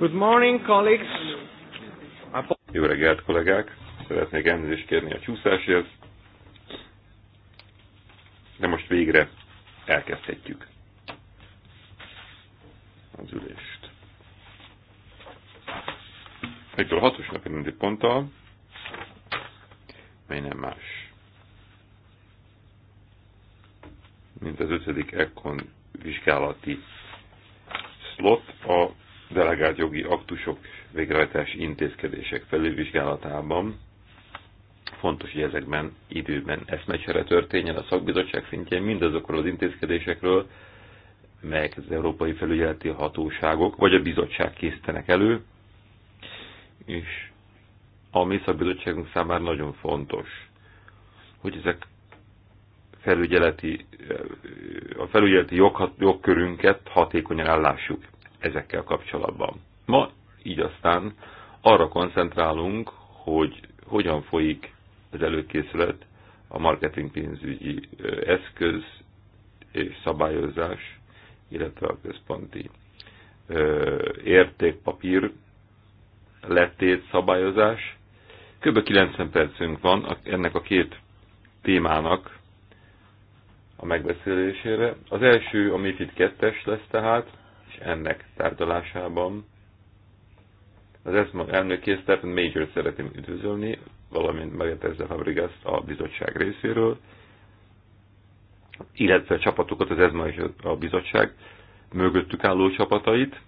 Good morning, colleagues. Jó reggelt, kollégák! Szeretnék elnézést kérni a csúszásért, de most végre elkezdhetjük az ülést. Egytől a hatos napi ponttal, mely nem más, mint az ötödik Ekkon vizsgálati slot a delegált jogi aktusok végrehajtási intézkedések felülvizsgálatában fontos, hogy ezekben időben eszmecsere történjen a szakbizottság szintjén mindazokról az intézkedésekről, melyek az európai felügyeleti hatóságok vagy a bizottság készítenek elő, és a mi szakbizottságunk számára nagyon fontos, hogy ezek felügyeleti, a felügyeleti jog, jogkörünket hatékonyan ellássuk ezekkel kapcsolatban. Ma így aztán arra koncentrálunk, hogy hogyan folyik az előkészület, a marketing pénzügyi eszköz és szabályozás, illetve a központi értékpapír letét szabályozás. Kb. 90 percünk van ennek a két témának a megbeszélésére. Az első a MIFID 2-es lesz tehát, és ennek tárgyalásában az ESMA elnökét Stephen Major szeretném üdvözölni, valamint Magetezze Fabregas a bizottság részéről, illetve a csapatokat, az ESMA és a bizottság mögöttük álló csapatait,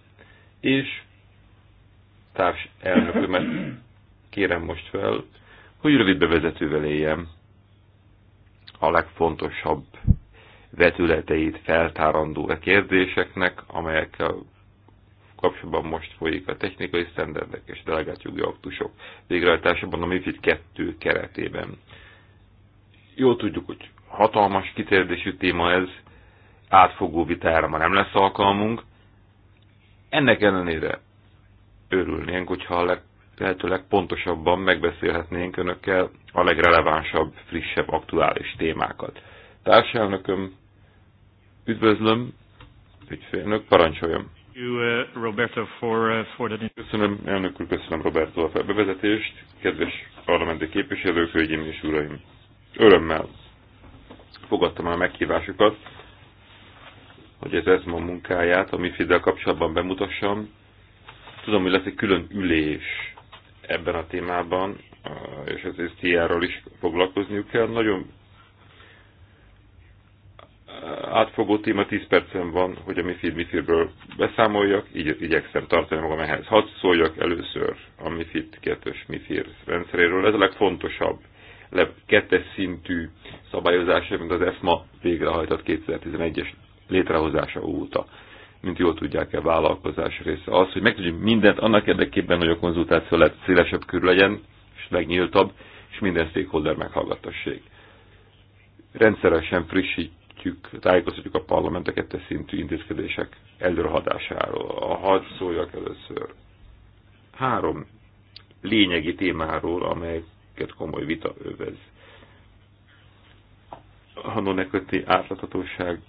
és társ elnökömet kérem most fel, hogy rövid bevezetővel éljem a legfontosabb vetületeit feltárandó e kérdéseknek, amelyekkel kapcsolatban most folyik a technikai sztenderdek és delegált jogi aktusok végrehajtásában a MIFID 2 keretében. Jó tudjuk, hogy hatalmas kitérdésű téma ez, átfogó vitára ma nem lesz alkalmunk. Ennek ellenére örülnénk, hogyha a leg, lehető legpontosabban megbeszélhetnénk önökkel a legrelevánsabb, frissebb, aktuális témákat. Társelnököm Üdvözlöm, ügyfélnök, parancsoljam. Uh, uh, köszönöm, elnök úr, köszönöm Roberto a felbevezetést. Kedves parlamenti képviselők, hölgyeim és uraim, örömmel fogadtam el a meghívásukat, hogy ez a munkáját a MIFID-del kapcsolatban bemutassam. Tudom, hogy lesz egy külön ülés ebben a témában, uh, és ezért str ról is foglalkozniuk kell. Nagyon átfogó téma, 10 percem van, hogy a MIFID MIFID-ről beszámoljak, így igyekszem tartani magam ehhez. Hadd szóljak először a MIFID 2-ös MIFID rendszeréről. Ez a legfontosabb, le kettes szintű szabályozása, mint az ESMA végrehajtott 2011-es létrehozása óta mint jól tudják-e vállalkozás része. Az, hogy meg tudjuk mindent annak érdekében, hogy a konzultáció lett szélesebb körül legyen, és legnyíltabb, és minden stakeholder meghallgatassék rendszeresen frissít értesítjük, tájékoztatjuk a parlamenteket e szintű intézkedések előrehadásáról. A hadd szóljak először. Három lényegi témáról, amelyeket komoly vita övez. A non-equity átláthatóság,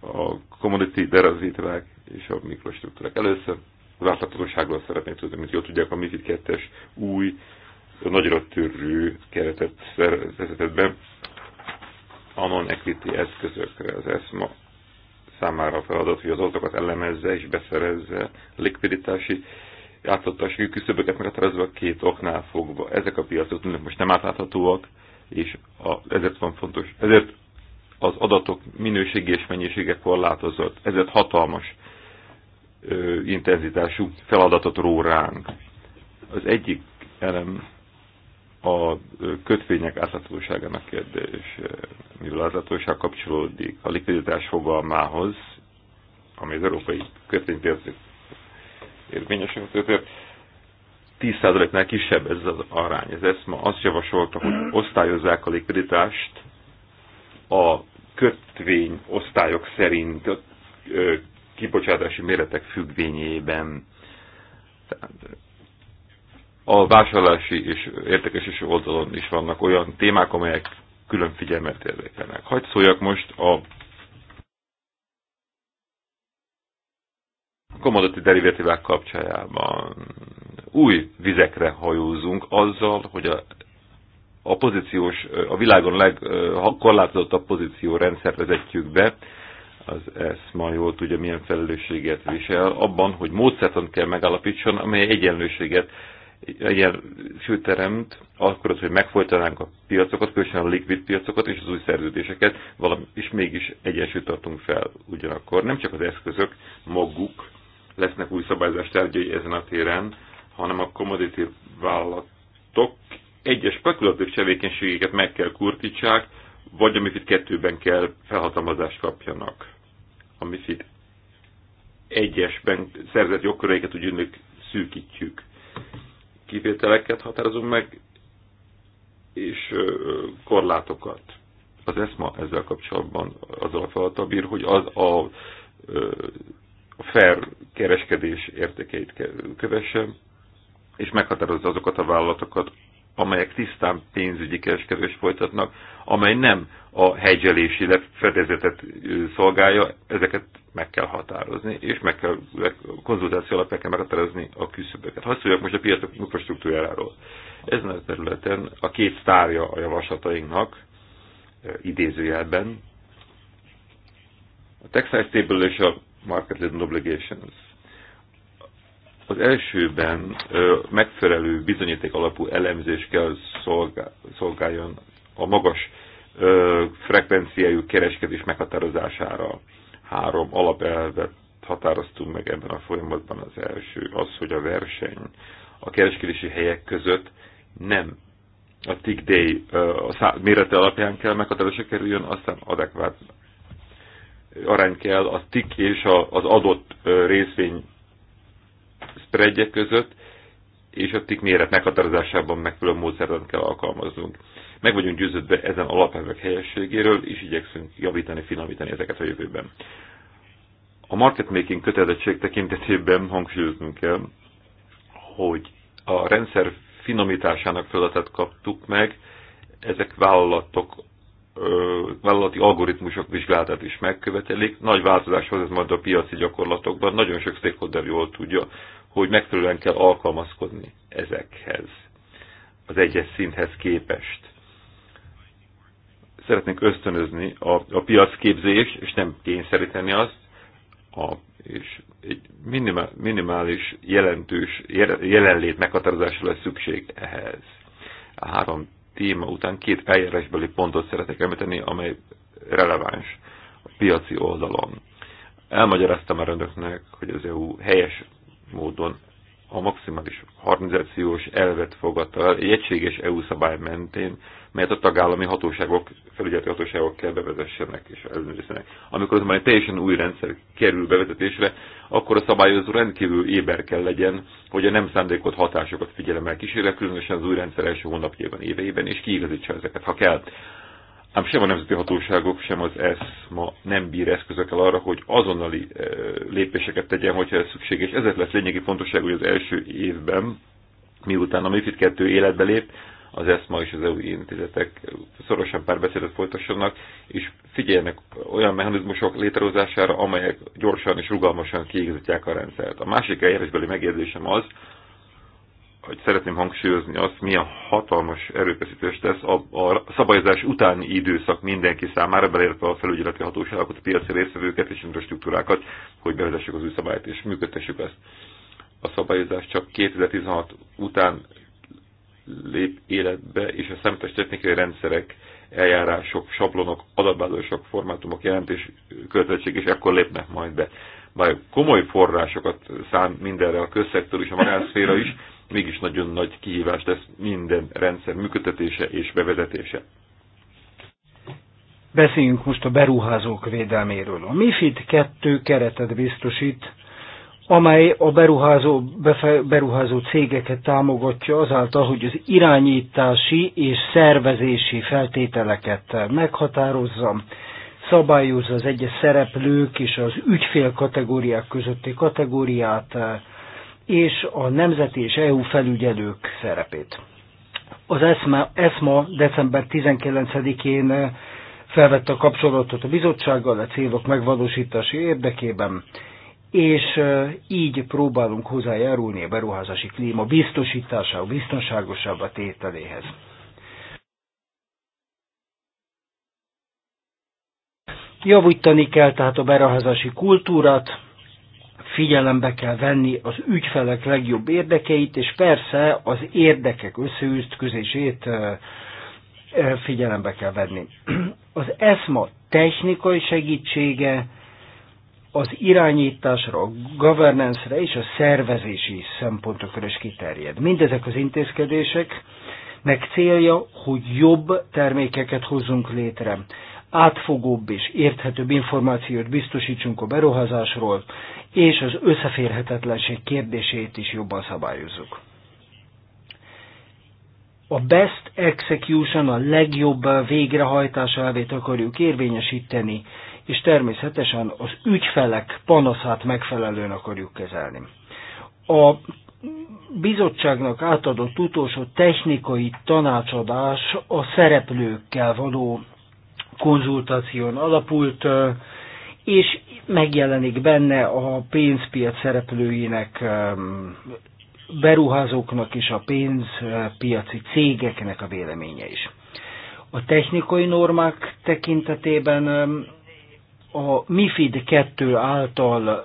a commodity derazítvák és a mikrostruktúrák. Először az átláthatóságról szeretnék tudni, mint jól tudják, a MIFID 2 új, nagyra törő keretet vezetett be, a non-equity eszközökre. Az ESMA számára feladat, hogy az adatokat elemezze és beszerezze likviditási átadtási küszöböket meghatározva a két oknál fogva. Ezek a piacok most nem átláthatóak, és a, ezért van fontos, ezért az adatok minőségi és mennyisége korlátozott, ezért hatalmas ö, intenzitású feladatot ró ránk. Az egyik elem a kötvények átláthatóságának kérdés, eh, mivel átláthatóság kapcsolódik a likviditás fogalmához, ami az európai kötvénypiacok érvényesen történt, 10%-nál kisebb ez az arány. Ez ma azt javasolta, hogy osztályozzák a likviditást a kötvény osztályok szerint a eh, kibocsátási méretek függvényében. Tehát a vásárlási és értékesítési oldalon is vannak olyan témák, amelyek külön figyelmet érdekelnek. Hagy szóljak most a komodati derivatívák kapcsájában. Új vizekre hajózunk azzal, hogy a, a pozíciós, a világon legkorlátozottabb pozíció rendszer vezetjük be, az ma jól tudja, milyen felelősséget visel, abban, hogy módszertan kell megállapítson, amely egyenlőséget ilyen főteremt, akkor az, hogy megfolytanánk a piacokat, különösen a likvid piacokat és az új szerződéseket, valami, és mégis egyensúlyt tartunk fel ugyanakkor. Nem csak az eszközök maguk lesznek új szabályozás tárgyai ezen a téren, hanem a commodity vállalatok egyes spekulatív tevékenységeket meg kell kurtítsák, vagy a MIFID kettőben kell felhatalmazást kapjanak. A MIFID egyesben szerzett jogköreiket úgy ünnek szűkítjük kivételeket határozunk meg, és korlátokat. Az ESMA ezzel kapcsolatban az feladat bír, hogy az a, a fair kereskedés értékeit kövesse, és meghatározza azokat a vállalatokat, amelyek tisztán pénzügyi kereskedés folytatnak, amely nem a hegyelési fedezetet szolgálja, ezeket meg kell határozni, és meg kell, konzultáció alapján kell meghatározni a küszöböket. Ha szóljak most a piacok infrastruktúrájáról. Ezen a területen a két sztárja a javaslatainknak, idézőjelben, a Texas Table és a Market Lead Obligations az elsőben megfelelő bizonyíték alapú elemzés kell szolgáljon a magas frekvenciájú kereskedés meghatározására. Három alapelvet határoztunk meg ebben a folyamatban. Az első az, hogy a verseny a kereskedési helyek között nem a tick day a mérete alapján kell meghatározása kerüljön, aztán adekvát arány kell a tick és a az adott részvény spreadje között, és a tik méret meghatározásában megfelelő módszertan kell alkalmaznunk. Meg vagyunk győződve ezen alapelvek helyességéről, és igyekszünk javítani, finomítani ezeket a jövőben. A market making kötelezettség tekintetében hangsúlyoznunk kell, hogy a rendszer finomításának feladatát kaptuk meg, ezek vállalatok, vállalati algoritmusok vizsgálatát is megkövetelik. Nagy változáshoz ez majd a piaci gyakorlatokban. Nagyon sok stakeholder jól tudja, hogy megfelelően kell alkalmazkodni ezekhez, az egyes szinthez képest. Szeretnénk ösztönözni a, a piacképzést, és nem kényszeríteni azt, a, és egy minimál, minimális jelentős jelenlét meghatározásra lesz szükség ehhez. A három téma után két eljárásbeli pontot szeretek említeni, amely releváns a piaci oldalon. Elmagyaráztam már önöknek, hogy az EU helyes módon a maximális harmonizációs elvet fogadta el egy egységes EU szabály mentén, melyet a tagállami hatóságok, felügyeleti hatóságok kell bevezessenek és ellenőrizzenek. Amikor azonban egy teljesen új rendszer kerül bevezetésre, akkor a szabályozó rendkívül éber kell legyen, hogy a nem szándékot hatásokat figyelemmel kísérje, különösen az új rendszer első hónapjában, éveiben, és kiigazítsa ezeket, ha kell ám sem a nemzeti hatóságok, sem az ESZ ma nem bír eszközökkel arra, hogy azonnali eh, lépéseket tegyen, hogyha ez szükséges. Ezért lesz lényegi fontosság, hogy az első évben, miután a MIFID 2 életbe lép, az ESMA és az EU intézetek szorosan párbeszédet folytassanak, és figyeljenek olyan mechanizmusok létrehozására, amelyek gyorsan és rugalmasan kiigazítják a rendszert. A másik eljárásbeli megjegyzésem az, hogy szeretném hangsúlyozni azt, milyen hatalmas erőfeszítést tesz a, a szabályozás utáni időszak mindenki számára, beleértve a felügyeleti hatóságokat, a piaci részvevőket és infrastruktúrákat, hogy bevezessük az új szabályt és működtessük ezt. A szabályozás csak 2016 után lép életbe, és a szemtes technikai rendszerek, eljárások, sablonok, adatbázisok, formátumok, jelentés, költöttség, és ekkor lépnek majd be. Bár komoly forrásokat szán mindenre a közszektor és a magánszféra is, mégis nagyon nagy kihívást tesz minden rendszer működtetése és bevezetése. Beszéljünk most a beruházók védelméről. A MIFID 2 keretet biztosít, amely a beruházó, befe, beruházó cégeket támogatja azáltal, hogy az irányítási és szervezési feltételeket meghatározza, szabályozza az egyes szereplők és az ügyfél kategóriák közötti kategóriát, és a nemzeti és EU felügyelők szerepét. Az ESMA, ESMA december 19-én eh, felvette a kapcsolatot a bizottsággal a célok megvalósítási érdekében, és eh, így próbálunk hozzájárulni a beruházási klíma biztosításához, biztonságosabb a tételéhez. Javítani kell tehát a beruházási kultúrát, figyelembe kell venni az ügyfelek legjobb érdekeit, és persze az érdekek összeütközését figyelembe kell venni. Az ESMA technikai segítsége az irányításra, a governance-re és a szervezési szempontokra is kiterjed. Mindezek az intézkedések, meg célja, hogy jobb termékeket hozzunk létre átfogóbb és érthetőbb információt biztosítsunk a beruházásról, és az összeférhetetlenség kérdését is jobban szabályozzuk. A best execution, a legjobb végrehajtás elvét akarjuk érvényesíteni, és természetesen az ügyfelek panaszát megfelelően akarjuk kezelni. A bizottságnak átadott utolsó technikai tanácsadás a szereplőkkel való konzultáción alapult, és megjelenik benne a pénzpiac szereplőinek, beruházóknak és a pénzpiaci cégeknek a véleménye is. A technikai normák tekintetében a MIFID 2 által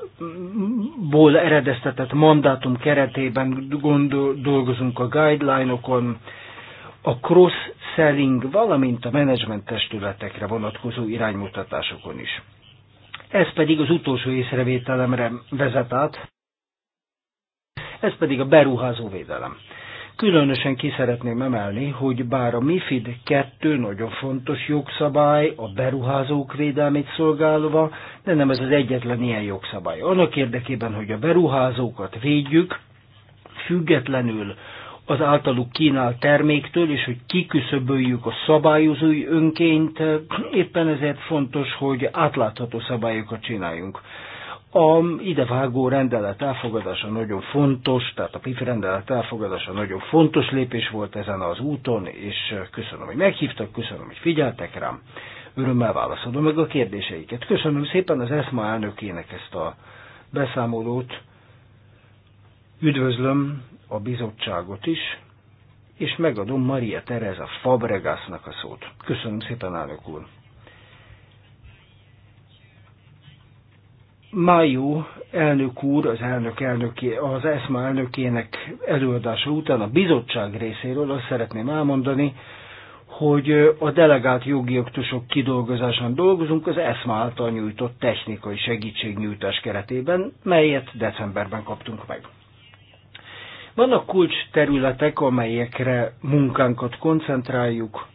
ból eredeztetett mandátum keretében gondol, dolgozunk a guideline-okon, a cross-selling, valamint a menedzsment testületekre vonatkozó iránymutatásokon is. Ez pedig az utolsó észrevételemre vezet át, ez pedig a beruházó védelem. Különösen ki szeretném emelni, hogy bár a MIFID 2 nagyon fontos jogszabály, a beruházók védelmét szolgálva, de nem ez az egyetlen ilyen jogszabály. Annak érdekében, hogy a beruházókat védjük, függetlenül az általuk kínált terméktől, és hogy kiküszöböljük a szabályozói önként, éppen ezért fontos, hogy átlátható szabályokat csináljunk. A idevágó rendelet elfogadása nagyon fontos, tehát a PIF rendelet elfogadása nagyon fontos lépés volt ezen az úton, és köszönöm, hogy meghívtak, köszönöm, hogy figyeltek rám. Örömmel válaszolom meg a kérdéseiket. Köszönöm szépen az ESMA elnökének ezt a beszámolót. Üdvözlöm a bizottságot is, és megadom Maria Tereza Fabregasnak a szót. Köszönöm szépen, elnök úr! Májú elnök úr, az elnök elnöké, az ESMA elnökének előadása után a bizottság részéről azt szeretném elmondani, hogy a delegált jogi oktusok kidolgozásán dolgozunk az ESMA által nyújtott technikai segítségnyújtás keretében, melyet decemberben kaptunk meg. Vannak kulcs területek, amelyekre munkánkat koncentráljuk,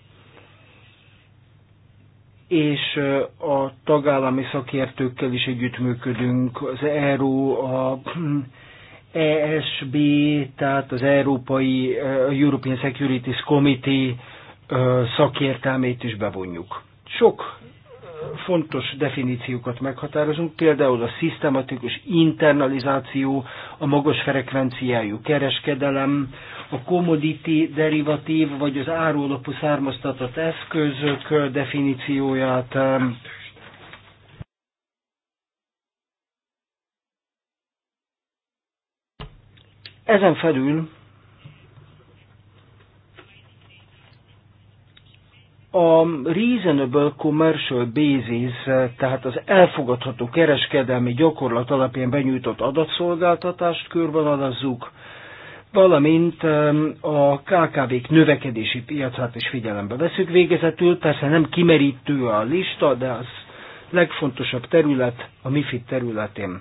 és a tagállami szakértőkkel is együttműködünk, az ERO, a ESB, e tehát az Európai European Securities Committee szakértelmét is bevonjuk. Sok fontos definíciókat meghatározunk, például a szisztematikus internalizáció, a magas frekvenciájú kereskedelem, a commodity derivatív vagy az árólapú származtatott eszközök definícióját, Ezen felül a reasonable commercial basis, tehát az elfogadható kereskedelmi gyakorlat alapján benyújtott adatszolgáltatást körvonalazzuk, valamint a KKV-k növekedési piacát is figyelembe veszük végezetül. Persze nem kimerítő a lista, de az legfontosabb terület a MIFID területén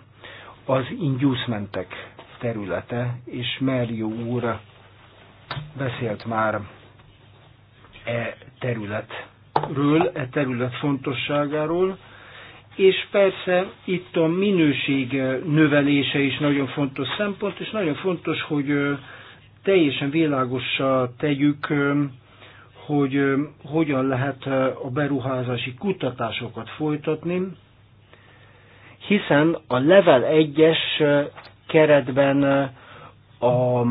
az inducementek területe, és Merjó úr beszélt már e területről, e terület fontosságáról, és persze itt a minőség e, növelése is nagyon fontos szempont, és nagyon fontos, hogy e, teljesen világossá tegyük, e, hogy hogyan lehet a beruházási kutatásokat folytatni, hiszen a level 1-es keretben a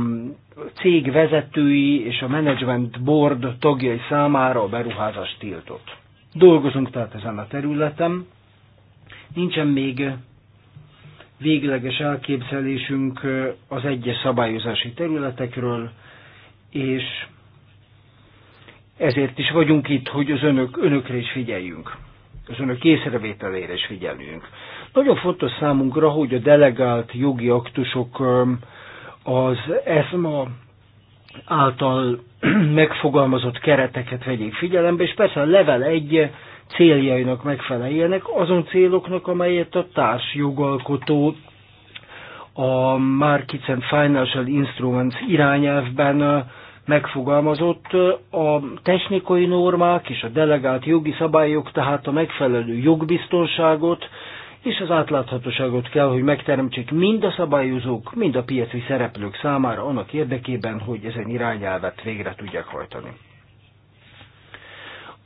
cég vezetői és a management board tagjai számára a beruházást tiltott. Dolgozunk tehát ezen a területen. Nincsen még végleges elképzelésünk az egyes szabályozási területekről, és ezért is vagyunk itt, hogy az önök, önökre is figyeljünk, az önök észrevételére is figyeljünk. Nagyon fontos számunkra, hogy a delegált jogi aktusok az ESMA által megfogalmazott kereteket vegyék figyelembe, és persze a level 1 céljainak megfeleljenek, azon céloknak, amelyet a társjogalkotó a Markets and Financial Instruments irányelvben uh, megfogalmazott a technikai normák és a delegált jogi szabályok, tehát a megfelelő jogbiztonságot, és az átláthatóságot kell, hogy megteremtsék mind a szabályozók, mind a piaci szereplők számára annak érdekében, hogy ezen irányelvet végre tudják hajtani.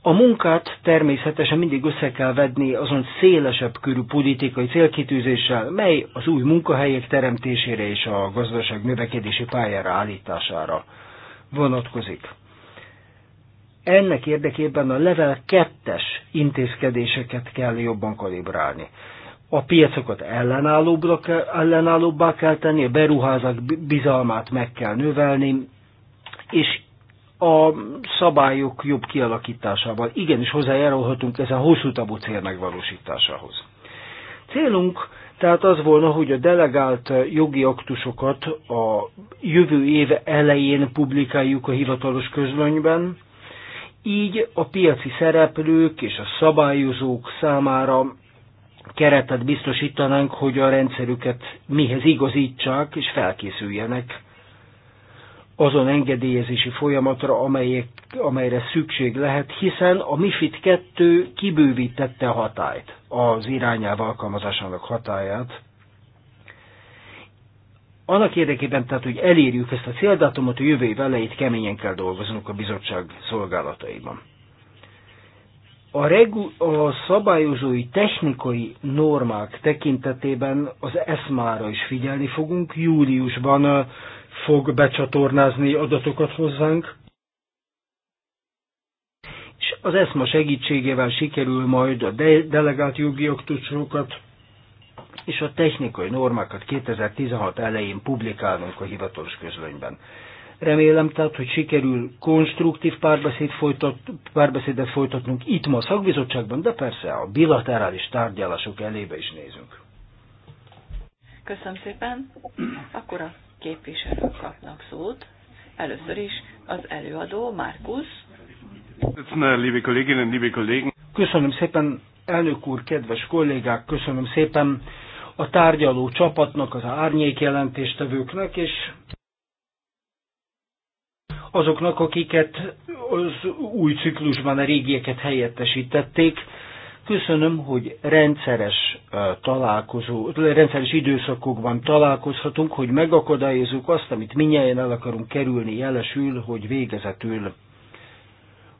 A munkát természetesen mindig össze kell vedni azon szélesebb körű politikai célkitűzéssel, mely az új munkahelyek teremtésére és a gazdaság növekedési pályára állítására vonatkozik. Ennek érdekében a level 2-es intézkedéseket kell jobban kalibrálni a piacokat ellenállóbbá kell tenni, a beruházak bizalmát meg kell növelni, és a szabályok jobb kialakításával igenis hozzájárulhatunk ezen hosszú távú cél megvalósításához. Célunk tehát az volna, hogy a delegált jogi aktusokat a jövő éve elején publikáljuk a hivatalos közlönyben, így a piaci szereplők és a szabályozók számára keretet biztosítanánk, hogy a rendszerüket mihez igazítsák és felkészüljenek azon engedélyezési folyamatra, amelyek, amelyre szükség lehet, hiszen a MIFID 2 kibővítette a hatályt, az irányelv alkalmazásának hatáját. Annak érdekében, tehát, hogy elérjük ezt a céldátumot, a jövő év elejét keményen kell dolgoznunk a bizottság szolgálataiban. A, regu- a szabályozói technikai normák tekintetében az ESMA-ra is figyelni fogunk. Júliusban fog becsatornázni adatokat hozzánk, és az ESMA segítségével sikerül majd a de- delegált jogi aktusokat és a technikai normákat 2016 elején publikálunk a hivatalos közlönyben. Remélem tehát, hogy sikerül konstruktív párbeszéd folytat, párbeszédet folytatnunk itt ma a szakbizottságban, de persze a bilaterális tárgyalások elébe is nézünk. Köszönöm szépen. Akkor a képviselők kapnak szót. Először is az előadó Márkusz. Köszönöm szépen, elnök úr, kedves kollégák, köszönöm szépen a tárgyaló csapatnak, az árnyék jelentéstevőknek, és azoknak, akiket az új ciklusban a régieket helyettesítették. Köszönöm, hogy rendszeres találkozó, rendszeres időszakokban találkozhatunk, hogy megakadályozzuk azt, amit minnyáján el akarunk kerülni, jelesül, hogy végezetül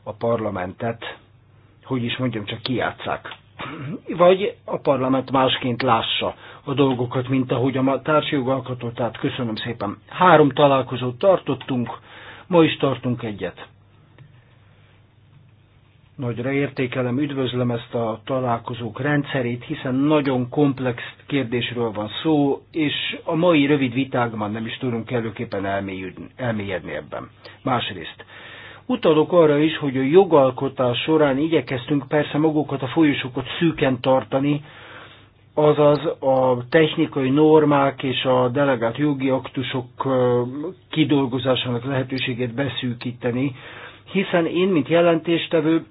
a parlamentet, hogy is mondjam, csak kiátszák. Vagy a parlament másként lássa a dolgokat, mint ahogy a társjogalkotó. Tehát köszönöm szépen. Három találkozót tartottunk, Ma is tartunk egyet. Nagyra értékelem, üdvözlöm ezt a találkozók rendszerét, hiszen nagyon komplex kérdésről van szó, és a mai rövid vitágban nem is tudunk kellőképpen elmélyedni ebben. Másrészt, Utalok arra is, hogy a jogalkotás során igyekeztünk persze magukat a folyosokat szűken tartani, azaz a technikai normák és a delegált jogi aktusok kidolgozásának lehetőségét beszűkíteni, hiszen én, mint jelentéstevő,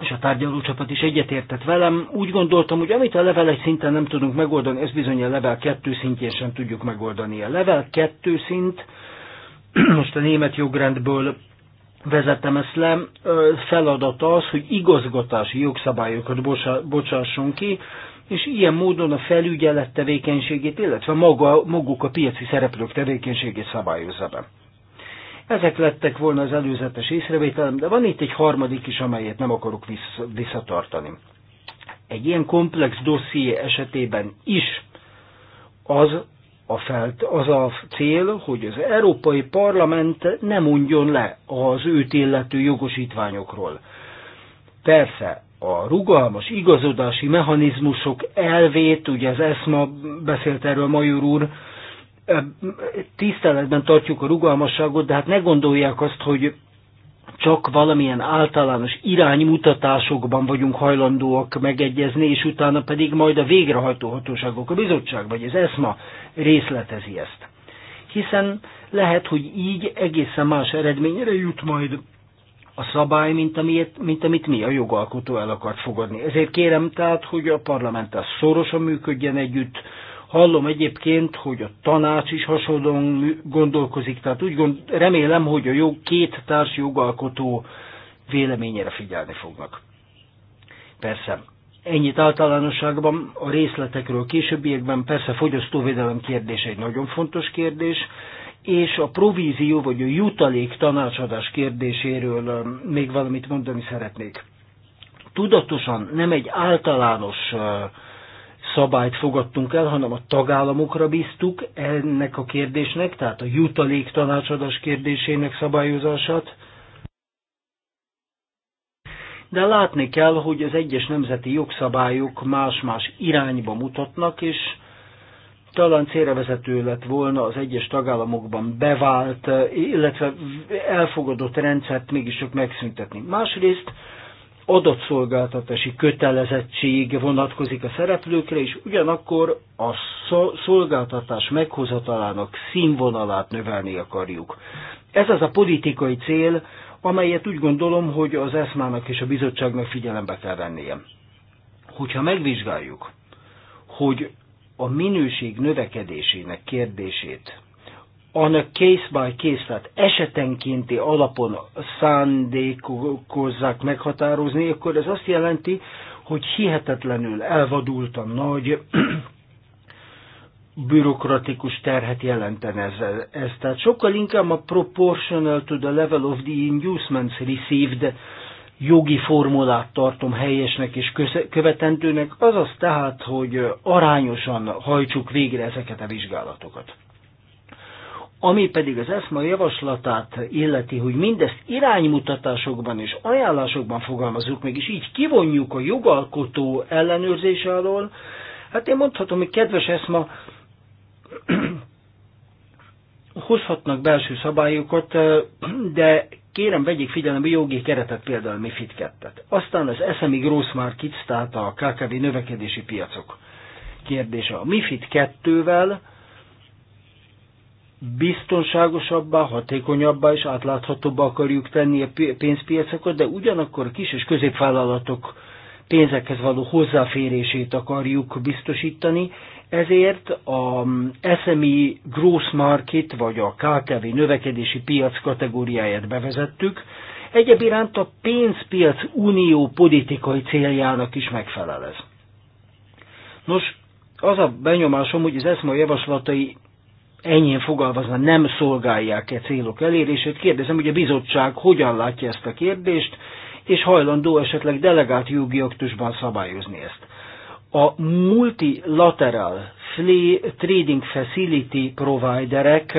és a tárgyalócsapat is egyetértett velem, úgy gondoltam, hogy amit a level 1 szinten nem tudunk megoldani, ez bizony a level 2 szintjén sem tudjuk megoldani. A level 2 szint, most a német jogrendből vezetem ezt le, feladata az, hogy igazgatási jogszabályokat bocsássunk ki, és ilyen módon a felügyelet tevékenységét, illetve maga, maguk a piaci szereplők tevékenységét szabályozza be. Ezek lettek volna az előzetes észrevételem, de van itt egy harmadik is, amelyet nem akarok visszatartani. Egy ilyen komplex dosszié esetében is az a, felt, az a cél, hogy az Európai Parlament ne mondjon le az őt illető jogosítványokról. Persze, a rugalmas igazodási mechanizmusok elvét, ugye az ESMA beszélt erről Major úr, e, tiszteletben tartjuk a rugalmasságot, de hát ne gondolják azt, hogy csak valamilyen általános iránymutatásokban vagyunk hajlandóak megegyezni, és utána pedig majd a végrehajtó hatóságok, a bizottság vagy az ESMA részletezi ezt. Hiszen lehet, hogy így egészen más eredményre jut majd a szabály, mint, amit, mint amit mi a jogalkotó el akart fogadni. Ezért kérem tehát, hogy a parlamenttel szorosan működjen együtt. Hallom egyébként, hogy a tanács is hasonlóan gondolkozik, tehát úgy gond, remélem, hogy a jog, két társ jogalkotó véleményére figyelni fognak. Persze, Ennyit általánosságban a részletekről későbbiekben. Persze fogyasztóvédelem kérdése egy nagyon fontos kérdés, és a provízió vagy a jutalék tanácsadás kérdéséről még valamit mondani szeretnék. Tudatosan nem egy általános szabályt fogadtunk el, hanem a tagállamokra bíztuk ennek a kérdésnek, tehát a jutalék tanácsadás kérdésének szabályozását. De látni kell, hogy az egyes nemzeti jogszabályok más-más irányba mutatnak, és talán célra vezető lett volna az egyes tagállamokban bevált, illetve elfogadott rendszert mégiscsak megszüntetni. Másrészt adatszolgáltatási kötelezettség vonatkozik a szereplőkre, és ugyanakkor a szolgáltatás meghozatalának színvonalát növelni akarjuk. Ez az a politikai cél, amelyet úgy gondolom, hogy az eszmának és a bizottságnak figyelembe kell vennie. Hogyha megvizsgáljuk, hogy a minőség növekedésének kérdését on a case by case, tehát esetenkénti alapon szándékozzák meghatározni, akkor ez azt jelenti, hogy hihetetlenül elvadult a nagy bürokratikus terhet jelentene ez, ez. Tehát sokkal inkább a proportional to the level of the inducements received jogi formulát tartom helyesnek és követendőnek, azaz tehát, hogy arányosan hajtsuk végre ezeket a vizsgálatokat. Ami pedig az eszma javaslatát illeti, hogy mindezt iránymutatásokban és ajánlásokban fogalmazunk meg, és így kivonjuk a jogalkotó ellenőrzés alól, hát én mondhatom, hogy kedves eszma, hozhatnak belső szabályokat, de Kérem, vegyék figyelembe jogi keretet, például MIFID 2 Aztán az SMI Gross Markets, tehát a KKV növekedési piacok kérdése. A MIFID 2-vel biztonságosabbá, hatékonyabbá és átláthatóbbá akarjuk tenni a pénzpiacokat, de ugyanakkor a kis és középvállalatok pénzekhez való hozzáférését akarjuk biztosítani, ezért a SME Gross Market, vagy a KKV növekedési piac kategóriáját bevezettük, egyéb iránt a pénzpiac unió politikai céljának is megfelel ez. Nos, az a benyomásom, hogy az ESMA javaslatai enyhén fogalmazva nem szolgálják-e célok elérését. Kérdezem, hogy a bizottság hogyan látja ezt a kérdést, és hajlandó esetleg delegált jogi aktusban szabályozni ezt. A multilateral trading facility providerek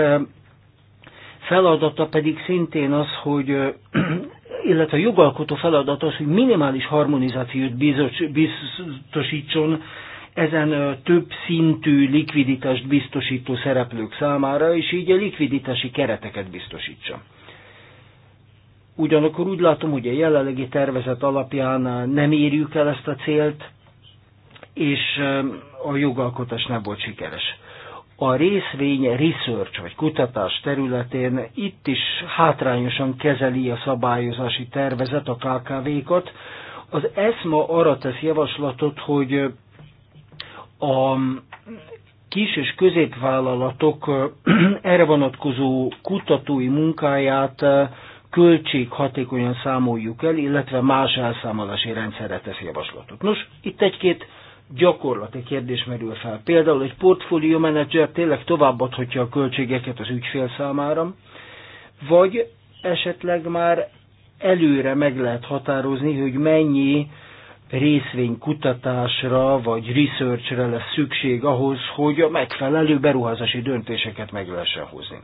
feladata pedig szintén az, hogy illetve a jogalkotó feladata az, hogy minimális harmonizációt biztosítson ezen több szintű likviditást biztosító szereplők számára, és így a likviditási kereteket biztosítsa. Ugyanakkor úgy látom, hogy a jelenlegi tervezet alapján nem érjük el ezt a célt, és a jogalkotás nem volt sikeres. A részvény research vagy kutatás területén itt is hátrányosan kezeli a szabályozási tervezet a KKV-kat. Az ESMA arra tesz javaslatot, hogy a kis és középvállalatok erre vonatkozó kutatói munkáját hatékonyan számoljuk el, illetve más elszámolási rendszerre tesz javaslatot. Nos, itt egy-két gyakorlati kérdés merül fel. Például egy portfólió menedzser tényleg továbbadhatja a költségeket az ügyfél számára, vagy esetleg már előre meg lehet határozni, hogy mennyi részvénykutatásra vagy researchre lesz szükség ahhoz, hogy a megfelelő beruházási döntéseket meg lehessen hozni.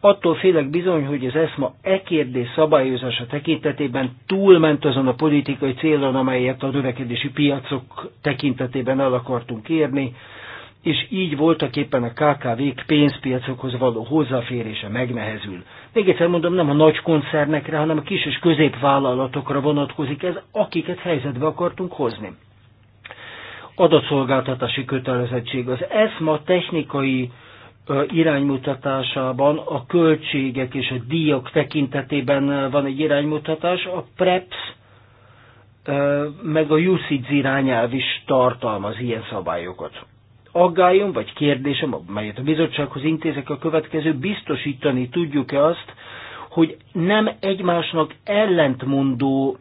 Attól félek bizony, hogy az ESMA e kérdés szabályozása tekintetében túlment azon a politikai célon, amelyet a növekedési piacok tekintetében el akartunk érni, és így voltak éppen a KKV-k pénzpiacokhoz való hozzáférése megnehezül. Még egyszer mondom, nem a nagy koncernekre, hanem a kis és középvállalatokra vonatkozik ez, akiket helyzetbe akartunk hozni. Adatszolgáltatási kötelezettség. Az ESMA technikai iránymutatásában a költségek és a díjak tekintetében van egy iránymutatás, a PREPS meg a USIDS irányelv is tartalmaz ilyen szabályokat. Aggályom vagy kérdésem, amelyet a bizottsághoz intézek a következő, biztosítani tudjuk-e azt, hogy nem egymásnak ellentmondó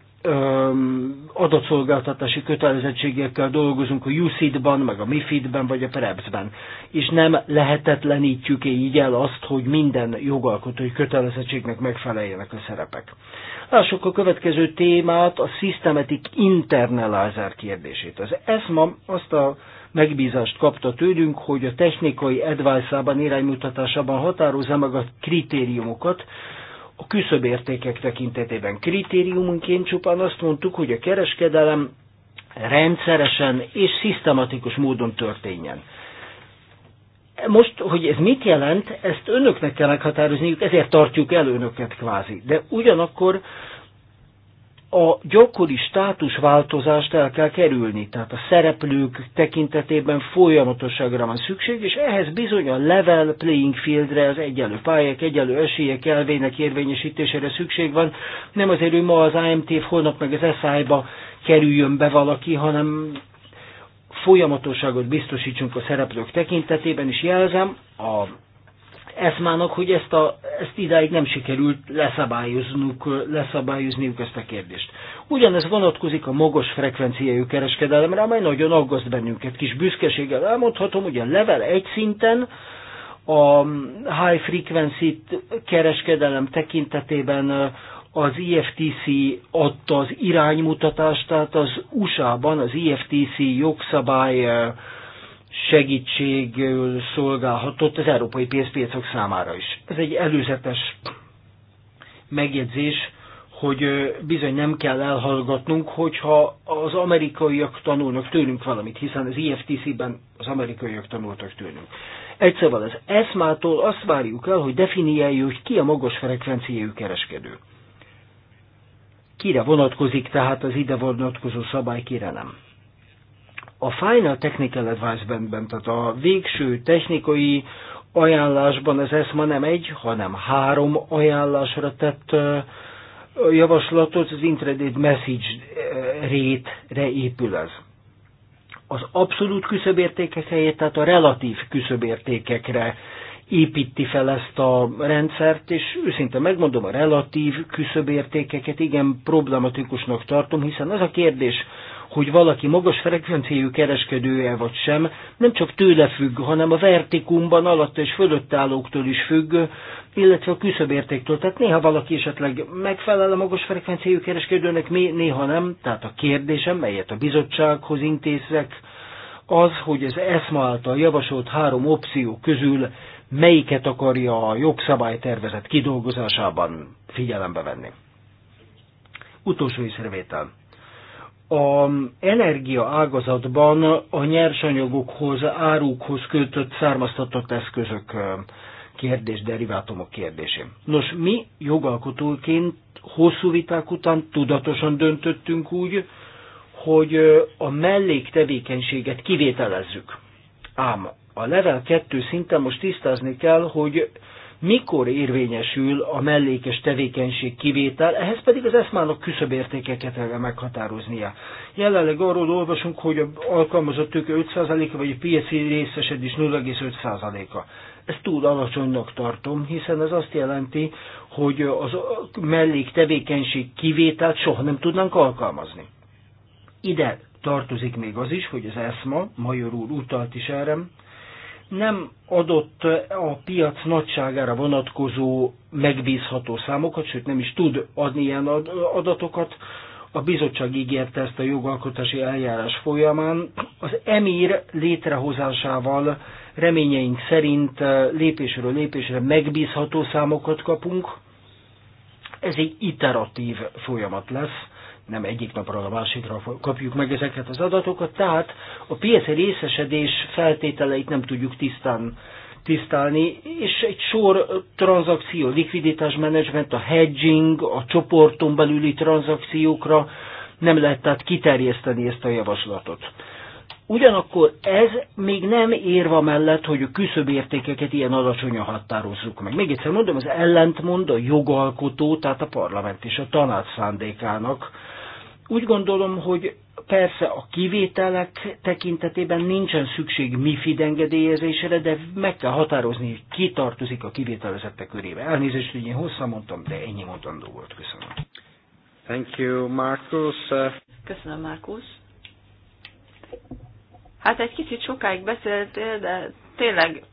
adatszolgáltatási kötelezettségekkel dolgozunk a UCID-ban, meg a MIFID-ben, vagy a PREPS-ben. És nem lehetetlenítjük -e így el azt, hogy minden jogalkotói kötelezettségnek megfeleljenek a szerepek. Lássuk a következő témát, a Systematic Internalizer kérdését. Az ESMA azt a megbízást kapta tőlünk, hogy a technikai advice-ában, iránymutatásában határozza meg a kritériumokat, a küszöbértékek tekintetében kritériumunként csupán azt mondtuk, hogy a kereskedelem rendszeresen és szisztematikus módon történjen. Most, hogy ez mit jelent, ezt önöknek kell meghatározniuk, ezért tartjuk el önöket kvázi. De ugyanakkor a gyakori státusváltozást el kell kerülni, tehát a szereplők tekintetében folyamatosságra van szükség, és ehhez bizony a level playing fieldre, az egyenlő pályák, egyenlő esélyek elvének érvényesítésére szükség van. Nem azért, hogy ma az AMT holnap meg az SI-ba kerüljön be valaki, hanem folyamatosságot biztosítsunk a szereplők tekintetében, és jelzem, a eszmának, hogy ezt, a, ezt idáig nem sikerült leszabályoznunk, leszabályozniuk ezt a kérdést. Ugyanez vonatkozik a magas frekvenciájú kereskedelemre, amely nagyon aggaszt bennünket. Kis büszkeséggel elmondhatom, hogy a level egy szinten a high frequency kereskedelem tekintetében az IFTC adta az iránymutatást, tehát az USA-ban az IFTC jogszabály segítségül szolgálhatott az európai pénzpiacok számára is. Ez egy előzetes megjegyzés, hogy bizony nem kell elhallgatnunk, hogyha az amerikaiak tanulnak tőlünk valamit, hiszen az IFTC-ben e az amerikaiak tanultak tőlünk. Egyszerűen szóval az ESMA-tól azt várjuk el, hogy definiálja, hogy ki a magas frekvenciájú kereskedő. Kire vonatkozik tehát az ide vonatkozó szabály, kire nem a Final Technical Advice-ben, tehát a végső technikai ajánlásban az ESMA nem egy, hanem három ajánlásra tett javaslatot, az intraday message rétre re épül ez. Az abszolút küszöbértékek helyett, tehát a relatív küszöbértékekre építi fel ezt a rendszert, és őszinte megmondom, a relatív küszöbértékeket igen problematikusnak tartom, hiszen az a kérdés, hogy valaki magas frekvenciájú kereskedője vagy sem, nem csak tőle függ, hanem a vertikumban alatt és fölött állóktól is függ, illetve a küszöbértéktől. Tehát néha valaki esetleg megfelel a magas frekvenciájú kereskedőnek, néha nem. Tehát a kérdésem, melyet a bizottsághoz intézek, az, hogy az ESMA által javasolt három opció közül melyiket akarja a jogszabálytervezet kidolgozásában figyelembe venni. Utolsó észrevétel a energia ágazatban a nyersanyagokhoz, árukhoz kötött származtatott eszközök kérdés, derivátumok kérdésé. Nos, mi jogalkotóként hosszú viták után tudatosan döntöttünk úgy, hogy a melléktevékenységet kivételezzük. Ám a level 2 szinten most tisztázni kell, hogy mikor érvényesül a mellékes tevékenység kivétel, ehhez pedig az eszmának küszöbértékeket kell meghatároznia. Jelenleg arról olvasunk, hogy alkalmazott tőke 5%-a, vagy a piaci részesedés 0,5%-a. Ezt túl alacsonynak tartom, hiszen ez azt jelenti, hogy az mellék tevékenység kivételt soha nem tudnánk alkalmazni. Ide tartozik még az is, hogy az ESMA, Major úr utalt is erre, nem adott a piac nagyságára vonatkozó megbízható számokat, sőt nem is tud adni ilyen adatokat. A bizottság ígérte ezt a jogalkotási eljárás folyamán. Az EMIR létrehozásával reményeink szerint eh, lépésről lépésre megbízható számokat kapunk. Ez egy iteratív folyamat lesz nem egyik napról a másikra kapjuk meg ezeket az adatokat, tehát a PSZ részesedés feltételeit nem tudjuk tisztán tisztálni, és egy sor tranzakció, likviditás menedzsment, a hedging, a csoporton belüli tranzakciókra nem lehet tehát kiterjeszteni ezt a javaslatot. Ugyanakkor ez még nem érva mellett, hogy a küszöbértékeket ilyen alacsonyan határozzuk meg. Még egyszer mondom, az ellentmond a jogalkotó, tehát a parlament és a tanács szándékának, úgy gondolom, hogy persze a kivételek tekintetében nincsen szükség MIFID engedélyezésre, de meg kell határozni, hogy ki tartozik a kivételezettek körébe. Elnézést, hogy én hosszan mondtam, de ennyi mondandó volt. Köszönöm. Thank you, Markus. Köszönöm, Markus. Hát egy kicsit sokáig beszéltél, de tényleg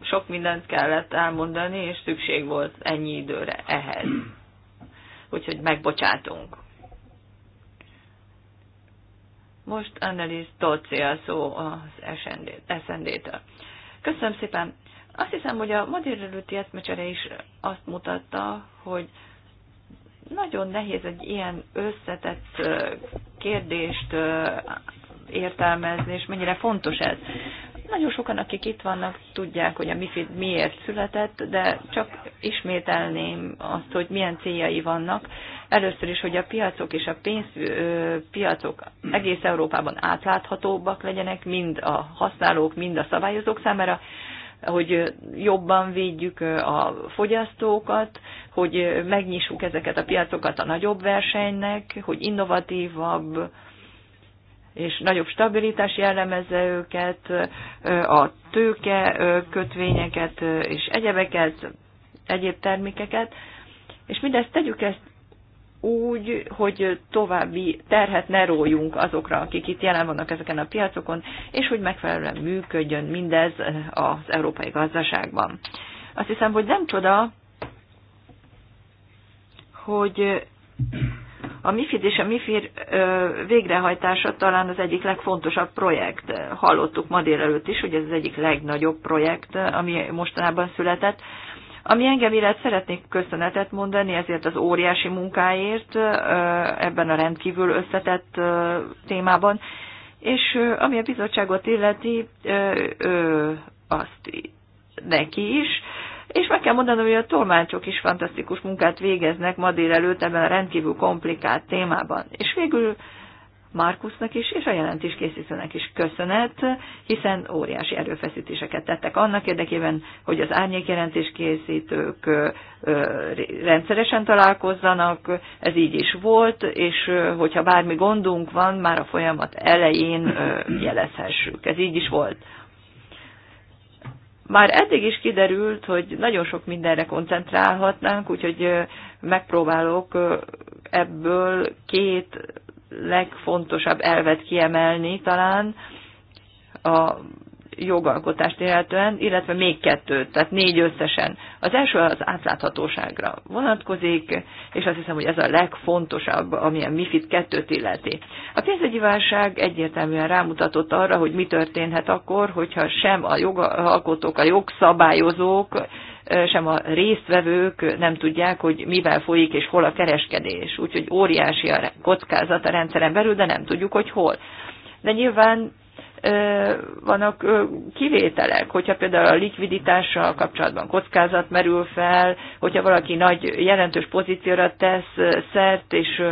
sok mindent kellett elmondani, és szükség volt ennyi időre ehhez. Úgyhogy megbocsátunk. Most Annelies Tolci a szó az eszendétől. Köszönöm szépen. Azt hiszem, hogy a ma előtti eszmecsere is azt mutatta, hogy nagyon nehéz egy ilyen összetett kérdést értelmezni, és mennyire fontos ez. Nagyon sokan, akik itt vannak, tudják, hogy a MIFID miért született, de csak ismételném azt, hogy milyen céljai vannak. Először is, hogy a piacok és a pénzpiacok egész Európában átláthatóbbak legyenek, mind a használók, mind a szabályozók számára hogy jobban védjük a fogyasztókat, hogy megnyissuk ezeket a piacokat a nagyobb versenynek, hogy innovatívabb, és nagyobb stabilitás jellemezze őket, a tőke kötvényeket és egyebeket, egyéb termékeket, és mindezt tegyük ezt úgy, hogy további terhet ne rójunk azokra, akik itt jelen vannak ezeken a piacokon, és hogy megfelelően működjön mindez az európai gazdaságban. Azt hiszem, hogy nem csoda, hogy a MIFID és a MIFIR végrehajtása talán az egyik legfontosabb projekt. Hallottuk ma délelőtt is, hogy ez az egyik legnagyobb projekt, ami mostanában született. Ami engem illet, szeretnék köszönetet mondani ezért az óriási munkáért ebben a rendkívül összetett témában, és ami a bizottságot illeti, azt neki is, és meg kell mondanom, hogy a tolmácsok is fantasztikus munkát végeznek ma délelőtt ebben a rendkívül komplikált témában. És végül Markusnak is, és a jelentés készítőnek is köszönet, hiszen óriási erőfeszítéseket tettek annak érdekében, hogy az árnyékjelentés készítők rendszeresen találkozzanak, ez így is volt, és hogyha bármi gondunk van, már a folyamat elején jelezhessük. Ez így is volt. Már eddig is kiderült, hogy nagyon sok mindenre koncentrálhatnánk, úgyhogy megpróbálok ebből két legfontosabb elvet kiemelni talán a jogalkotást illetően, illetve még kettőt, tehát négy összesen. Az első az átláthatóságra vonatkozik, és azt hiszem, hogy ez a legfontosabb, amilyen MIFID kettőt illeti. A pénzügyi válság egyértelműen rámutatott arra, hogy mi történhet akkor, hogyha sem a jogalkotók, a jogszabályozók, sem a résztvevők nem tudják, hogy mivel folyik és hol a kereskedés. Úgyhogy óriási a kockázat a rendszeren belül, de nem tudjuk, hogy hol. De nyilván vannak kivételek, hogyha például a likviditással kapcsolatban kockázat merül fel, hogyha valaki nagy jelentős pozícióra tesz szert, és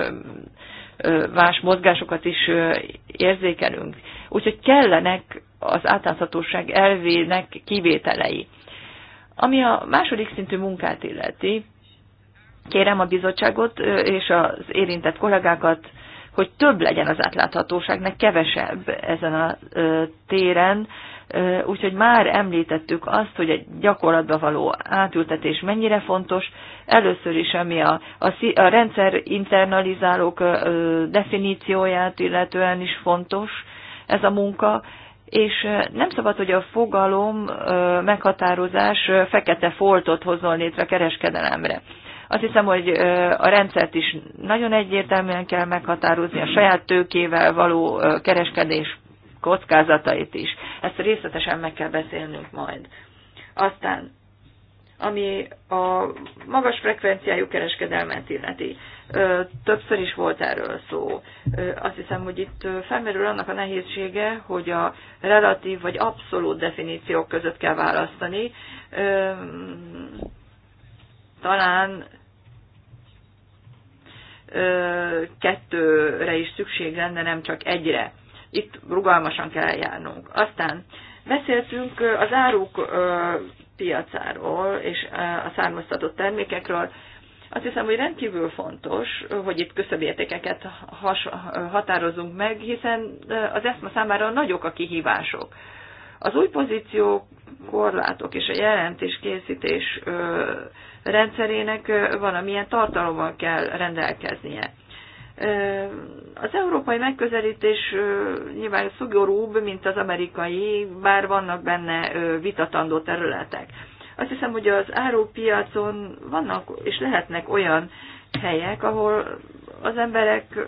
más mozgásokat is érzékelünk. Úgyhogy kellenek az átláthatóság elvének kivételei. Ami a második szintű munkát illeti, kérem a bizottságot és az érintett kollégákat, hogy több legyen az átláthatóság, ne kevesebb ezen a téren. Úgyhogy már említettük azt, hogy egy gyakorlatba való átültetés mennyire fontos. Először is, ami a, a, a rendszer internalizálók definícióját illetően is fontos ez a munka, és nem szabad, hogy a fogalom meghatározás fekete foltot hozzon létre kereskedelemre. Azt hiszem, hogy a rendszert is nagyon egyértelműen kell meghatározni, a saját tőkével való kereskedés kockázatait is. Ezt részletesen meg kell beszélnünk majd. Aztán, ami a magas frekvenciájú kereskedelmet illeti, többször is volt erről szó. Azt hiszem, hogy itt felmerül annak a nehézsége, hogy a relatív vagy abszolút definíciók között kell választani. Talán kettőre is szükség lenne, nem csak egyre. Itt rugalmasan kell eljárnunk. Aztán beszéltünk az áruk piacáról és a származtatott termékekről. Azt hiszem, hogy rendkívül fontos, hogy itt köszöbértékeket határozunk meg, hiszen az ESMA számára nagyok a kihívások. Az új pozíciók, korlátok és a jelentés készítés rendszerének valamilyen tartalommal kell rendelkeznie. Az európai megközelítés nyilván szigorúbb, mint az amerikai, bár vannak benne vitatandó területek. Azt hiszem, hogy az árópiacon vannak és lehetnek olyan helyek, ahol az emberek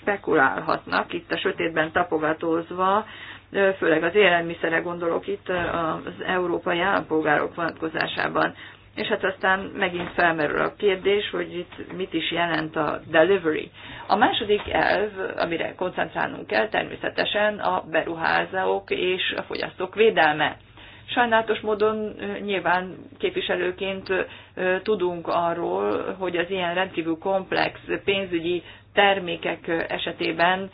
spekulálhatnak, itt a sötétben tapogatózva, főleg az élelmiszere gondolok itt az európai állampolgárok vonatkozásában és hát aztán megint felmerül a kérdés, hogy itt mit is jelent a delivery. A második elv, amire koncentrálnunk kell, természetesen a beruházók és a fogyasztók védelme. Sajnálatos módon nyilván képviselőként tudunk arról, hogy az ilyen rendkívül komplex pénzügyi termékek esetében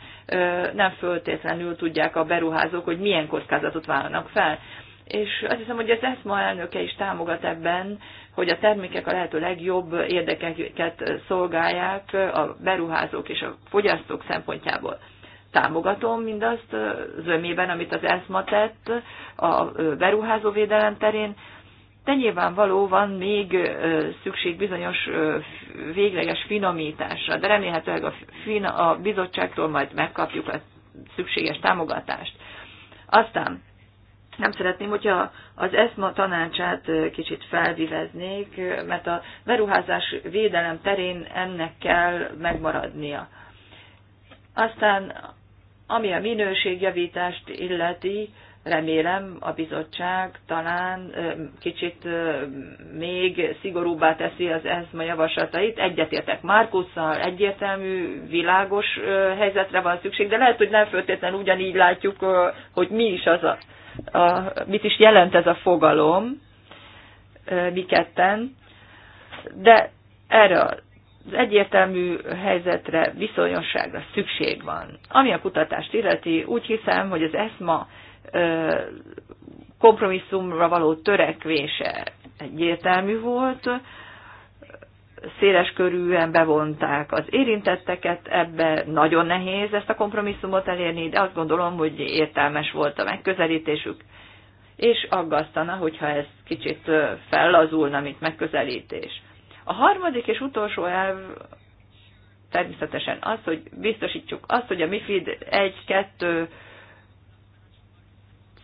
nem föltétlenül tudják a beruházók, hogy milyen kockázatot vállalnak fel és azt hiszem, hogy az ESZMA elnöke is támogat ebben, hogy a termékek a lehető legjobb érdekeket szolgálják a beruházók és a fogyasztók szempontjából. Támogatom mindazt zömében, amit az ESZMA tett a beruházóvédelem terén, de nyilvánvaló van még szükség bizonyos végleges finomításra, de remélhetőleg a, a bizottságtól majd megkapjuk a szükséges támogatást. Aztán nem szeretném, hogyha az ESMA tanácsát kicsit felviveznék, mert a beruházás védelem terén ennek kell megmaradnia. Aztán, ami a minőségjavítást illeti, remélem a bizottság talán kicsit még szigorúbbá teszi az ESMA javaslatait. Egyetértek Márkusszal, egyértelmű, világos helyzetre van szükség, de lehet, hogy nem föltétlenül ugyanígy látjuk, hogy mi is az a a, mit is jelent ez a fogalom, mi ketten, de erre az egyértelmű helyzetre, viszonyosságra szükség van. Ami a kutatást illeti, úgy hiszem, hogy az ESMA kompromisszumra való törekvése egyértelmű volt, széles körűen bevonták az érintetteket, ebbe nagyon nehéz ezt a kompromisszumot elérni, de azt gondolom, hogy értelmes volt a megközelítésük, és aggasztana, hogyha ez kicsit fellazulna, mint megközelítés. A harmadik és utolsó elv természetesen az, hogy biztosítsuk azt, hogy a MIFID 1-2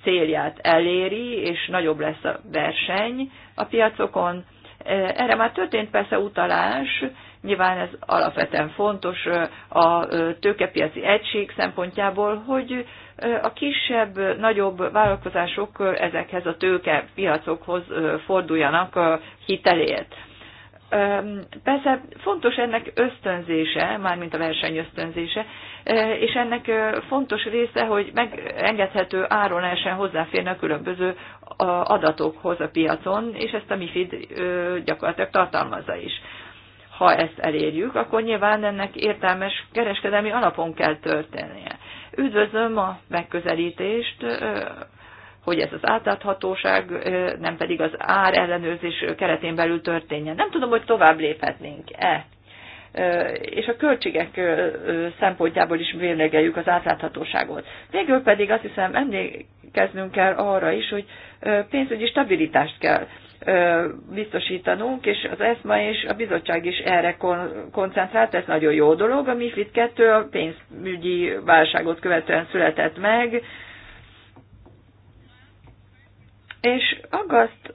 célját eléri, és nagyobb lesz a verseny a piacokon, Eh, erre már történt persze utalás, nyilván ez alapvetően fontos eh, a eh, tőkepiaci egység szempontjából, hogy a kisebb, nagyobb vállalkozások ezekhez a tőkepiacokhoz forduljanak hitelért. Persze fontos ennek ösztönzése, mármint a verseny ösztönzése, és ennek fontos része, hogy megengedhető áron lehessen hozzáférni a különböző adatokhoz a piacon, és ezt a MIFID gyakorlatilag tartalmazza is. Ha ezt elérjük, akkor nyilván ennek értelmes kereskedelmi alapon kell történnie. Üdvözlöm a megközelítést, hogy ez az átláthatóság, nem pedig az ár ellenőrzés keretén belül történjen. Nem tudom, hogy tovább léphetnénk-e. És a költségek szempontjából is vérlegeljük az átláthatóságot. Végül pedig azt hiszem emlékeznünk kell arra is, hogy pénzügyi stabilitást kell biztosítanunk, és az ESMA és a bizottság is erre kon- koncentrált, ez nagyon jó dolog. A MIFID 2 a pénzügyi válságot követően született meg, és aggaszt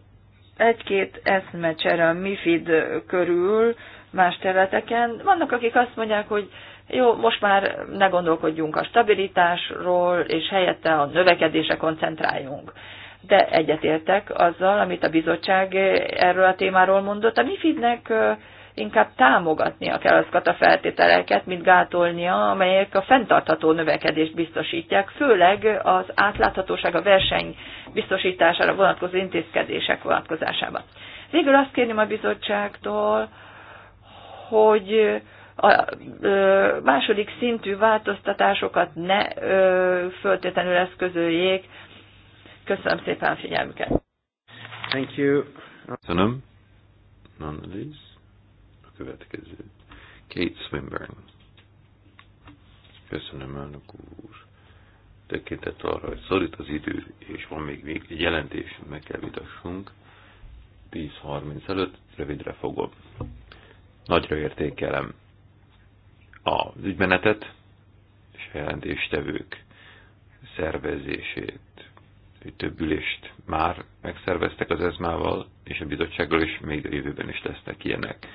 egy-két eszmecsere a MIFID körül, más területeken. Vannak, akik azt mondják, hogy jó, most már ne gondolkodjunk a stabilitásról, és helyette a növekedése koncentráljunk. De egyetértek azzal, amit a bizottság erről a témáról mondott. A MIFIDnek nek inkább támogatnia kell azokat a feltételeket, mint gátolnia, amelyek a fenntartható növekedést biztosítják, főleg az átláthatóság a verseny biztosítására vonatkozó intézkedések vonatkozásában. Végül azt kérném a bizottságtól, hogy a második szintű változtatásokat ne föltétlenül eszközöljék. Köszönöm szépen a figyelmüket. Thank you. Köszönöm. Annelies következő. Kate Swinburne. Köszönöm, elnök úr. Tekintett arra, hogy szorít az idő, és van még, még egy jelentés, meg kell vitassunk. 10.30 előtt rövidre fogom. Nagyra értékelem az ügymenetet és a jelentéstevők szervezését. Hogy több ülést már megszerveztek az ezmával, és a bizottsággal, is, még a jövőben is lesznek ilyenek.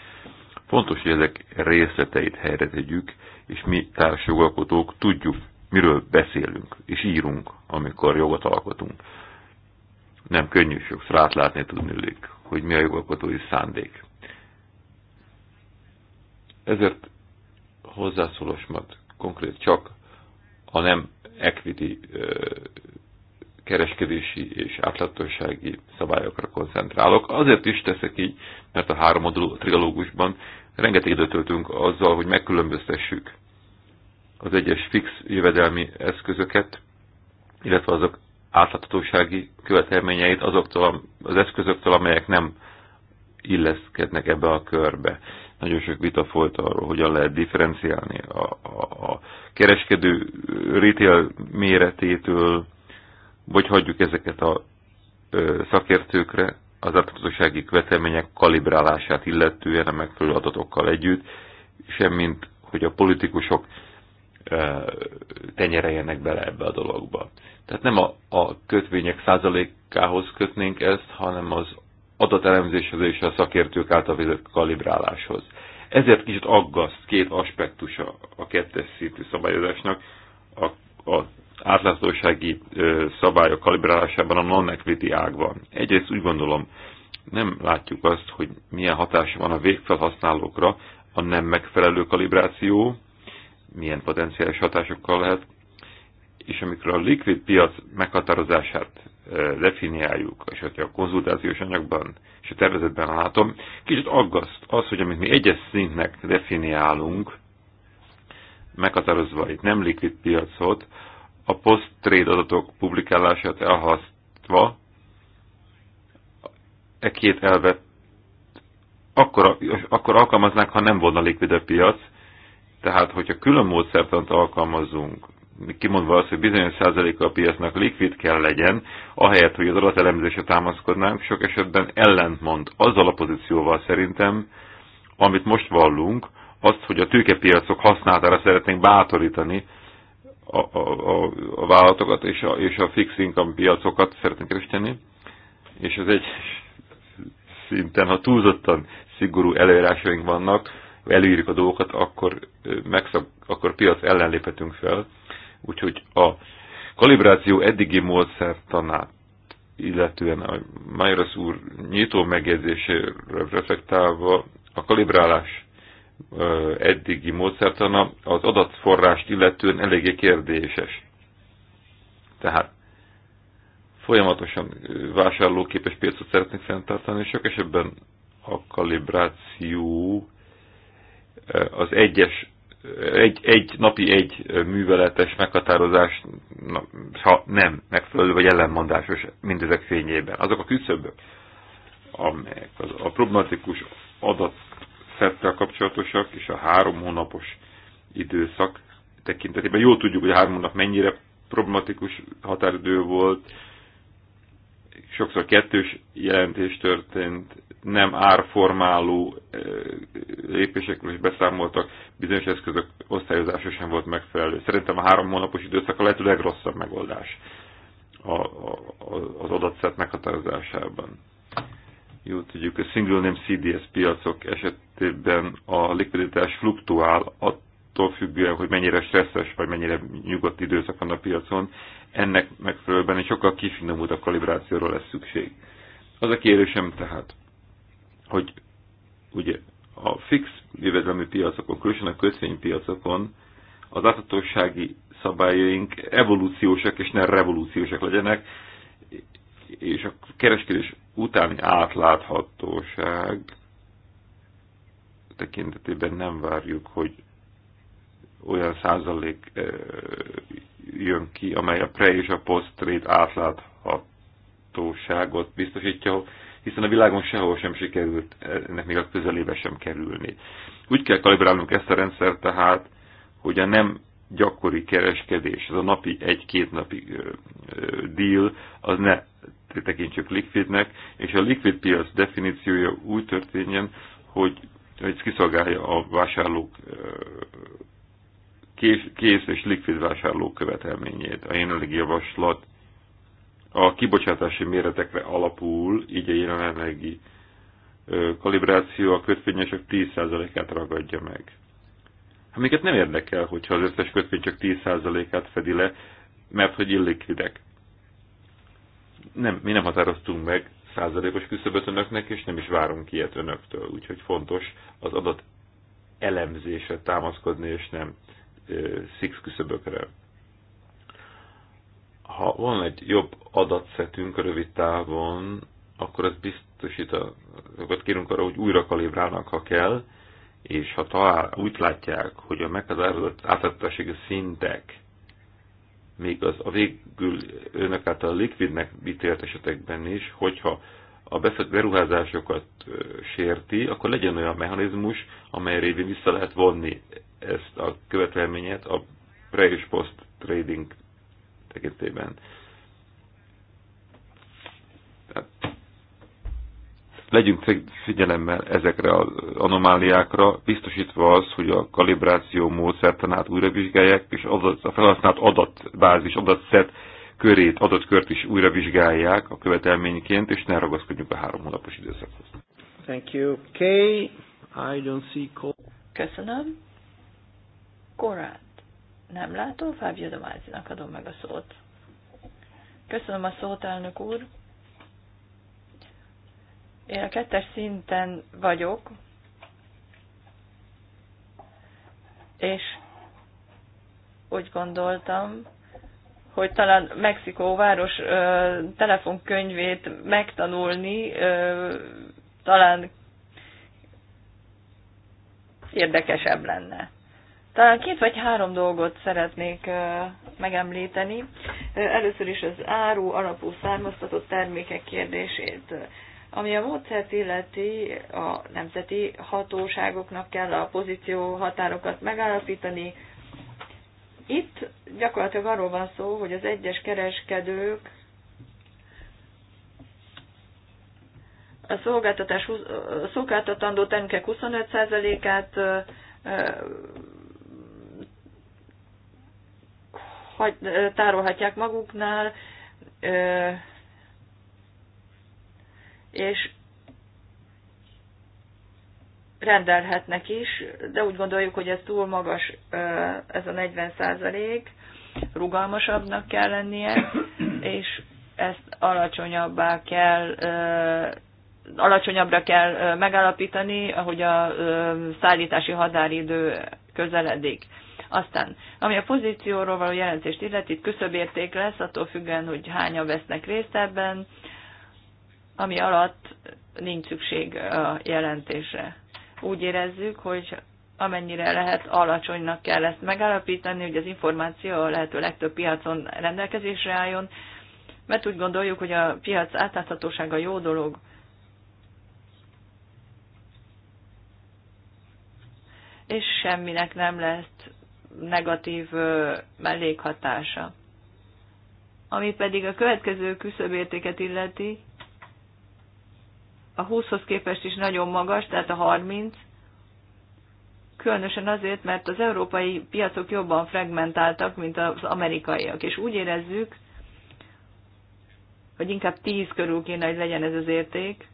Fontos, hogy ezek részleteit helyre tegyük, és mi társjogalkotók tudjuk, miről beszélünk és írunk, amikor jogot alkotunk. Nem könnyű sokszor átlátni tudni lük, hogy mi a jogalkotói szándék. Ezért hozzászólásmat konkrét csak a nem equity kereskedési és átláthatósági szabályokra koncentrálok. Azért is teszek így, mert a három moduló trilógusban Rengeteg időt töltünk azzal, hogy megkülönböztessük az egyes fix jövedelmi eszközöket, illetve azok átláthatósági követelményeit azoktól az eszközöktől, amelyek nem illeszkednek ebbe a körbe. Nagyon sok vita folyt arról, hogyan lehet differenciálni a, a, a kereskedő retail méretétől, vagy hagyjuk ezeket a ö, szakértőkre, az adatossági követelmények kalibrálását illetően a megfelelő adatokkal együtt, semmint, hogy a politikusok e, tenyereljenek bele ebbe a dologba. Tehát nem a, a kötvények százalékához kötnénk ezt, hanem az adatelemzéshez és a szakértők által vezet kalibráláshoz. Ezért kicsit aggaszt két aspektusa a kettes szintű szabályozásnak, a, a átláthatósági szabályok kalibrálásában a non-equity ágban. Egyrészt úgy gondolom, nem látjuk azt, hogy milyen hatása van a végfelhasználókra a nem megfelelő kalibráció, milyen potenciális hatásokkal lehet, és amikor a likvid piac meghatározását definiáljuk, és hogyha a konzultációs anyagban és a tervezetben látom, kicsit aggaszt az, hogy amit mi egyes szintnek definiálunk, meghatározva itt nem likvid piacot, a post-trade adatok publikálását elhasztva e két elvet akkor, akkor alkalmaznánk, ha nem volna likvid a piac. Tehát, hogyha külön módszertant alkalmazunk, kimondva azt, hogy bizonyos százaléka a piacnak likvid kell legyen, ahelyett, hogy az adatelemzésre támaszkodnánk, sok esetben ellentmond azzal a pozícióval szerintem, amit most vallunk, azt, hogy a tőkepiacok használatára szeretnénk bátorítani a, a, a vállalatokat és a, és a fix income piacokat szeretnénk erősíteni, és ez egy szinten, ha túlzottan szigorú előírásaink vannak, előírjuk a dolgokat, akkor, megszab, akkor piac ellen léphetünk fel. Úgyhogy a kalibráció eddigi módszertanát, illetően a Majorasz úr nyitó megjegyzésére reflektálva, a kalibrálás eddigi módszertana az adatforrást illetően eléggé kérdéses. Tehát folyamatosan vásárlóképes piacot szeretnék fenntartani, és sok esetben a kalibráció az egyes, egy, egy napi egy műveletes meghatározás ha nem megfelelő vagy ellenmondásos mindezek fényében. Azok a küszöbök, amelyek az, a problematikus adat szettel kapcsolatosak, és a három hónapos időszak tekintetében. Jól tudjuk, hogy a három hónap mennyire problematikus határidő volt, sokszor kettős jelentés történt, nem árformáló eh, lépésekről is beszámoltak, bizonyos eszközök osztályozása sem volt megfelelő. Szerintem a három hónapos időszak a lehető legrosszabb megoldás az adatszett meghatározásában. Jó tudjuk, a single nem CDS piacok esetében a likviditás fluktuál attól függően, hogy mennyire stresszes vagy mennyire nyugodt időszak van a piacon. Ennek megfelelően egy sokkal kifinomultabb kalibrációra lesz szükség. Az a kérdésem tehát, hogy ugye a fix jövedelmi piacokon, különösen a kötvénypiacokon az láthatósági szabályaink evolúciósak és nem revolúciósak legyenek, és a kereskedés utáni átláthatóság tekintetében nem várjuk, hogy olyan százalék jön ki, amely a pre és a post trade átláthatóságot biztosítja, hiszen a világon sehol sem sikerült ennek még a közelébe sem kerülni. Úgy kell kalibrálnunk ezt a rendszert tehát, hogy a nem gyakori kereskedés, ez a napi egy-két napi deal, az ne tekintsük likvidnek, és a likvid piac definíciója úgy történjen, hogy ez kiszolgálja a vásárlók kész és likvid vásárlók követelményét. A jelenlegi javaslat a kibocsátási méretekre alapul, így a jelenlegi kalibráció a kötvényesek 10%-át ragadja meg. Amiket hát nem érdekel, hogyha az összes kötvény csak 10%-át fedi le, mert hogy illikvidek nem, mi nem határoztunk meg százalékos küszöböt önöknek, és nem is várunk ilyet önöktől. Úgyhogy fontos az adat elemzésre támaszkodni, és nem ö, six küszöbökre. Ha van egy jobb adatszetünk rövid távon, akkor ez biztosít, azokat kérünk arra, hogy újra kalibrálnak, ha kell, és ha talál, úgy látják, hogy a meghatározott átláthatósági szintek még az a végül önök által likvidnek ítélt esetekben is, hogyha a beruházásokat sérti, akkor legyen olyan mechanizmus, amely révén vissza lehet vonni ezt a követelményet a pre és post trading tekintében. Legyünk figyelemmel ezekre az anomáliákra, biztosítva az, hogy a kalibráció módszertanát újra vizsgálják, és az a felhasznált adatbázis, adatszet körét, adatkört is újra vizsgálják a követelményként, és ne ragaszkodjunk a három hónapos időszakhoz. Thank you, Kay. I don't see call. Köszönöm. Korát. Nem látom, Fábio Domázinak adom meg a szót. Köszönöm a szót, elnök úr. Én a kettes szinten vagyok, és úgy gondoltam, hogy talán Mexikó város ö, telefonkönyvét megtanulni ö, talán érdekesebb lenne. Talán két vagy három dolgot szeretnék ö, megemlíteni. Először is az áru alapú származtatott termékek kérdését. Ami a módszert illeti, a nemzeti hatóságoknak kell a pozíció határokat megállapítani. Itt gyakorlatilag arról van szó, hogy az egyes kereskedők a szolgáltatás, a szolgáltatandó termékek 25%-át tárolhatják maguknál, és rendelhetnek is, de úgy gondoljuk, hogy ez túl magas, ez a 40 százalék, rugalmasabbnak kell lennie, és ezt alacsonyabbá kell, alacsonyabbra kell megállapítani, ahogy a szállítási határidő közeledik. Aztán, ami a pozícióról való jelentést illeti, küszöbérték lesz, attól függően, hogy hányan vesznek részt ebben, ami alatt nincs szükség a jelentésre. Úgy érezzük, hogy amennyire lehet alacsonynak kell ezt megállapítani, hogy az információ a lehető legtöbb piacon rendelkezésre álljon, mert úgy gondoljuk, hogy a piac átláthatósága jó dolog. És semminek nem lesz negatív mellékhatása. Ami pedig a következő küszöbértéket illeti, a 20-hoz képest is nagyon magas, tehát a 30, különösen azért, mert az európai piacok jobban fragmentáltak, mint az amerikaiak, és úgy érezzük, hogy inkább 10 körül kéne, hogy legyen ez az érték.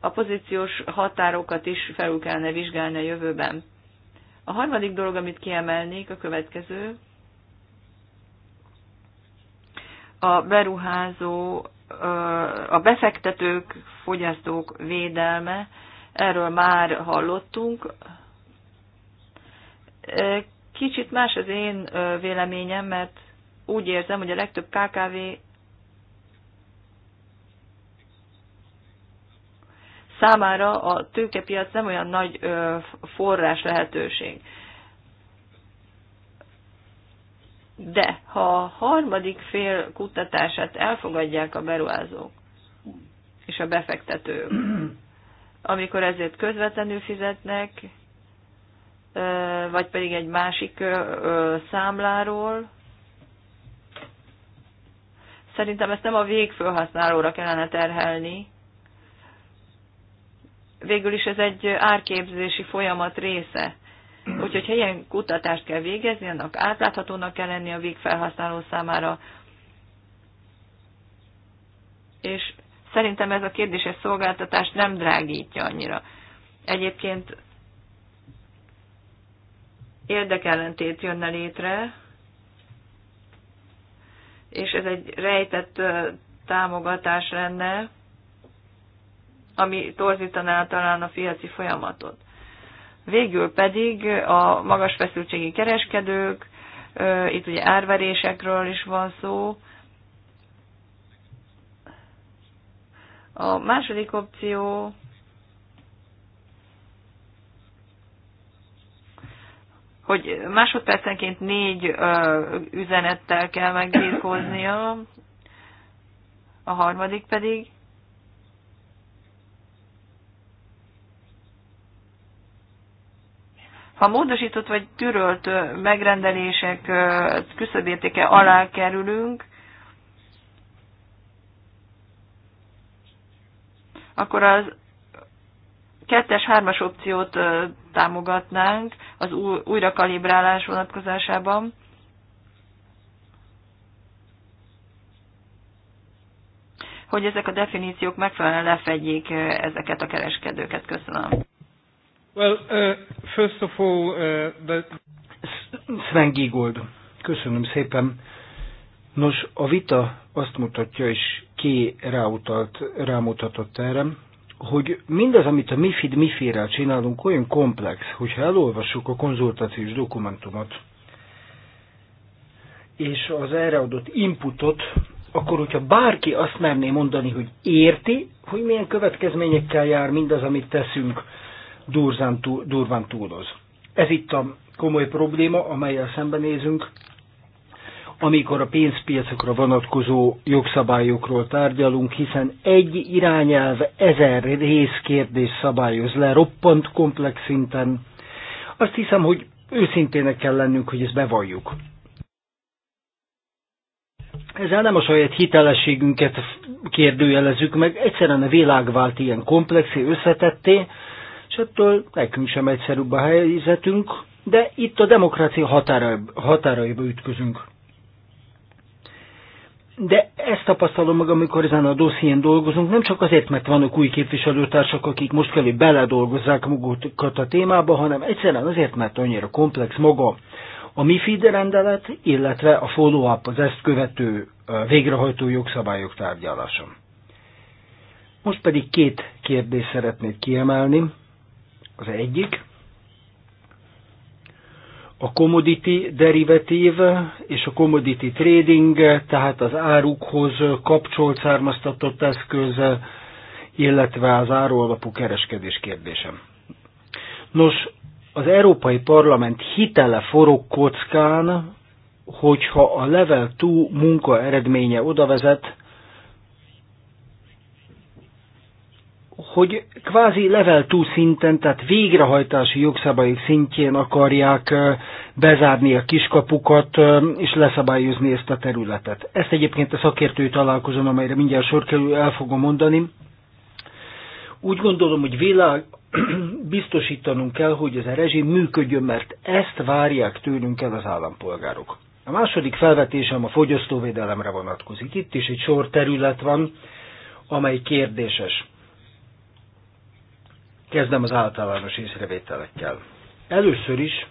A pozíciós határokat is felül kellene vizsgálni a jövőben. A harmadik dolog, amit kiemelnék, a következő. A beruházó a befektetők, fogyasztók védelme, erről már hallottunk. Kicsit más az én véleményem, mert úgy érzem, hogy a legtöbb KKV számára a tőkepiac nem olyan nagy forrás lehetőség. De ha a harmadik fél kutatását elfogadják a beruházók és a befektetők, amikor ezért közvetlenül fizetnek, vagy pedig egy másik számláról, szerintem ezt nem a végfelhasználóra kellene terhelni. Végül is ez egy árképzési folyamat része Úgyhogy ha ilyen kutatást kell végezni, annak átláthatónak kell lenni a végfelhasználó számára. És szerintem ez a kérdéses szolgáltatás nem drágítja annyira. Egyébként érdekellentét jönne létre, és ez egy rejtett támogatás lenne, ami torzítaná talán a fiaci folyamatot. Végül pedig a magas feszültségi kereskedők, itt ugye árverésekről is van szó. A második opció hogy másodpercenként négy ö, üzenettel kell megbírkoznia, a harmadik pedig Ha módosított vagy tűrölt megrendelések küszöbértéke alá kerülünk, akkor az kettes, hármas opciót támogatnánk az újrakalibrálás vonatkozásában. hogy ezek a definíciók megfelelően lefedjék ezeket a kereskedőket. Köszönöm. Well, uh, first of all, uh, the... Sven Giegold, köszönöm szépen. Nos, a vita azt mutatja, és ki ráutalt, rámutatott erre, hogy mindaz, amit a MIFID MIFI-rel csinálunk, olyan komplex, hogyha elolvassuk a konzultációs dokumentumot, és az erre adott inputot, akkor hogyha bárki azt merné mondani, hogy érti, hogy milyen következményekkel jár mindaz, amit teszünk, durván, túl, durván túloz. Ez itt a komoly probléma, amelyel szembenézünk, amikor a pénzpiacokra vonatkozó jogszabályokról tárgyalunk, hiszen egy irányelv ezer részkérdés szabályoz le, roppant komplex szinten. Azt hiszem, hogy őszintének kell lennünk, hogy ezt bevalljuk. Ezzel nem a saját hitelességünket kérdőjelezzük meg, egyszerűen a világ vált ilyen komplexi összetetté, és ettől nekünk sem egyszerűbb a helyzetünk, de itt a demokrácia határa, határaiba ütközünk. De ezt tapasztalom meg, amikor ezen a dosszién dolgozunk, nem csak azért, mert vannak új képviselőtársak, akik most kell, hogy beledolgozzák magukat a témába, hanem egyszerűen azért, mert annyira komplex maga a mi rendelet, illetve a follow-up, az ezt követő végrehajtó jogszabályok tárgyalása. Most pedig két kérdést szeretnék kiemelni, az egyik, a commodity derivatív és a commodity trading, tehát az árukhoz kapcsolt származtatott eszköz, illetve az árólapú kereskedés kérdése. Nos, az Európai Parlament hitele forog kockán, hogyha a Level 2 munka eredménye oda vezet, hogy kvázi level 2 szinten, tehát végrehajtási jogszabályok szintjén akarják bezárni a kiskapukat és leszabályozni ezt a területet. Ezt egyébként a szakértői találkozón, amelyre mindjárt sor kerül, el fogom mondani. Úgy gondolom, hogy világ, biztosítanunk kell, hogy ez a rezsim működjön, mert ezt várják tőlünk el az állampolgárok. A második felvetésem a fogyasztóvédelemre vonatkozik. Itt is egy sor terület van, amely kérdéses. Kezdem az általános észrevételekkel. Először is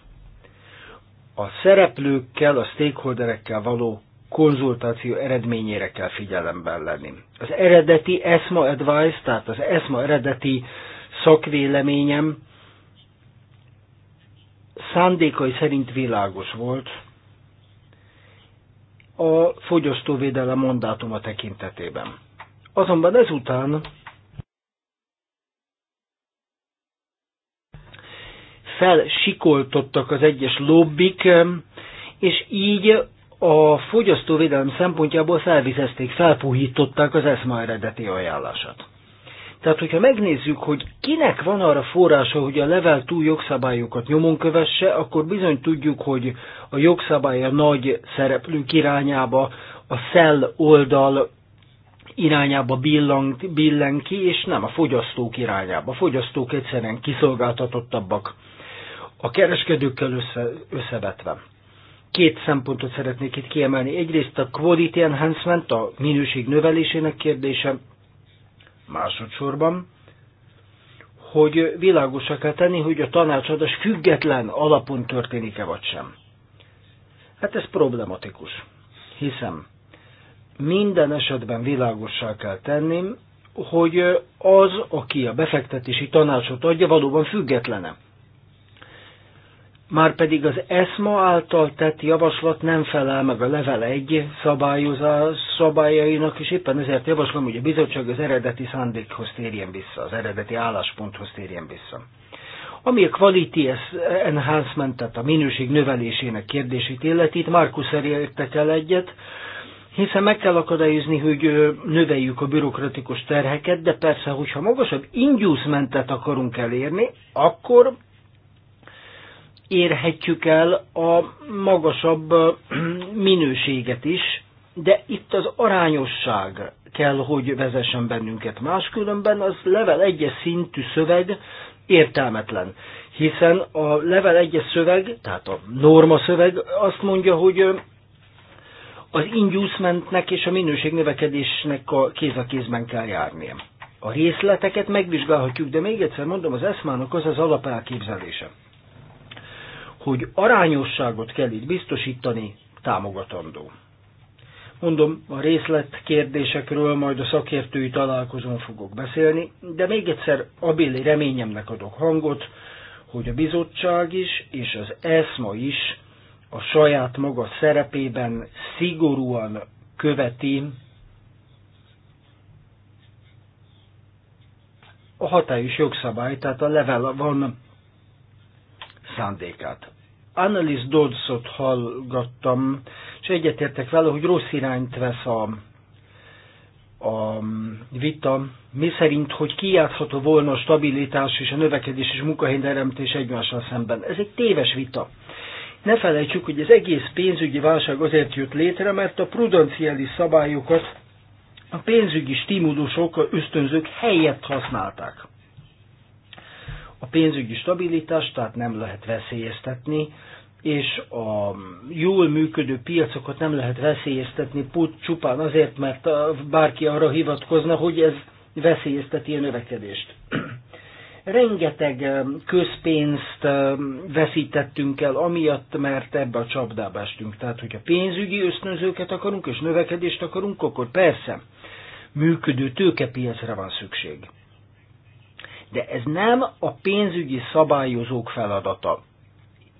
a szereplőkkel, a stakeholderekkel való konzultáció eredményére kell figyelemben lenni. Az eredeti ESMA advice, tehát az ESMA eredeti szakvéleményem szándékai szerint világos volt a fogyasztóvédelem mandátuma tekintetében. Azonban ezután felsikoltottak az egyes lobbik, és így a fogyasztóvédelem szempontjából felvizezték, felpuhították az ESMA eredeti ajánlását. Tehát, hogyha megnézzük, hogy kinek van arra forrása, hogy a level túl jogszabályokat nyomon kövesse, akkor bizony tudjuk, hogy a jogszabály a nagy szereplők irányába, a szell oldal irányába billen, billen ki, és nem a fogyasztók irányába. A fogyasztók egyszerűen kiszolgáltatottabbak a kereskedőkkel össze, összevetve. Két szempontot szeretnék itt kiemelni. Egyrészt a quality enhancement, a minőség növelésének kérdése, másodszorban, hogy világosá kell tenni, hogy a tanácsadás független alapon történik-e vagy sem. Hát ez problematikus, hiszem minden esetben világossá kell tenni, hogy az, aki a befektetési tanácsot adja, valóban függetlene már pedig az ESMA által tett javaslat nem felel meg a level 1 szabályozás szabályainak, és éppen ezért javaslom, hogy a bizottság az eredeti szándékhoz térjen vissza, az eredeti állásponthoz térjen vissza. Ami a quality enhancement, tehát a minőség növelésének kérdését illeti, itt Markus értek el egyet, hiszen meg kell akadályozni, hogy növeljük a bürokratikus terheket, de persze, hogyha magasabb inducementet akarunk elérni, akkor érhetjük el a magasabb minőséget is, de itt az arányosság kell, hogy vezessen bennünket. Máskülönben az level 1 szintű szöveg értelmetlen, hiszen a level 1 szöveg, tehát a norma szöveg azt mondja, hogy az inducementnek és a minőség növekedésnek a kéz a kézben kell járnia. A részleteket megvizsgálhatjuk, de még egyszer mondom, az eszmának az az alapelképzelése hogy arányosságot kell itt biztosítani, támogatandó. Mondom, a részlet kérdésekről majd a szakértői találkozón fogok beszélni, de még egyszer abéli reményemnek adok hangot, hogy a bizottság is és az ESMA is a saját maga szerepében szigorúan követi a hatályos jogszabály, tehát a level van szándékát. Annalise Doddsot hallgattam, és egyetértek vele, hogy rossz irányt vesz a, a vita, mi szerint, hogy kiátszható volna a stabilitás és a növekedés és munkahelyteremtés egymással szemben. Ez egy téves vita. Ne felejtsük, hogy az egész pénzügyi válság azért jött létre, mert a prudenciális szabályokat a pénzügyi stimulusok, ösztönzők helyett használták a pénzügyi stabilitást, tehát nem lehet veszélyeztetni, és a jól működő piacokat nem lehet veszélyeztetni put csupán azért, mert bárki arra hivatkozna, hogy ez veszélyezteti a növekedést. Rengeteg közpénzt veszítettünk el, amiatt, mert ebbe a csapdába estünk. Tehát, hogyha pénzügyi ösztönzőket akarunk és növekedést akarunk, akkor persze működő tőkepiacra van szükség. De ez nem a pénzügyi szabályozók feladata.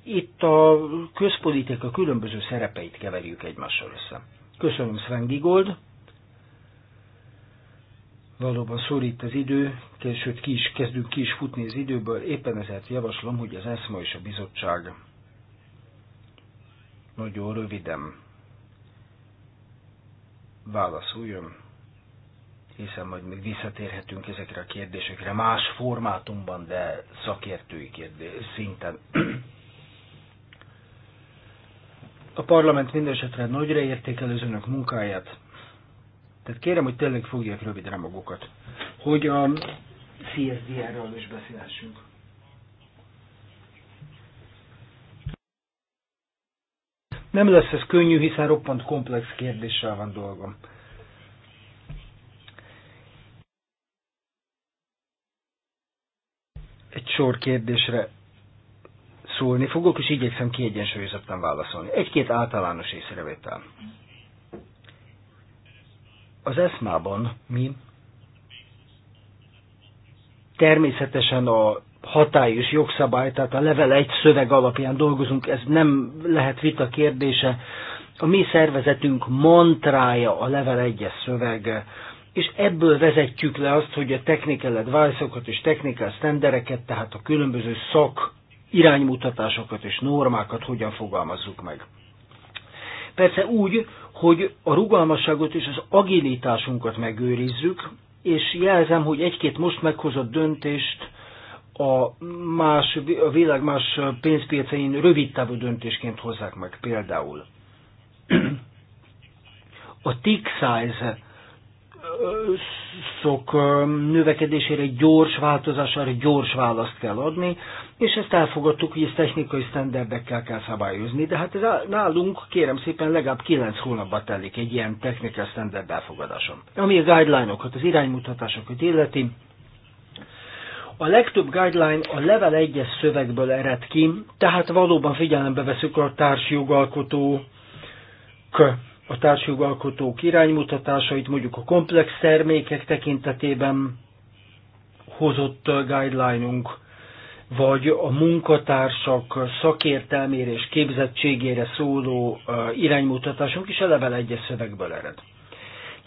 Itt a közpolitika különböző szerepeit keverjük egymással össze. Köszönöm Sven Gigold. Valóban szorít az idő, sőt ki is kezdünk ki is futni az időből, éppen ezért javaslom, hogy az ESMA és a bizottság nagyon röviden válaszoljon hiszem, hogy még visszatérhetünk ezekre a kérdésekre más formátumban, de szakértői kérdés szinten. A parlament minden esetre nagyra értékel az önök munkáját, tehát kérem, hogy tényleg fogják rövidre magukat, hogy a CSDR-ről is beszélhessünk. Nem lesz ez könnyű, hiszen roppant komplex kérdéssel van dolgom. egy sor kérdésre szólni fogok, és igyekszem kiegyensúlyozottan válaszolni. Egy-két általános észrevétel. Az eszmában mi természetesen a hatályos jogszabály, tehát a level egy szöveg alapján dolgozunk, ez nem lehet vita kérdése. A mi szervezetünk mantrája a level egyes szövege és ebből vezetjük le azt, hogy a technical advice-okat és technical standereket, tehát a különböző szak iránymutatásokat és normákat hogyan fogalmazzuk meg. Persze úgy, hogy a rugalmasságot és az agilitásunkat megőrizzük, és jelzem, hogy egy-két most meghozott döntést a, más, a világ más pénzpiacain rövid távú döntésként hozzák meg például. A tick size szok növekedésére gyors változására gyors választ kell adni, és ezt elfogadtuk, hogy ezt technikai sztenderdekkel kell szabályozni, de hát ez nálunk kérem szépen legalább 9 hónapba telik egy ilyen technikai sztenderd elfogadáson. Ami a guideline-okat, az iránymutatásokat illeti, a legtöbb guideline a level 1-es szövegből ered ki, tehát valóban figyelembe veszük a társjogalkotó a társjogalkotók iránymutatásait, mondjuk a komplex termékek tekintetében hozott guideline-unk, vagy a munkatársak szakértelmére és képzettségére szóló iránymutatásunk is level 1 szövegből ered.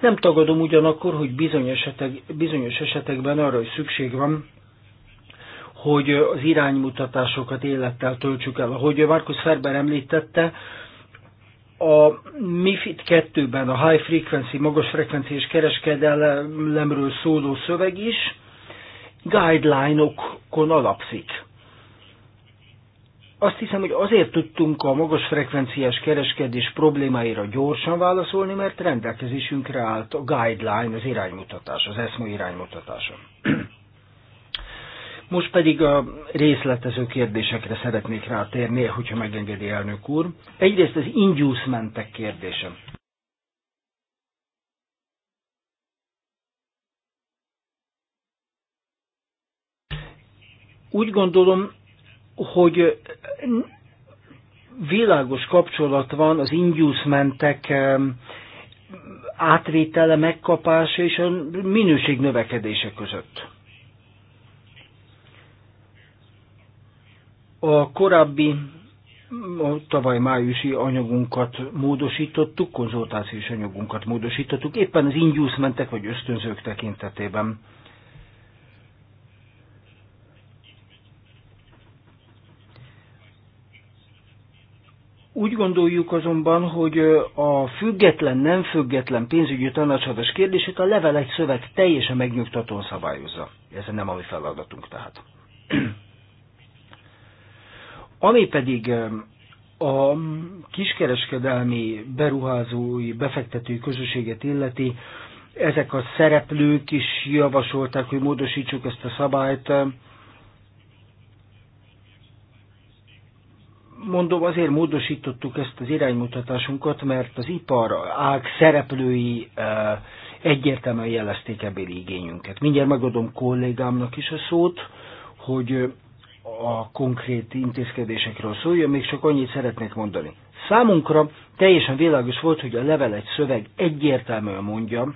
Nem tagadom ugyanakkor, hogy bizonyos, esetek, bizonyos esetekben arra is szükség van, hogy az iránymutatásokat élettel töltsük el. Ahogy Markus Ferber említette, a MIFID 2-ben a high frequency, magas frekvenciás kereskedelemről szóló szöveg is guideline-okon alapszik. Azt hiszem, hogy azért tudtunk a magas frekvenciás kereskedés problémáira gyorsan válaszolni, mert rendelkezésünkre állt a guideline, az iránymutatás, az ESMO iránymutatása. Most pedig a részletező kérdésekre szeretnék rátérni, hogyha megengedi elnök úr. Egyrészt az inducementek kérdése. Úgy gondolom, hogy világos kapcsolat van az inducementek átvétele, megkapása és a minőség növekedése között. A korábbi a tavaly májusi anyagunkat módosítottuk, konzultációs anyagunkat módosítottuk, éppen az inducementek vagy ösztönzők tekintetében. Úgy gondoljuk azonban, hogy a független, nem független pénzügyi tanácsadás kérdését a level egy szöveg teljesen megnyugtatón szabályozza. Ez nem a mi feladatunk tehát. Ami pedig a kiskereskedelmi beruházói, befektetői közösséget illeti, ezek a szereplők is javasolták, hogy módosítsuk ezt a szabályt. Mondom, azért módosítottuk ezt az iránymutatásunkat, mert az ipar ág szereplői e, egyértelműen jelezték ebből igényünket. Mindjárt megadom kollégámnak is a szót, hogy a konkrét intézkedésekről szóljon, még csak annyit szeretnék mondani. Számunkra teljesen világos volt, hogy a level egy szöveg egyértelműen mondja,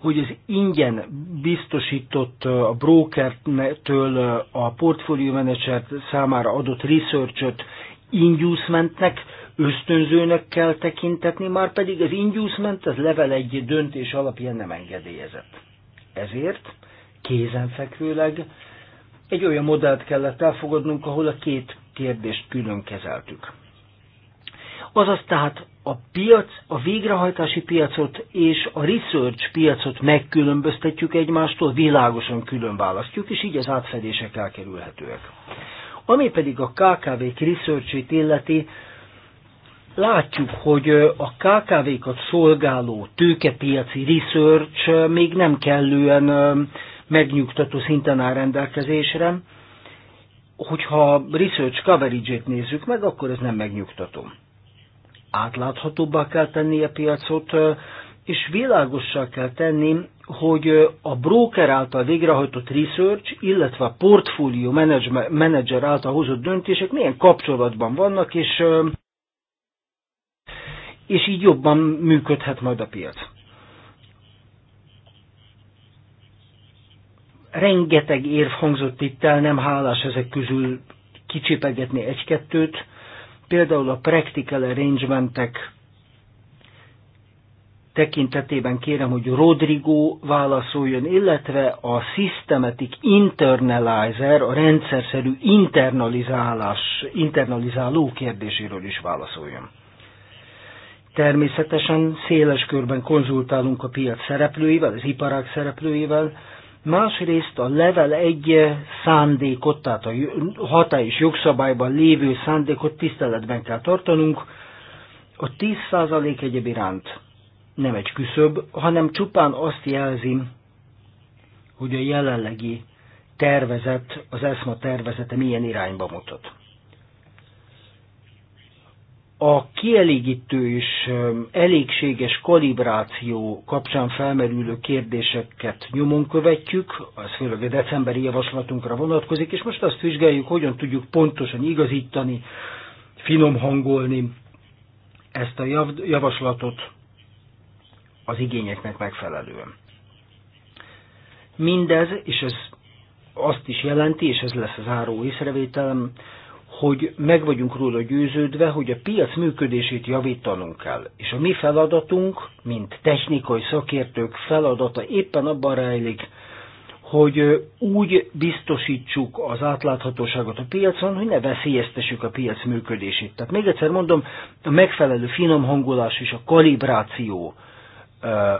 hogy az ingyen biztosított a brokertől a portfólió menedzser számára adott researchot, inducementnek, ösztönzőnek kell tekintetni, már pedig az inducement az level egy döntés alapján nem engedélyezett. Ezért kézenfekvőleg egy olyan modellt kellett elfogadnunk, ahol a két kérdést külön kezeltük. Azaz tehát a piac, a végrehajtási piacot és a research piacot megkülönböztetjük egymástól, világosan külön választjuk, és így az átfedések elkerülhetőek. Ami pedig a KKV-k research illeti, látjuk, hogy a KKV-kat szolgáló tőkepiaci research még nem kellően megnyugtató szinten áll rendelkezésre. Hogyha research coverage-ét nézzük meg, akkor ez nem megnyugtató. Átláthatóbbá kell tenni a piacot, és világossá kell tenni, hogy a broker által végrehajtott research, illetve a portfólió manager által hozott döntések milyen kapcsolatban vannak, és, és így jobban működhet majd a piac. rengeteg érv hangzott itt el, nem hálás ezek közül kicsipegetni egy-kettőt. Például a practical arrangementek tekintetében kérem, hogy Rodrigo válaszoljon, illetve a systematic internalizer, a rendszerszerű internalizálás, internalizáló kérdéséről is válaszoljon. Természetesen széles körben konzultálunk a piac szereplőivel, az iparág szereplőivel, másrészt a level 1 eh, szándékot, tehát a hatályos jogszabályban lévő szándékot tiszteletben kell tartanunk. A 10% egyéb iránt nem egy küszöb, hanem csupán azt jelzi, hogy a jelenlegi tervezet, az ESMA tervezete milyen irányba mutat a kielégítő és elégséges kalibráció kapcsán felmerülő kérdéseket nyomon követjük, az főleg a decemberi javaslatunkra vonatkozik, és most azt vizsgáljuk, hogyan tudjuk pontosan igazítani, finom hangolni ezt a javaslatot az igényeknek megfelelően. Mindez, és ez azt is jelenti, és ez lesz az áró észrevételem, hogy meg vagyunk róla győződve, hogy a piac működését javítanunk kell. És a mi feladatunk, mint technikai szakértők feladata éppen abban rejlik, hogy úgy biztosítsuk az átláthatóságot a piacon, hogy ne veszélyeztessük a piac működését. Tehát még egyszer mondom, a megfelelő finom hangolás és a kalibráció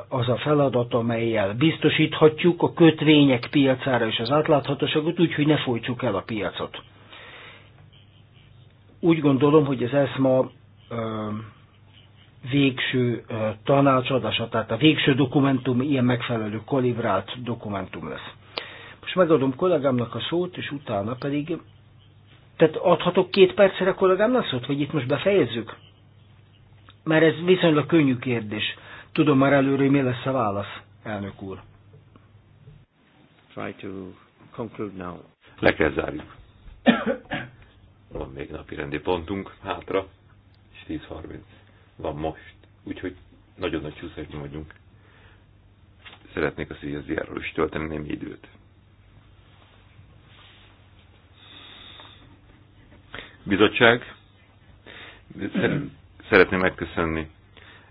az a feladat, amelyel biztosíthatjuk a kötvények piacára és az átláthatóságot úgy, hogy ne folytsuk el a piacot. Úgy gondolom, hogy az ESMA végső tanácsadása, tehát a végső dokumentum ilyen megfelelő kalibrált dokumentum lesz. Most megadom kollégámnak a szót, és utána pedig... Tehát adhatok két percre kollégámnak szót, vagy itt most befejezzük? Mert ez viszonylag könnyű kérdés. Tudom már előre, hogy mi lesz a válasz, elnök úr. Try to conclude now. Le kell zárjuk. Van még napi rendi pontunk hátra, és 10.30 van most. Úgyhogy nagyon nagy csúszásban vagyunk. Szeretnék a CSZR-ról is tölteni némi időt. Bizottság, szeretném megköszönni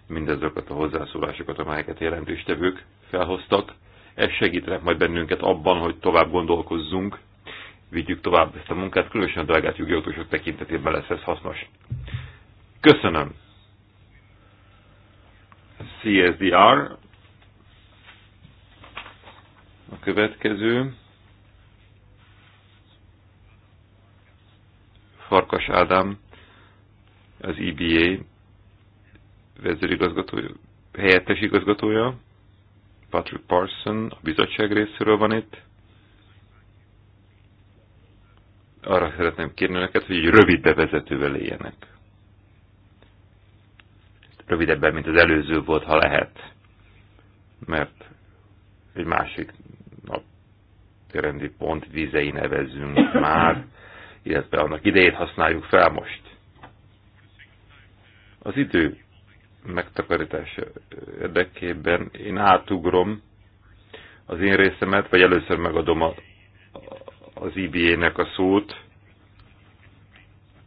mindazokat a hozzászólásokat, amelyeket jelentéstevők felhoztak. Ez segítenek majd bennünket abban, hogy tovább gondolkozzunk vigyük tovább ezt a munkát, különösen a delegált jogiautósok tekintetében lesz ez hasznos. Köszönöm! CSDR a következő. Farkas Ádám, az EBA vezérigazgatója, helyettes igazgatója, Patrick Parson, a bizottság részéről van itt, arra szeretném kérni önöket, hogy egy rövid bevezetővel éljenek. Rövidebben, mint az előző volt, ha lehet. Mert egy másik nap pont vizei nevezünk már, illetve annak idejét használjuk fel most. Az idő megtakarítása érdekében én átugrom az én részemet, vagy először megadom a az IBA-nek a szót.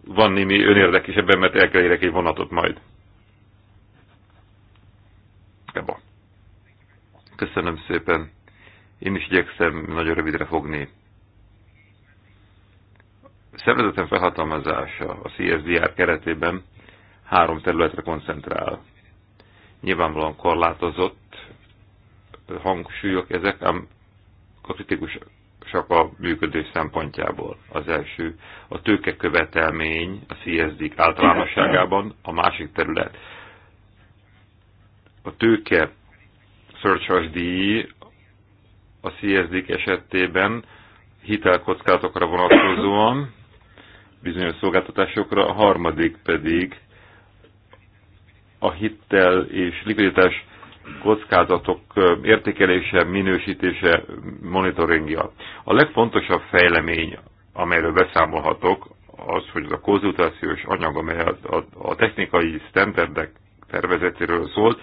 Van némi önérdek is ebben, mert el kell érek egy vonatot majd. Ebba. Köszönöm szépen. Én is igyekszem nagyon rövidre fogni. szervezetem felhatalmazása a CSDR keretében három területre koncentrál. Nyilvánvalóan korlátozott hangsúlyok ezek, ám a kritikus csak a működés szempontjából. Az első a tőkekövetelmény a csd általánosságában, a másik terület. A tőke surcharge díj a csd esetében hitelkockázatokra vonatkozóan, bizonyos szolgáltatásokra, a harmadik pedig a hitel és likviditás kockázatok értékelése, minősítése, monitoringja. A legfontosabb fejlemény, amelyről beszámolhatok, az, hogy az a konzultációs anyag, amely a, a, a technikai standardek tervezetéről szólt,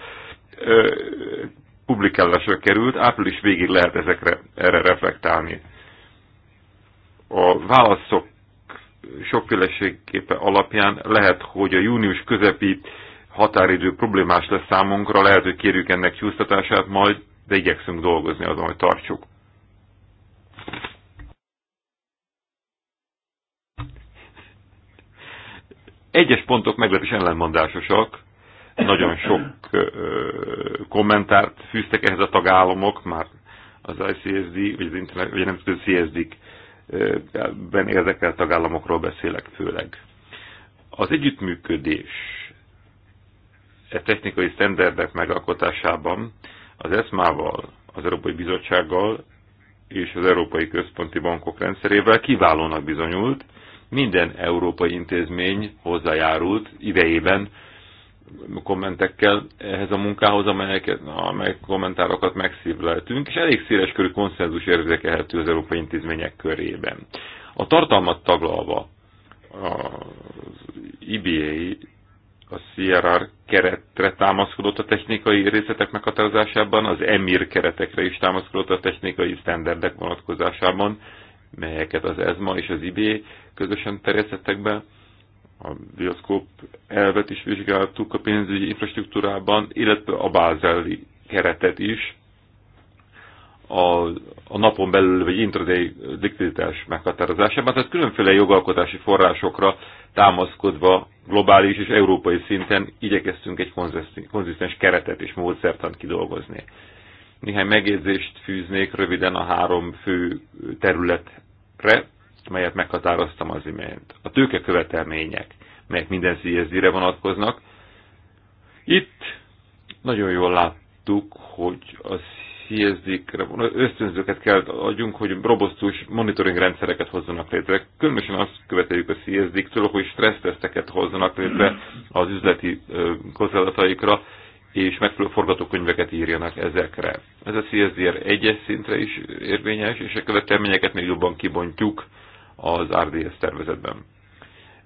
ö, publikálásra került, április végig lehet ezekre erre reflektálni. A válaszok sokféleségképe alapján lehet, hogy a június közepi határidő problémás lesz számunkra, lehet, hogy kérjük ennek csúsztatását majd, de igyekszünk dolgozni azon, hogy tartsuk. Egyes pontok meglehetősen ellenmondásosak, nagyon sok ö, kommentárt fűztek ehhez a tagállamok, már az ICSD, vagy az internet, vagy nem tudom, CSD-ben érdekelt tagállamokról beszélek főleg. Az együttműködés e technikai sztenderdek megalkotásában az ESMA-val, az Európai Bizottsággal és az Európai Központi Bankok rendszerével kiválónak bizonyult, minden európai intézmény hozzájárult idejében kommentekkel ehhez a munkához, amelyek, amelyek kommentárokat megszívleltünk, és elég széles körű konszenzus érzékelhető az európai intézmények körében. A tartalmat taglalva az IBA a CRR keretre támaszkodott a technikai részletek meghatározásában, az EMIR keretekre is támaszkodott a technikai sztenderdek vonatkozásában, melyeket az ESMA és az IBA e közösen terjesztettek be. A bioszkóp elvet is vizsgáltuk a pénzügyi infrastruktúrában, illetve a bázeli keretet is, a, a napon belül vagy intraday likviditás meghatározásában, tehát különféle jogalkotási forrásokra támaszkodva globális és európai szinten igyekeztünk egy konzisztens keretet és módszertant kidolgozni. Néhány megjegyzést fűznék röviden a három fő területre, melyet meghatároztam az imént. A tőke követelmények, melyek minden CSD-re vonatkoznak. Itt nagyon jól láttuk, hogy a CSD-kre ösztönzőket kell adjunk, hogy robosztus monitoring rendszereket hozzanak létre. Különösen azt követeljük a CSD-ktől, hogy stresszteszteket hozzanak létre az üzleti kockázataikra, és megfelelő forgatókönyveket írjanak ezekre. Ez a CSDR egyes szintre is érvényes, és a követelményeket még jobban kibontjuk az RDS tervezetben.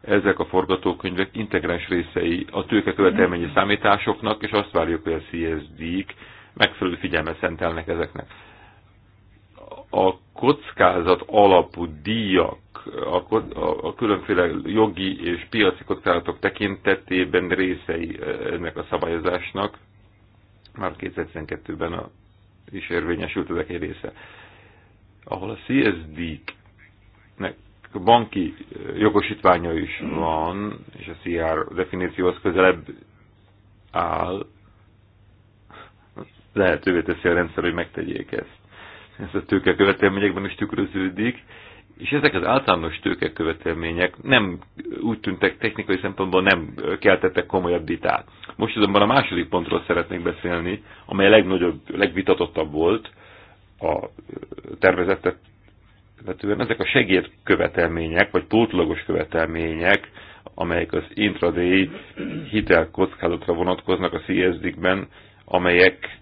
Ezek a forgatókönyvek integráns részei a tőke követelményi számításoknak, és azt várjuk, hogy a CSD-k megfelelő figyelmet szentelnek ezeknek. A kockázat alapú díjak a, a, a különféle jogi és piaci kockázatok tekintetében részei e, ennek a szabályozásnak. Már 2012-ben a, is érvényesült ezek egy része. Ahol a CSD-nek banki e, jogosítványa is van, és a CR definícióhoz közelebb áll, lehetővé teszi a rendszer, hogy megtegyék ezt. Ez a tőkekövetelményekben is tükröződik, és ezek az általános tőkekövetelmények nem úgy tűntek technikai szempontból nem keltettek komolyabb vitát. Most azonban a második pontról szeretnék beszélni, amely a legnagyobb, legvitatottabb volt a tervezetet illetően ezek a segédkövetelmények, vagy pótlagos követelmények, amelyek az intraday hitelkockázatra vonatkoznak a csd ben amelyek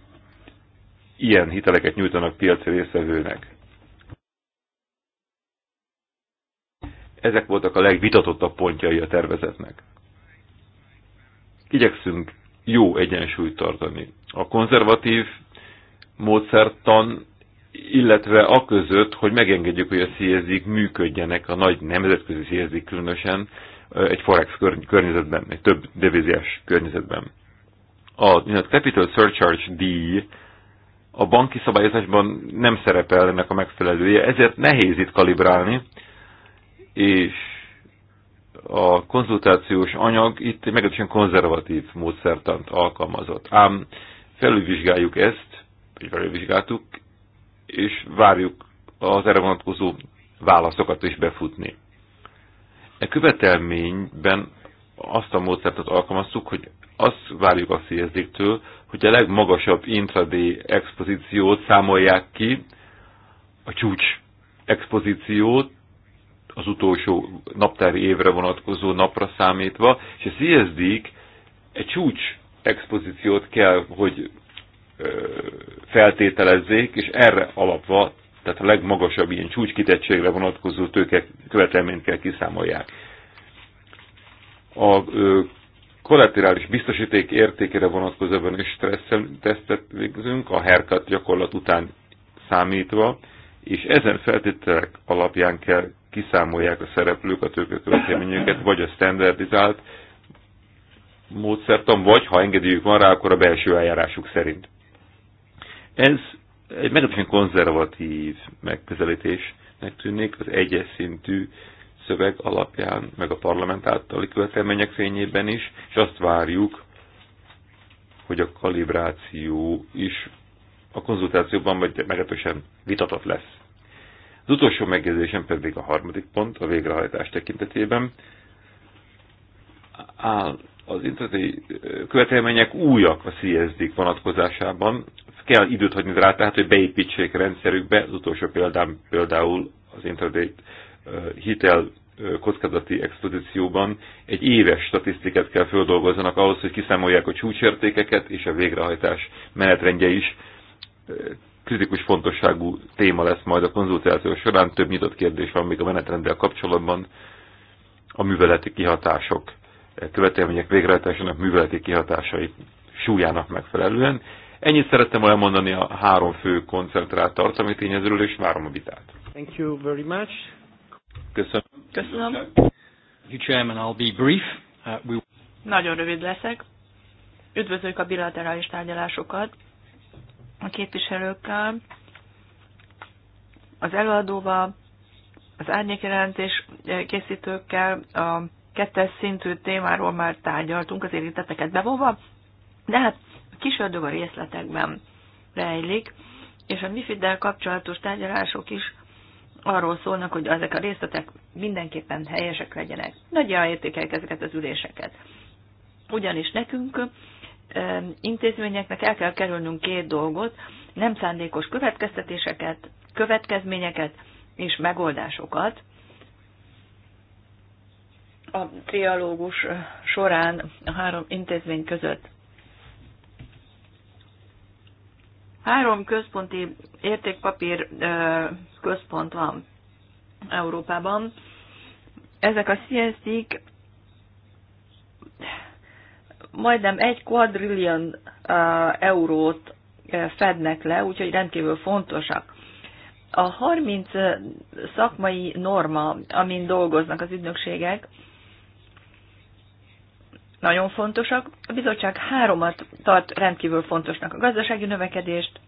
ilyen hiteleket nyújtanak piaci részvevőnek. Ezek voltak a legvitatottabb pontjai a tervezetnek. Igyekszünk jó egyensúlyt tartani. A konzervatív módszertan, illetve a között, hogy megengedjük, hogy a szélzik működjenek, a nagy nemzetközi szélzik különösen, egy forex környezetben, egy több deviziás környezetben. A Capital Surcharge díj a banki szabályozásban nem szerepel ennek a megfelelője, ezért nehéz itt kalibrálni, és a konzultációs anyag itt meglehetősen konzervatív módszertant alkalmazott. Ám felülvizsgáljuk ezt, vagy felülvizsgáltuk, és várjuk az erre vonatkozó válaszokat is befutni. E követelményben azt a módszertet alkalmaztuk, hogy azt várjuk a csd től hogy a legmagasabb intraday expozíciót számolják ki, a csúcs expozíciót, az utolsó naptári évre vonatkozó napra számítva, és a csd egy csúcs expozíciót kell, hogy feltételezzék, és erre alapva, tehát a legmagasabb ilyen csúcskitettségre vonatkozó tőke követelményt kell kiszámolják. A kollaterális biztosíték értékére vonatkozóban is stresszel tesztet végzünk, a herkat gyakorlat után számítva, és ezen feltételek alapján kell kiszámolják a szereplők a tőkekövetelményeket, vagy a standardizált módszertan, vagy ha engedélyük van rá, akkor a belső eljárásuk szerint. Ez egy meglehetősen konzervatív megközelítésnek tűnik, az egyes szintű szöveg alapján, meg a parlament általi követelmények fényében is, és azt várjuk, hogy a kalibráció is a konzultációban vagy meglehetősen vitatott lesz. Az utolsó megjegyzésem pedig a harmadik pont a végrehajtás tekintetében. Áll az interneti követelmények újak a csd vonatkozásában. Kell időt hagyni rá, tehát hogy beépítsék rendszerükbe. Az utolsó példám például az internet hitel kockázati expozícióban egy éves statisztikát kell földolgozzanak ahhoz, hogy kiszámolják a csúcsértékeket, és a végrehajtás menetrendje is kritikus fontosságú téma lesz majd a konzultáció során. Több nyitott kérdés van még a menetrenddel kapcsolatban. A műveleti kihatások, e, követelmények végrehajtásának műveleti kihatásai súlyának megfelelően. Ennyit szerettem volna mondani a három fő koncentrált tartalmi tényezőről, és várom a vitát. Thank you very much. Köszönöm. Köszönöm. Chairman, I'll be brief. Uh, we... Nagyon rövid leszek. Üdvözlök a bilaterális tárgyalásokat a képviselőkkel, az előadóval, az árnyékjelentés készítőkkel, a kettes szintű témáról már tárgyaltunk az érintetteket bevonva, de hát a kis a részletekben rejlik, és a MIFID-del kapcsolatos tárgyalások is arról szólnak, hogy ezek a részletek mindenképpen helyesek legyenek. Nagyjára értékeljük ezeket az üléseket. Ugyanis nekünk intézményeknek el kell kerülnünk két dolgot, nem szándékos következtetéseket, következményeket és megoldásokat. A trialógus során a három intézmény között Három központi értékpapír központ van Európában. Ezek a CSD-k majdnem egy quadrillion eurót fednek le, úgyhogy rendkívül fontosak. A 30 szakmai norma, amin dolgoznak az ügynökségek, nagyon fontosak. A bizottság háromat tart rendkívül fontosnak a gazdasági növekedést,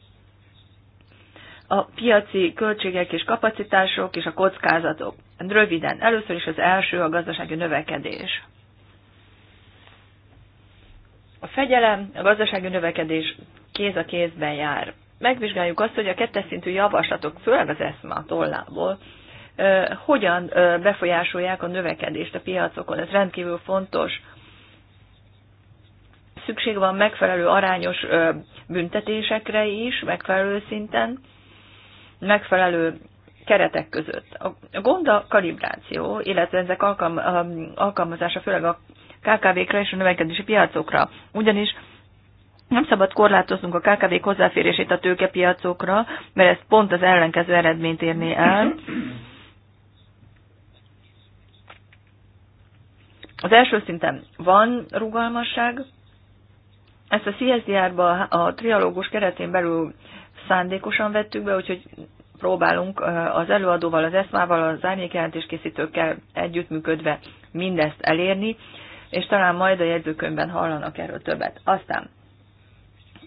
a piaci költségek és kapacitások és a kockázatok. Röviden, először is az első a gazdasági növekedés. A fegyelem, a gazdasági növekedés kéz a kézben jár. Megvizsgáljuk azt, hogy a kettes szintű javaslatok, főleg az ESMA tollából, hogyan befolyásolják a növekedést a piacokon. Ez rendkívül fontos szükség van megfelelő arányos büntetésekre is, megfelelő szinten, megfelelő keretek között. A gond a kalibráció, illetve ezek alkalmazása főleg a KKV-kra és a növekedési piacokra. Ugyanis nem szabad korlátoznunk a KKV-k hozzáférését a tőkepiacokra, mert ez pont az ellenkező eredményt érné el. Az első szinten van rugalmasság, ezt a CSDR-ba a trialógus keretén belül szándékosan vettük be, úgyhogy próbálunk az előadóval, az eszmával, az árnyékjelentéskészítőkkel együttműködve mindezt elérni, és talán majd a jegyzőkönyvben hallanak erről többet. Aztán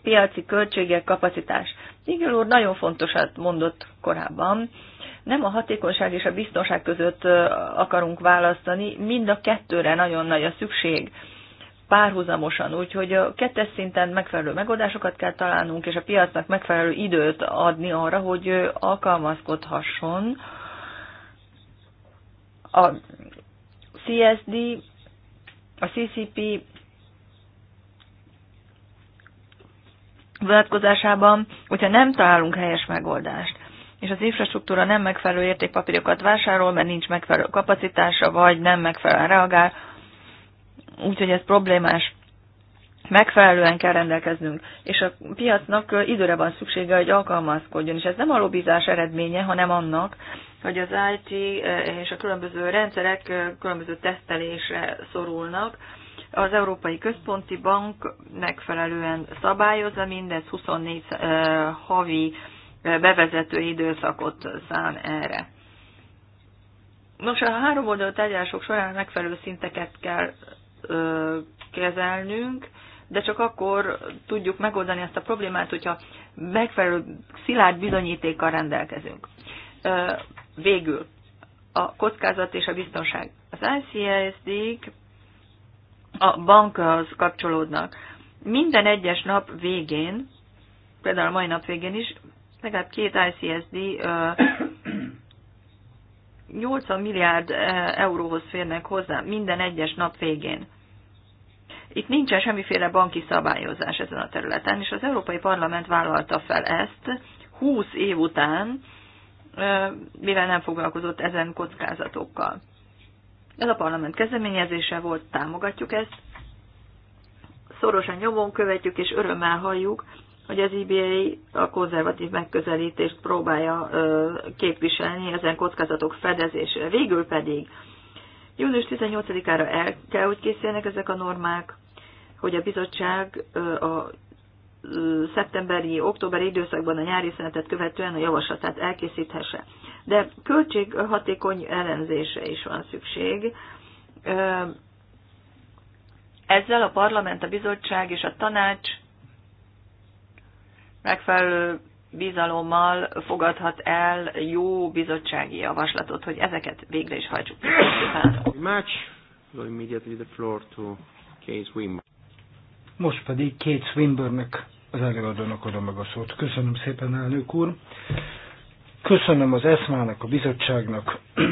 piaci költségek, kapacitás. Igen úr nagyon fontosat mondott korábban, nem a hatékonyság és a biztonság között akarunk választani, mind a kettőre nagyon nagy a szükség párhuzamosan, úgyhogy a kettes szinten megfelelő megoldásokat kell találnunk, és a piacnak megfelelő időt adni arra, hogy alkalmazkodhasson. A CSD, a CCP vonatkozásában, hogyha nem találunk helyes megoldást, és az infrastruktúra nem megfelelő értékpapírokat vásárol, mert nincs megfelelő kapacitása, vagy nem megfelelően reagál, úgyhogy ez problémás. Megfelelően kell rendelkeznünk, és a piacnak időre van szüksége, hogy alkalmazkodjon, és ez nem a lobbizás eredménye, hanem annak, hogy az IT és a különböző rendszerek különböző tesztelésre szorulnak. Az Európai Központi Bank megfelelően szabályozza mindez, 24 havi bevezető időszakot szán erre. Nos, a három oldalú tárgyalások során megfelelő szinteket kell kezelnünk, de csak akkor tudjuk megoldani ezt a problémát, hogyha megfelelő szilárd bizonyítékkal rendelkezünk. Végül a kockázat és a biztonság. Az ICSD-k a bankhoz kapcsolódnak. Minden egyes nap végén, például a mai nap végén is, legalább két ICSD 80 milliárd euróhoz férnek hozzá minden egyes nap végén. Itt nincsen semmiféle banki szabályozás ezen a területen, és az Európai Parlament vállalta fel ezt 20 év után, mivel nem foglalkozott ezen kockázatokkal. Ez a parlament kezdeményezése volt, támogatjuk ezt, szorosan nyomon követjük és örömmel halljuk, hogy az IBA e a konzervatív megközelítést próbálja képviselni ezen kockázatok fedezésére. Végül pedig június 18-ára el kell, hogy készüljenek ezek a normák, hogy a bizottság a szeptemberi, októberi időszakban a nyári szünetet követően a javaslatát elkészíthesse. De költséghatékony ellenzése is van szükség. Ezzel a parlament, a bizottság és a tanács megfelelő bizalommal fogadhat el jó bizottsági javaslatot, hogy ezeket végre is hajtsuk. Köszönöm. Most pedig két swinburne az előadónak adom meg a szót. Köszönöm szépen, elnök úr. Köszönöm az esma a bizottságnak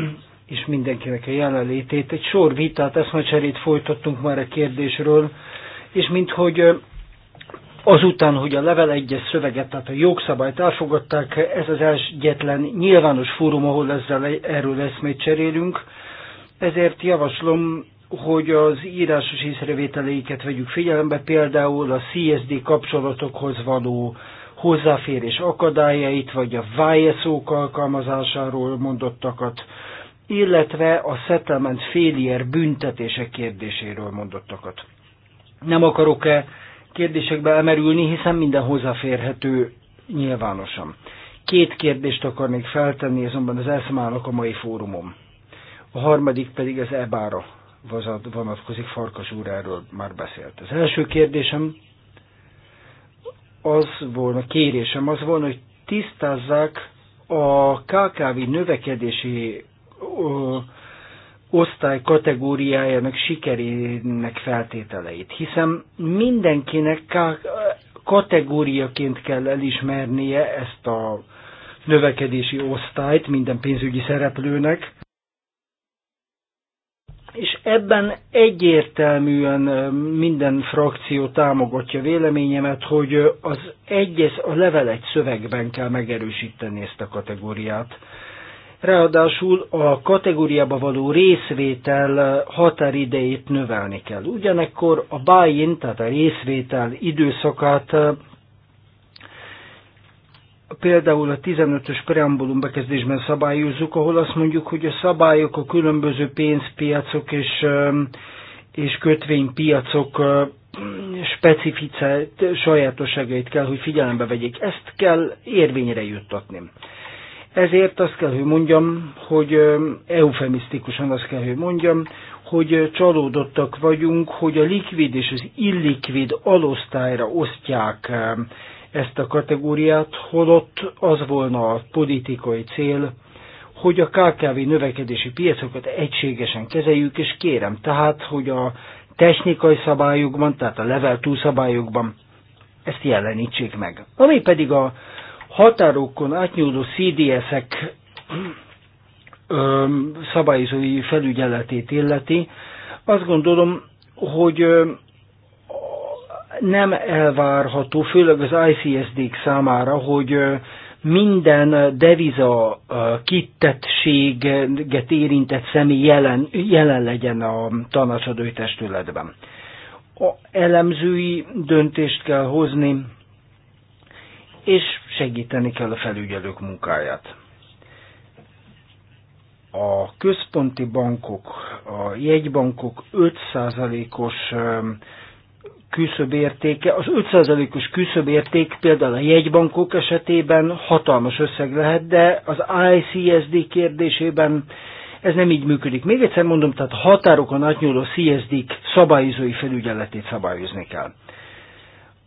és mindenkinek a jelenlétét. Egy sor vitát, eszmecserét folytattunk már a kérdésről, és minthogy azután, hogy a level 1-es szöveget, tehát a jogszabályt elfogadták, ez az egyetlen nyilvános fórum, ahol ezzel e-, erről eszmét cserélünk. Ezért javaslom, hogy az írásos észrevételeiket vegyük figyelembe, például a CSD kapcsolatokhoz való hozzáférés akadályait, vagy a YSO-k alkalmazásáról mondottakat, illetve a settlement failure büntetések kérdéséről mondottakat. Nem akarok-e kérdésekbe elmerülni, hiszen minden hozzáférhető nyilvánosan. Két kérdést akarnék feltenni azonban az eszmának a mai fórumon. A harmadik pedig az EBÁ-ra vonatkozik, Farkas úr erről már beszélt. Az első kérdésem az volna, kérésem az volna, hogy tisztázzák a KKV növekedési osztály kategóriájának sikerének feltételeit, hiszen mindenkinek kategóriaként kell elismernie ezt a növekedési osztályt minden pénzügyi szereplőnek, Ebben egyértelműen minden frakció támogatja véleményemet, hogy az egyes, a level egy szövegben kell megerősíteni ezt a kategóriát. Ráadásul a kategóriába való részvétel határidejét növelni kell. Ugyanekkor a buy-in, tehát a részvétel időszakát például a 15-ös preambulum bekezdésben szabályozzuk, ahol azt mondjuk, hogy a szabályok a különböző pénzpiacok és, és kötvénypiacok specificált sajátosságait kell, hogy figyelembe vegyék. Ezt kell érvényre juttatni. Ezért azt kell, hogy mondjam, hogy eufemisztikusan azt kell, hogy mondjam, hogy csalódottak vagyunk, hogy a likvid és az illikvid alosztályra osztják ezt a kategóriát, holott az volna a politikai cél, hogy a KKV növekedési piacokat egységesen kezeljük, és kérem tehát, hogy a technikai szabályokban, tehát a level 2 szabályokban ezt jelenítsék meg. Ami pedig a határokon átnyúló CDS-ek szabályozói felügyeletét illeti, azt gondolom, hogy nem elvárható, főleg az ICSD-k számára, hogy minden deviza kittettséget érintett személy jelen, jelen legyen a tanácsadói testületben. A elemzői döntést kell hozni, és segíteni kell a felügyelők munkáját. A központi bankok, a jegybankok 5%-os küszöbértéke, az 5%-os küszöbérték például a jegybankok esetében hatalmas összeg lehet, de az ICSD kérdésében ez nem így működik. Még egyszer mondom, tehát határokon átnyúló CSD-k szabályozói felügyeletét szabályozni kell.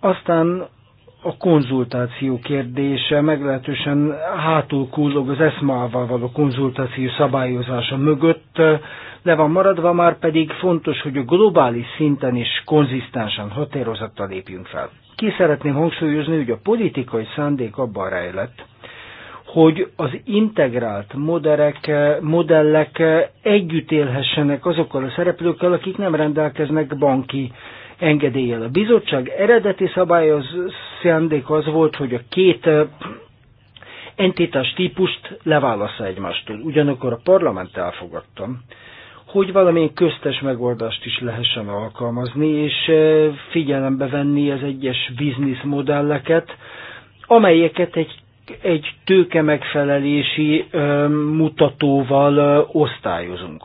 Aztán a konzultáció kérdése meglehetősen hátul kullog az eszmával való konzultáció szabályozása mögött le van maradva, már pedig fontos, hogy a globális szinten is konzisztensen, határozattal lépjünk fel. Ki szeretném hangsúlyozni, hogy a politikai szándék abban rejlett, hogy az integrált moderek, modellek együtt élhessenek azokkal a szereplőkkel, akik nem rendelkeznek banki engedéllyel. A bizottság eredeti szabályoz szándék az volt, hogy a két entitás típust leválasza egymástól. Ugyanakkor a parlament elfogadtam, hogy valamilyen köztes megoldást is lehessen alkalmazni, és figyelembe venni az egyes modelleket, amelyeket egy, egy tőke megfelelési mutatóval osztályozunk.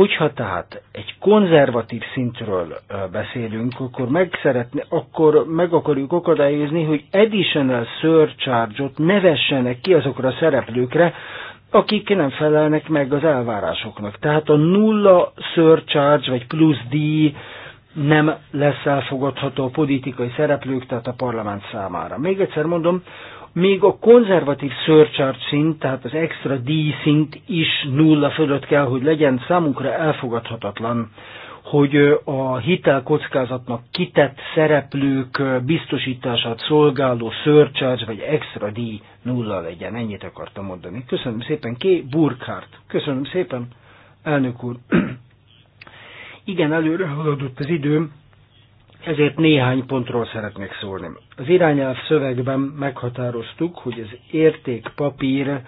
Hogyha tehát egy konzervatív szintről beszélünk, akkor meg, szeretne, akkor meg akarjuk akadályozni, hogy additional surcharge-ot nevessenek ki azokra a szereplőkre, akik nem felelnek meg az elvárásoknak. Tehát a nulla surcharge vagy plusz díj nem lesz elfogadható a politikai szereplők, tehát a parlament számára. Még egyszer mondom, még a konzervatív surcharge szint, tehát az extra díj szint is nulla fölött kell, hogy legyen. Számunkra elfogadhatatlan, hogy a hitelkockázatnak kitett szereplők biztosítását szolgáló surcharge vagy extra díj nulla legyen. Ennyit akartam mondani. Köszönöm szépen, Ké Burkhardt. Köszönöm szépen, elnök úr. Igen, előre haladott az időm, ezért néhány pontról szeretnék szólni. Az irányelv szövegben meghatároztuk, hogy az értékpapír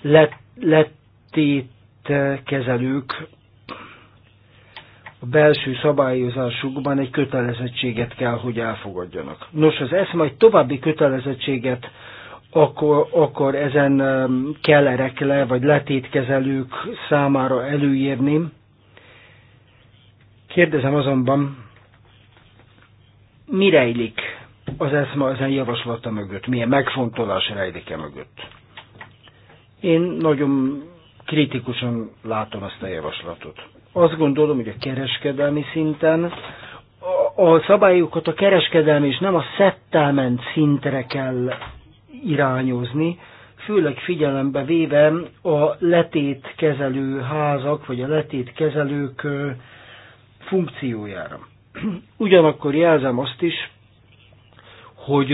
let, lettét kezelők a belső szabályozásukban egy kötelezettséget kell, hogy elfogadjanak. Nos, az ez majd további kötelezettséget akkor, akkor ezen um, le, vagy letétkezelők számára előírni. Kérdezem azonban, mi rejlik az ESMA ezen javaslata mögött? Milyen megfontolás rejlik e mögött? Én nagyon kritikusan látom ezt a javaslatot. Azt gondolom, hogy a kereskedelmi szinten a szabályokat a kereskedelmi és nem a settlement szintre kell irányozni, főleg figyelembe véve a letétkezelő házak, vagy a letétkezelők funkciójára. Ugyanakkor jelzem azt is, hogy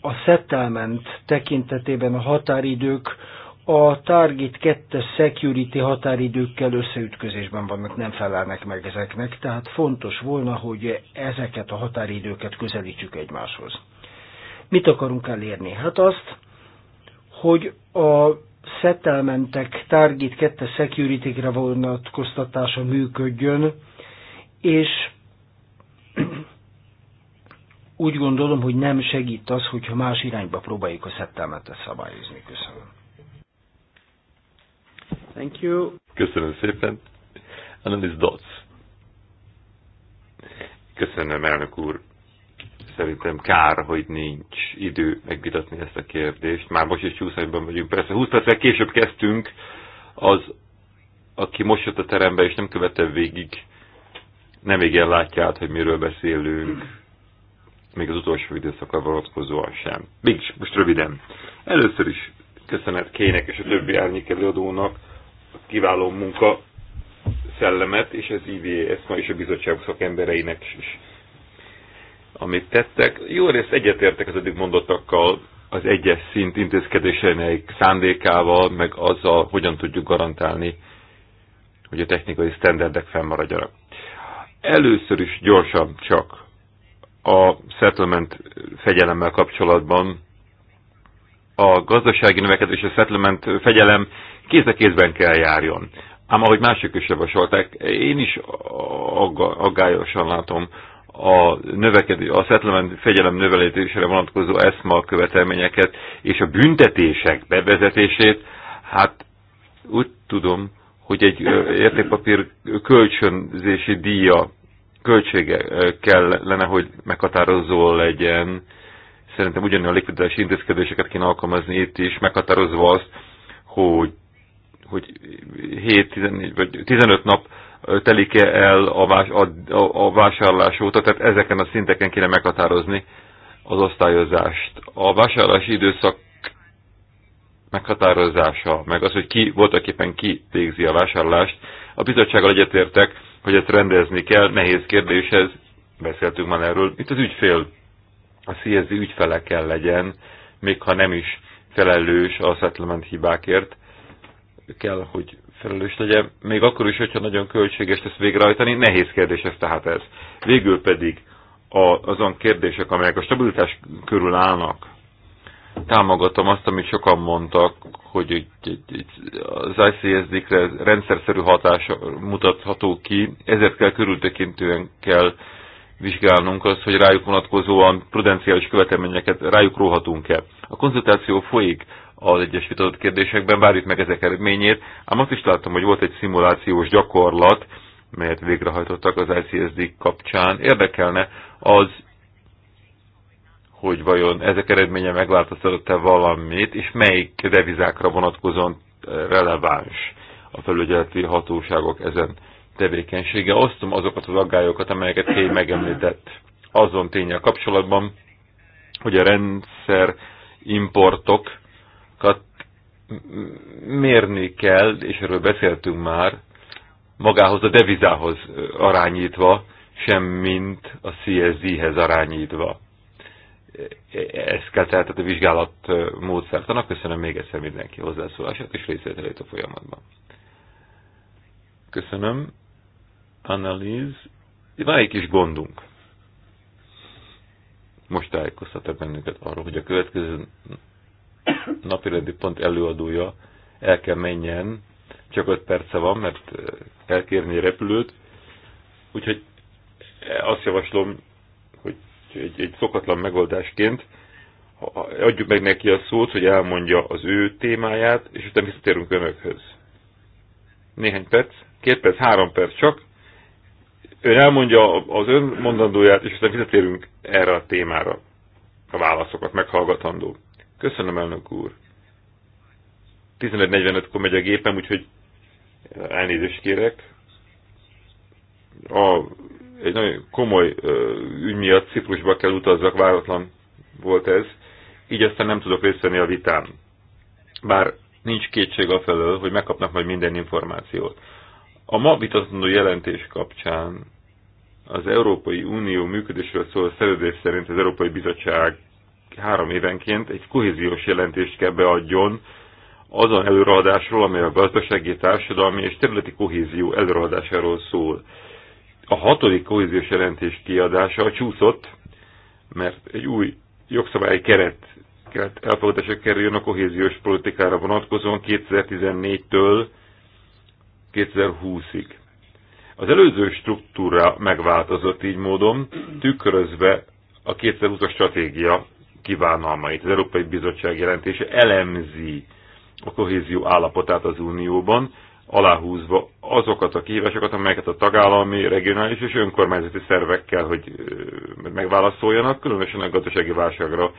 a settlement tekintetében a határidők a Target 2 security határidőkkel összeütközésben vannak, nem felelnek meg ezeknek, tehát fontos volna, hogy ezeket a határidőket közelítsük egymáshoz. Mit akarunk elérni? Hát azt, hogy a settlementek Target 2 security-re vonatkoztatása működjön, és úgy gondolom, hogy nem segít az, hogyha más irányba próbáljuk a szettelmetet szabályozni. Köszönöm. Thank you. Köszönöm szépen. Annelies Dotz. Köszönöm, elnök úr. Szerintem kár, hogy nincs idő megvitatni ezt a kérdést. Már most is csúszásban vagyunk. Persze 20 perccel később kezdtünk, az, aki most jött a terembe és nem követte végig nem igen látja át, hogy miről beszélünk, még az utolsó időszakra vonatkozóan sem. Mégis, most röviden. Először is köszönet Kének és a többi árnyék előadónak a kiváló munka szellemet, és az IVS e, ma is a bizottság szakembereinek is, amit tettek. Jó részt egyetértek az eddig mondottakkal, az egyes szint intézkedéseinek szándékával, meg azzal, hogyan tudjuk garantálni, hogy a technikai sztenderdek fennmaradjanak először is gyorsan csak a settlement fegyelemmel kapcsolatban. A gazdasági növekedés és a settlement fegyelem kéz a kézben kell járjon. Ám ahogy mások is javasolták, én is aggályosan látom a, növekedő, a settlement fegyelem növelésére vonatkozó ESMA követelményeket és a büntetések bevezetését, hát úgy tudom, hogy egy értékpapír kölcsönzési díja költsége kellene, hogy meghatározó legyen. Szerintem ugyanilyen likviditási intézkedéseket kéne alkalmazni itt is, meghatározva azt, hogy, hogy 7, 14 vagy 15 nap telik-e el a, vás, a, a, a vásárlás óta, tehát ezeken a szinteken kéne meghatározni az osztályozást. A vásárlási időszak meghatározása, meg az, hogy ki voltak éppen ki végzi a vásárlást. A bizottsággal egyetértek, hogy ezt rendezni kell, nehéz kérdés ez, beszéltünk már erről. Itt az ügyfél, a CSZ ügyfele kell legyen, még ha nem is felelős a settlement hibákért, kell, hogy felelős legyen, még akkor is, hogyha nagyon költséges ezt végrehajtani, nehéz kérdés ez tehát ez. Végül pedig a, azon kérdések, amelyek a stabilitás körül állnak, Támogatom azt, amit sokan mondtak, hogy az ICSD-kre rendszerszerű hatása mutatható ki, ezért kell körültekintően kell vizsgálnunk azt, hogy rájuk vonatkozóan prudenciális követelményeket rájuk róhatunk-e. A konzultáció folyik az egyes vitatott kérdésekben, várjuk meg ezek eredményét, ám azt is láttam, hogy volt egy szimulációs gyakorlat, melyet végrehajtottak az ICSD kapcsán. Érdekelne az, hogy vajon ezek eredménye megváltoztatott-e valamit, és melyik devizákra vonatkozóan eh, releváns a felügyeleti hatóságok ezen tevékenysége. Osztom azokat az aggályokat, amelyeket Kay megemlített azon tényel kapcsolatban, hogy a rendszer importokat mérni kell, és erről beszéltünk már, magához a devizához eh, arányítva, sem mint a CSD-hez arányítva ezt kell tehát a vizsgálat módszertanak. Köszönöm még egyszer mindenki hozzászólását és részvételét a folyamatban. Köszönöm. Analíz. Van egy kis gondunk. Most tájékoztatok bennünket arról, hogy a következő napirendi pont előadója el kell menjen, csak 5 perce van, mert eh, elkérni repülőt, úgyhogy eh, azt javaslom, egy, egy szokatlan megoldásként adjuk meg neki a szót, hogy elmondja az ő témáját, és utána visszatérünk önökhöz. Néhány perc, két perc, három perc csak. Ön elmondja az ön mondandóját, és utána visszatérünk erre a témára. A válaszokat meghallgatandó. Köszönöm, elnök úr. 1545 kor megy a gépem, úgyhogy elnézést kérek. A egy nagyon komoly ügy miatt Ciprusba kell utazzak, váratlan volt ez, így aztán nem tudok részt venni a vitán. Bár nincs kétség a felől, hogy megkapnak majd minden információt. A ma vitatandó jelentés kapcsán az Európai Unió működésről szóló szerződés szerint az Európai Bizottság három évenként egy kohéziós jelentést kell beadjon azon előadásról, amely a gazdasági, társadalmi és területi kohézió előadásáról szól. A hatodik kohéziós jelentés kiadása csúszott, mert egy új jogszabályi keret kellett elfogadása kerüljön a kohéziós politikára vonatkozóan 2014-től 2020-ig. Az előző struktúra megváltozott így módon, tükrözve a 2020-as stratégia kívánalmait. Az Európai Bizottság jelentése elemzi a kohézió állapotát az Unióban, aláhúzva azokat a kihívásokat, amelyeket a tagállami, regionális és önkormányzati szervekkel, hogy megválaszoljanak, különösen a gazdasági válságra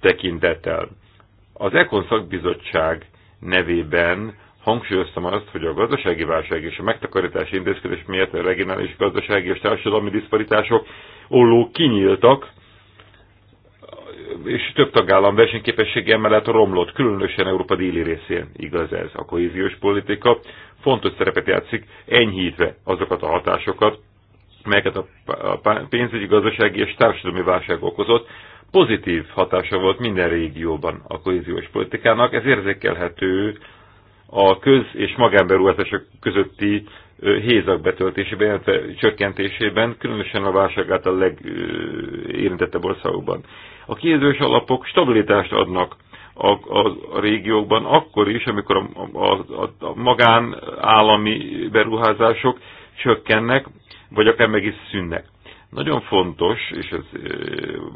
tekintettel. Az Ekon szakbizottság nevében hangsúlyoztam azt, hogy a gazdasági válság és a megtakarítási intézkedés miatt a regionális gazdasági és társadalmi diszparitások olló kinyíltak, és több tagállam versenyképessége emellett romlott, különösen Európa déli részén igaz ez. A kohéziós politika fontos szerepet játszik, enyhítve azokat a hatásokat, melyeket a pénzügyi, gazdasági és társadalmi válság okozott. Pozitív hatása volt minden régióban a kohéziós politikának, ez érzékelhető a köz- és magánberuházások közötti hézak betöltésében, illetve csökkentésében, különösen a válság által legérintettebb országokban. A kiindulós alapok stabilitást adnak a, a, a régiókban akkor is, amikor a, a, a, a magánállami beruházások csökkennek, vagy akár meg is szűnnek. Nagyon fontos, és ez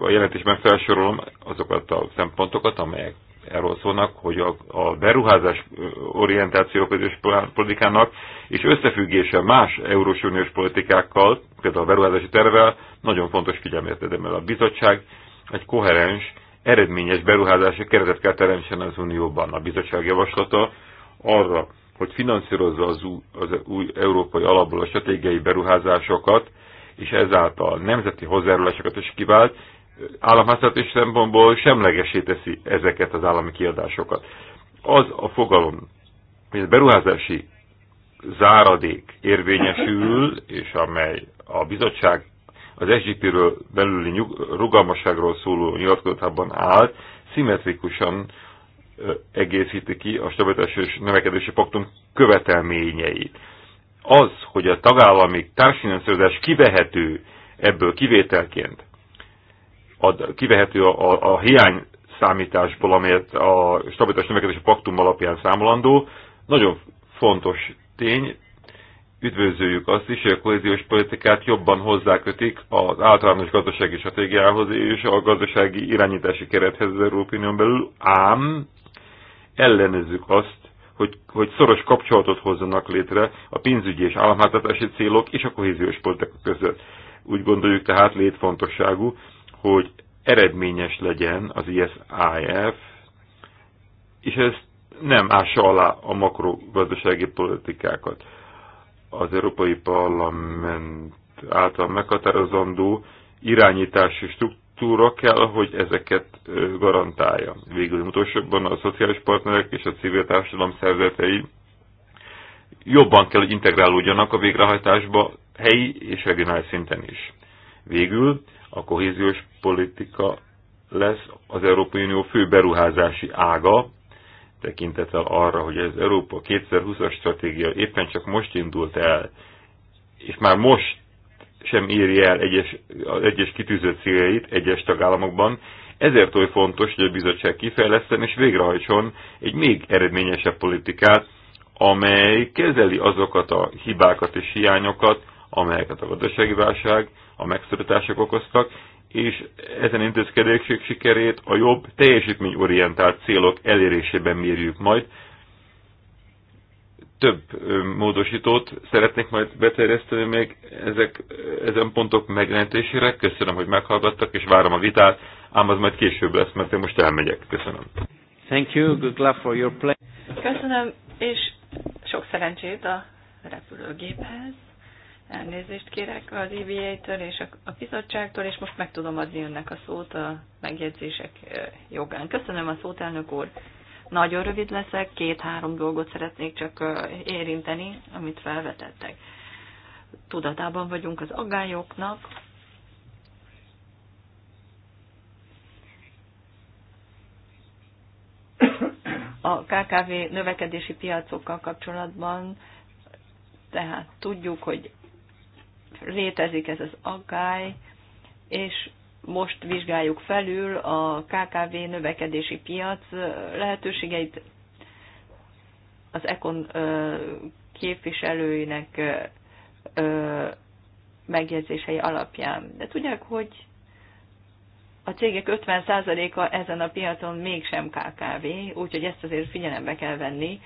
a jelentésben felsorolom azokat a szempontokat, amelyek erről szólnak, hogy a, a beruházás orientáció közös politikának és összefüggése más eurós uniós politikákkal, például a beruházási tervel, nagyon fontos figyelmet érdemel a bizottság, egy koherens, eredményes beruházási keretet kell teremtsen az Unióban. A bizottság javaslata arra, hogy finanszírozza az új, az új európai alapból a stratégiai beruházásokat, és ezáltal nemzeti hozzájárulásokat is kivált, államháztartási szempontból semlegesé teszi ezeket az állami kiadásokat. Az a fogalom, hogy a beruházási záradék érvényesül, és amely a bizottság az SGP-ről belüli nyug, rugalmasságról szóló nyilatkozatában állt, szimmetrikusan egészíti ki a stabilitás és növekedési paktum követelményeit. Az, hogy a tagállami társfinanszírozás kivehető ebből kivételként, a kivehető a, a, a hiány számításból, amelyet a stabilitás növekedési paktum alapján számolandó, nagyon fontos tény, Üdvözöljük azt is, hogy a kohéziós politikát jobban hozzákötik az általános gazdasági stratégiához és a gazdasági irányítási kerethez az Európai Unión belül, ám ellenezzük azt, hogy, hogy szoros kapcsolatot hozzanak létre a pénzügyi és államháztartási célok és a kohéziós politika között. Úgy gondoljuk tehát létfontosságú, hogy eredményes legyen az ISIF, és ez nem ássa alá a makrogazdasági politikákat az Európai Parlament által meghatározandó irányítási struktúra kell, hogy ezeket garantálja. Végül utolsóban a szociális partnerek és a civil társadalom szervezetei jobban kell, hogy integrálódjanak a végrehajtásba helyi és regionális szinten is. Végül a kohéziós politika lesz az Európai Unió fő beruházási ága, tekintettel arra, hogy az Európa 2020-as stratégia éppen csak most indult el, és már most sem írja el egyes, az egyes kitűzött céljait egyes tagállamokban, ezért oly fontos, hogy a bizottság kifejleszten és végrehajtson egy még eredményesebb politikát, amely kezeli azokat a hibákat és hiányokat, amelyeket a gazdasági válság, a megszorítások okoztak, és ezen intézkedések sikerét a jobb teljesítményorientált célok elérésében mérjük majd. Több módosítót szeretnék majd beterjeszteni még ezek, ezen pontok megjelentésére. Köszönöm, hogy meghallgattak, és várom a vitát, ám az majd később lesz, mert én most elmegyek. Köszönöm. Thank you, good luck for your play. Köszönöm, és sok szerencsét a repülőgéphez. Elnézést kérek az IBA-től e és a bizottságtól, és most meg tudom adni önnek a szót a megjegyzések jogán. Köszönöm a szót, elnök úr. Nagyon rövid leszek, két-három dolgot szeretnék csak érinteni, amit felvetettek. Tudatában vagyunk az aggályoknak, a KKV növekedési piacokkal kapcsolatban, tehát tudjuk, hogy létezik ez az aggály, és most vizsgáljuk felül a KKV növekedési piac lehetőségeit. Az ECON képviselőinek megjegyzései alapján. De tudják, hogy a cégek 50%-a ezen a piacon mégsem KKV, úgyhogy ezt azért figyelembe kell venni,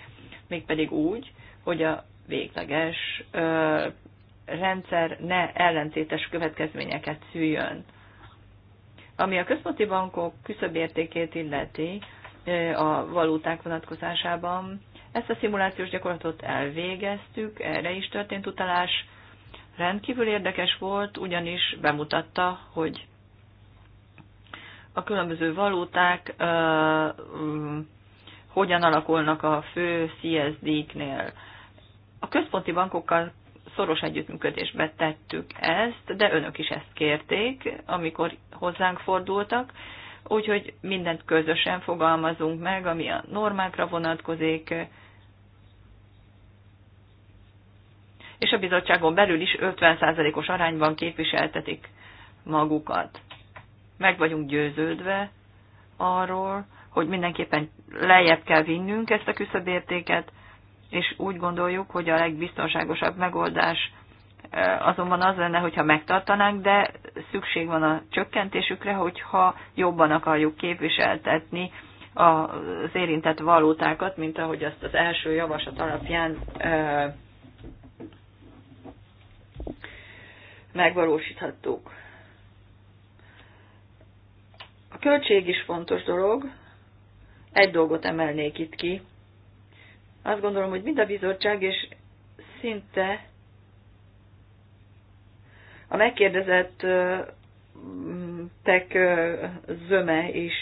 mégpedig úgy, hogy a végleges rendszer ne ellentétes következményeket szüljön. Ami a központi bankok küszöbértékét illeti a valuták vonatkozásában, ezt a szimulációs gyakorlatot elvégeztük, erre is történt utalás. Rendkívül érdekes volt, ugyanis bemutatta, hogy a különböző valóták ö, ö, hogyan alakulnak a fő CSD-knél. A központi bankokkal szoros együttműködésbe tettük ezt, de önök is ezt kérték, amikor hozzánk fordultak, úgyhogy mindent közösen fogalmazunk meg, ami a normákra vonatkozik, és a bizottságon belül is 50%-os arányban képviseltetik magukat. Meg vagyunk győződve arról, hogy mindenképpen lejjebb kell vinnünk ezt a küszöbértéket, és úgy gondoljuk, hogy a legbiztonságosabb megoldás e, azonban az lenne, hogyha megtartanánk, de szükség van a csökkentésükre, hogyha jobban akarjuk képviseltetni az érintett valótákat, mint ahogy azt az első javaslat alapján e, megvalósíthattuk. A költség is fontos dolog. Egy dolgot emelnék itt ki, azt gondolom, hogy mind a bizottság és szinte a megkérdezett tek zöme is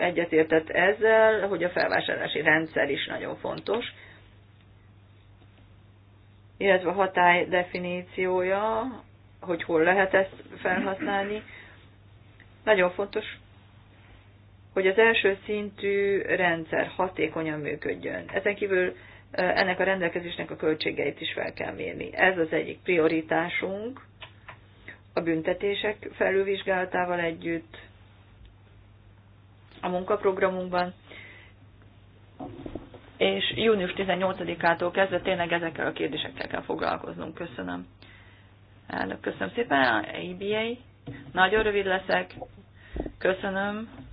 egyetértett ezzel, hogy a felvásárlási rendszer is nagyon fontos, illetve a hatály definíciója, hogy hol lehet ezt felhasználni. Nagyon fontos hogy az első szintű rendszer hatékonyan működjön. Ezen kívül ennek a rendelkezésnek a költségeit is fel kell mérni. Ez az egyik prioritásunk a büntetések felülvizsgálatával együtt a munkaprogramunkban, és június 18-ától kezdve tényleg ezekkel a kérdésekkel kell foglalkoznunk. Köszönöm. Elnök, köszönöm szépen, EBA. Nagyon rövid leszek. Köszönöm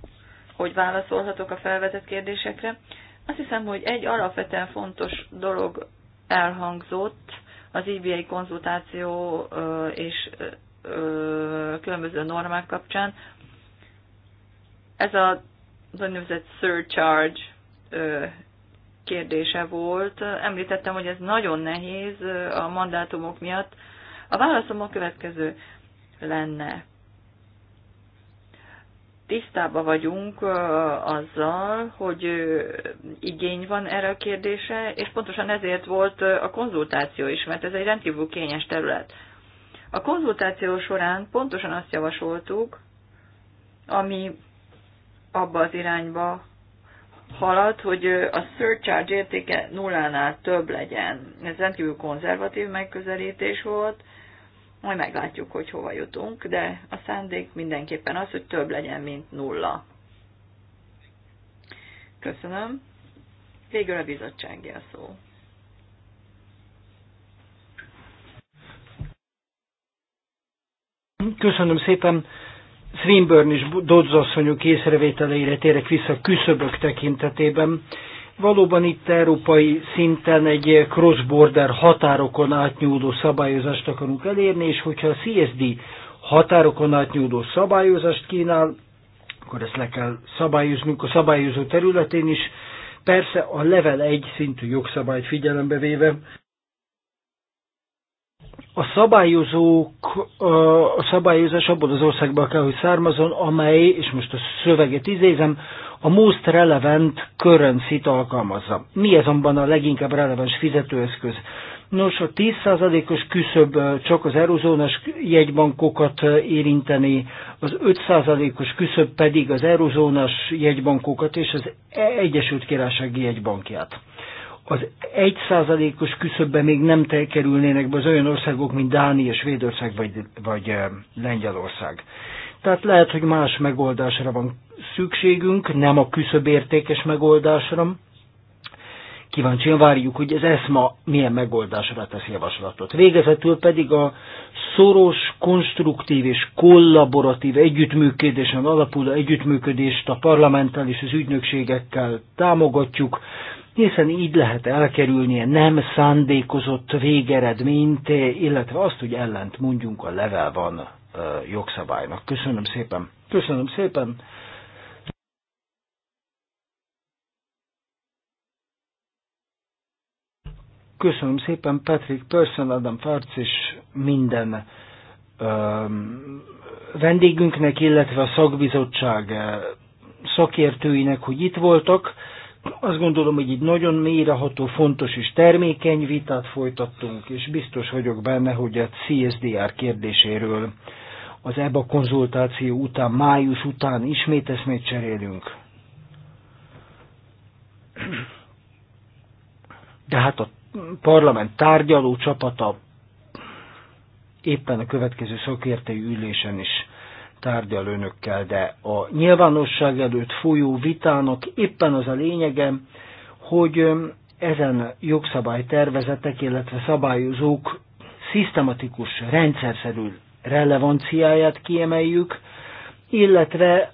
hogy válaszolhatok a felvetett kérdésekre. Azt hiszem, hogy egy alapvetően fontos dolog elhangzott az IBA konzultáció és különböző normák kapcsán. Ez a úgynevezett surcharge kérdése volt. Említettem, hogy ez nagyon nehéz a mandátumok miatt. A válaszom a következő lenne tisztában vagyunk azzal, hogy igény van erre a kérdése, és pontosan ezért volt a konzultáció is, mert ez egy rendkívül kényes terület. A konzultáció során pontosan azt javasoltuk, ami abba az irányba halad, hogy a surcharge értéke nullánál több legyen. Ez rendkívül konzervatív megközelítés volt, majd meglátjuk, hogy hova jutunk, de a szándék mindenképpen az, hogy több legyen, mint nulla. Köszönöm. Végül a bizottsági a szó. Köszönöm szépen. Swinburne és Dodds asszonyok észrevételeire térek vissza küszöbök tekintetében. Valóban itt európai szinten egy cross-border határokon átnyúló szabályozást akarunk elérni, és hogyha a CSD határokon átnyúló szabályozást kínál, akkor ezt le kell szabályoznunk a szabályozó területén is, persze a level 1 szintű jogszabályt figyelembe véve, a szabályozók, a szabályozás abból az országban kell, hogy származon, amely, és most a szöveget izézem, a most relevant currency alkalmazza. Mi azonban a leginkább releváns fizetőeszköz? Nos, a 10%-os küszöb csak az eurozónás jegybankokat érinteni, az 5%-os küszöb pedig az eurozónás jegybankokat és az e- Egyesült Királysági jegybankját az egy százalékos küszöbbe még nem kerülnének be az olyan országok, mint Dánia, Svédország vagy, vagy eh, Lengyelország. Tehát lehet, hogy más megoldásra van szükségünk, nem a küszöbértékes megoldásra. Kíváncsian várjuk, hogy ez ESMA milyen megoldásra tesz javaslatot. Végezetül pedig a szoros, konstruktív és kollaboratív együttműködésen alapuló együttműködést a parlamenttel és az ügynökségekkel támogatjuk hiszen így lehet elkerülni a nem szándékozott végeredményt, illetve azt, hogy ellent mondjunk a level van jogszabálynak. Köszönöm szépen. Köszönöm szépen. Köszönöm szépen Patrick Persson, Adam Farc és minden öm, vendégünknek, illetve a szakbizottság szakértőinek, hogy itt voltak. Azt gondolom, hogy egy nagyon mélyreható, fontos és termékeny vitát folytattunk, és biztos vagyok benne, hogy a CSDR kérdéséről az EBA konzultáció után, május után ismét eszmét cserélünk. De hát a parlament tárgyaló csapata éppen a következő szakértői ülésen is tárgyal önökkel, de a nyilvánosság előtt folyó vitának éppen az a lényege, hogy ezen jogszabálytervezetek, illetve szabályozók szisztematikus, rendszerszerű relevanciáját kiemeljük, illetve